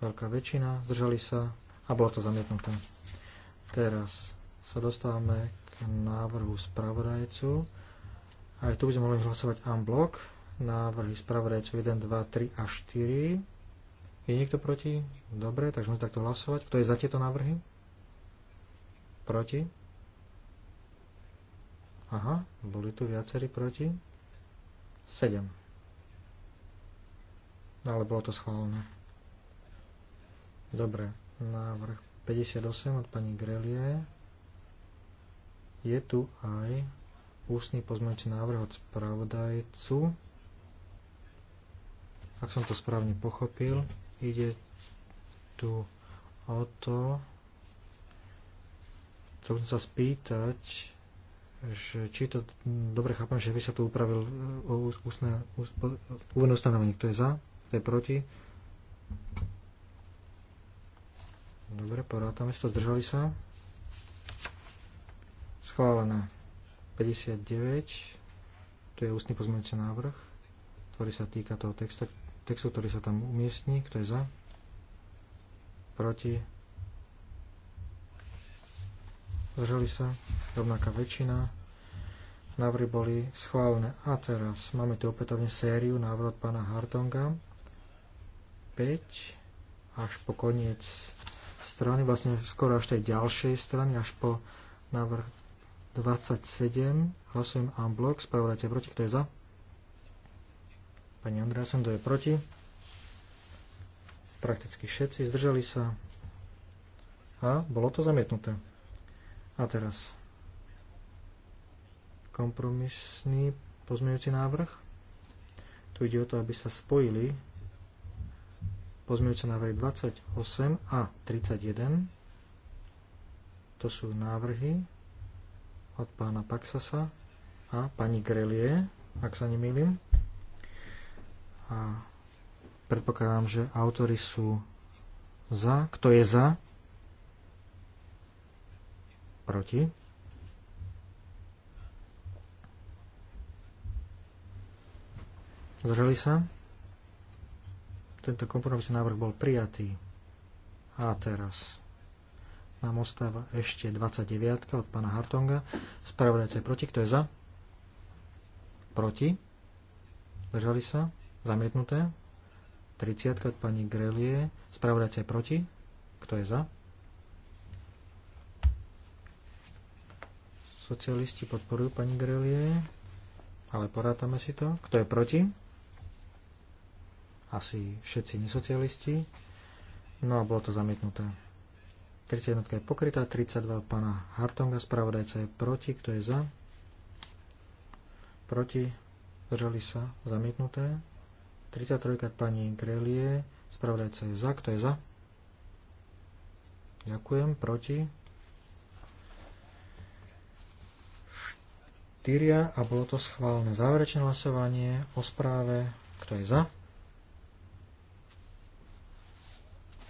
veľká väčšina, zdržali sa a bolo to zamietnuté. Teraz sa dostávame k návrhu spravodajcu. Aj tu by sme mohli hlasovať unblock. Návrhy spravodajcu 1, 2, 3 a 4. Je niekto proti? Dobre, takže môžeme takto hlasovať. Kto je za tieto návrhy? Proti? Aha, boli tu viacerí proti. 7. No, ale bolo to schválené. Dobre, návrh 58 od pani Grelie. Je tu aj ústny pozmeňujúci návrh od spravodajcu. Ak som to správne pochopil, ide tu o to, chcel som sa spýtať, že či to dobre chápem, že by sa tu upravil e, ústne, ústne ustanovenie, kto je za, kto je proti? Dobre, porátame si to, zdržali sa. Schválené. 59. To je ústny pozmeňujúci návrh, ktorý sa týka toho texta, textu, ktorý sa tam umiestní. Kto je za? Proti? Zdržali sa. Rovnaká väčšina. Návrhy boli schválené. A teraz máme tu opätovne sériu návrh od pána Hartonga až po koniec strany, vlastne skoro až tej ďalšej strany, až po návrh 27. Hlasujem en blok, Spravodajte proti. Kto je za? Pani Andreasen, kto je proti? Prakticky všetci. Zdržali sa. A bolo to zamietnuté. A teraz kompromisný pozmeňujúci návrh. Tu ide o to, aby sa spojili Pozmeňujúce návrhy 28 a 31. To sú návrhy od pána Paxasa a pani Grelie, ak sa nemýlim. A predpokladám, že autory sú za. Kto je za? Proti? Zreli sa? Tento kompromisný návrh bol prijatý. A teraz nám ostáva ešte 29 od pána Hartonga. Spravodajca je proti. Kto je za? Proti. Držali sa. Zamietnuté. 30 od pani Grelie. Spravodajca je proti. Kto je za? Socialisti podporujú pani Grelie, ale porátame si to. Kto je proti? asi všetci nesocialisti. No a bolo to zamietnuté. 31 je pokrytá, 32 pána Hartonga, spravodajca je proti, kto je za? Proti, zdržali sa, zamietnuté. 33 pani Grelie, spravodajca je za, kto je za? Ďakujem, proti. 4 a bolo to schválené záverečné hlasovanie o správe, kto je za?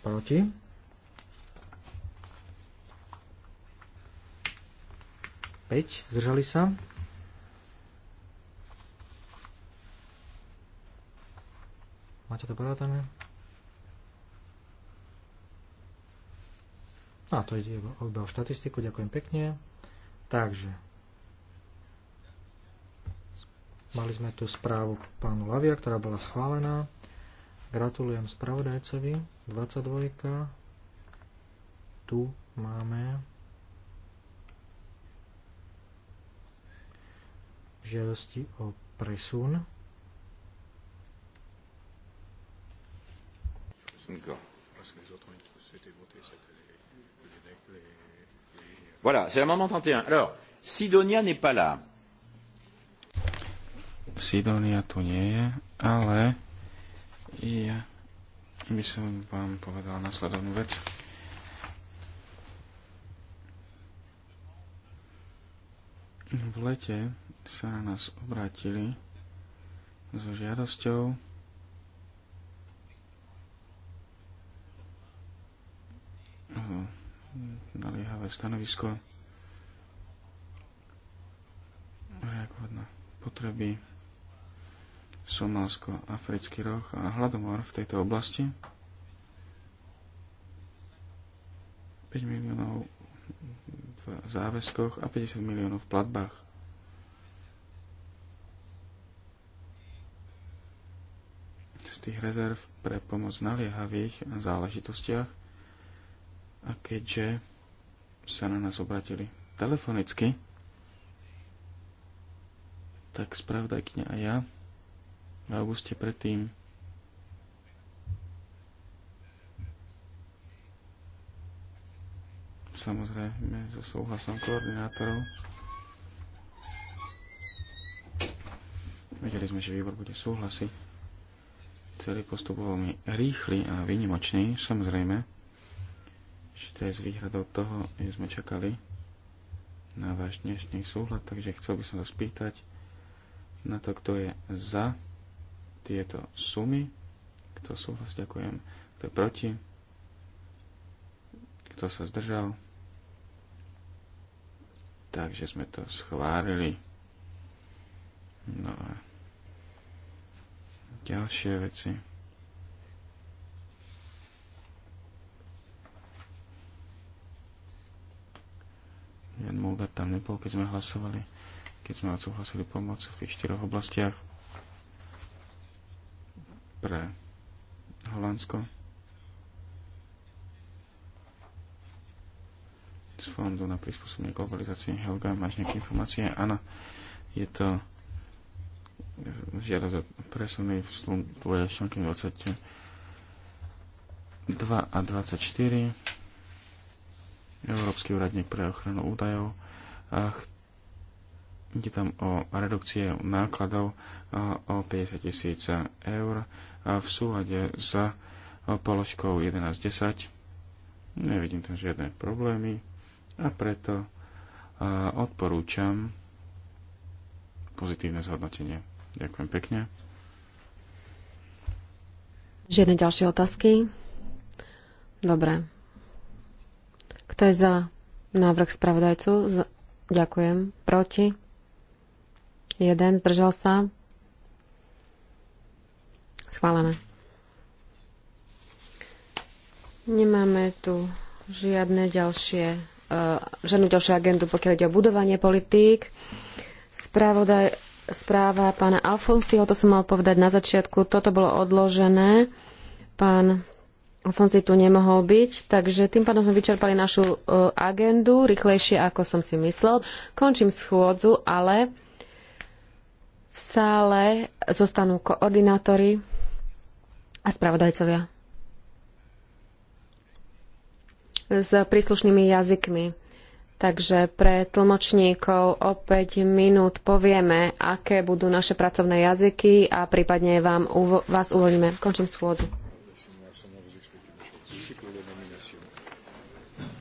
Proti? Peť, Zdržali sa? Máte to porátané? A to ide iba o štatistiku, ďakujem pekne. Takže, mali sme tu správu pánu Lavia, ktorá bola schválená. Gratulujem spravodajcovi. 22. Tu máme žiadosti o presun. Voilà, c'est l'amendement 31. Alors, Sidonia n'est pas là. Sidonia tu nie je, ale ja by som vám povedal nasledovnú vec. V lete sa na nás obrátili so žiadosťou eh, naliehavé stanovisko reagovať na potreby Somálsko-Africký roh a hladomor v tejto oblasti. 5 miliónov v záväzkoch a 50 miliónov v platbách. Z tých rezerv pre pomoc naliehavých záležitostiach a keďže sa na nás obratili telefonicky, tak spravodajkňa a ja v auguste predtým. Samozrejme so súhlasom koordinátorov. Vedeli sme, že výbor bude súhlasiť. Celý postup bol mi rýchly a výnimočný, samozrejme. Že to je z výhradou toho, že sme čakali na váš dnešný súhľad, takže chcel by som sa spýtať na to, kto je za tieto sumy. Kto súhlas, ďakujem. Kto je proti? Kto sa zdržal? Takže sme to schválili. No a ďalšie veci. Jan Mulder tam nebol, keď sme hlasovali, keď sme odsúhlasili pomoc v tých štyroch oblastiach pre Holandsko z Fondu na prispôsobenie globalizácii. Helga, máš nejaké informácie? Áno, je to e, žiadosť o presuny v tvoje články 22 a 24. Európsky úradník pre ochranu údajov a Ide tam o redukcie nákladov o 50 tisíc eur v súlade s položkou 1110. Nevidím tam žiadne problémy a preto odporúčam pozitívne zhodnotenie. Ďakujem pekne. Žiadne ďalšie otázky? Dobre. Kto je za návrh spravodajcu? Ďakujem. Proti? Jeden. Zdržal sa. Schválené. Nemáme tu žiadne ďalšie, uh, žiadnu ďalšiu agendu, pokiaľ ide o budovanie politík. Správodaj, správa pána Alfonsiho, to som mal povedať na začiatku, toto bolo odložené. Pán Alfonsi tu nemohol byť, takže tým pádom sme vyčerpali našu uh, agendu rýchlejšie, ako som si myslel. Končím schôdzu, ale v sále zostanú koordinátori a spravodajcovia s príslušnými jazykmi. Takže pre tlmočníkov o 5 minút povieme, aké budú naše pracovné jazyky a prípadne vám, vás uvoľníme. Končím schôdzu.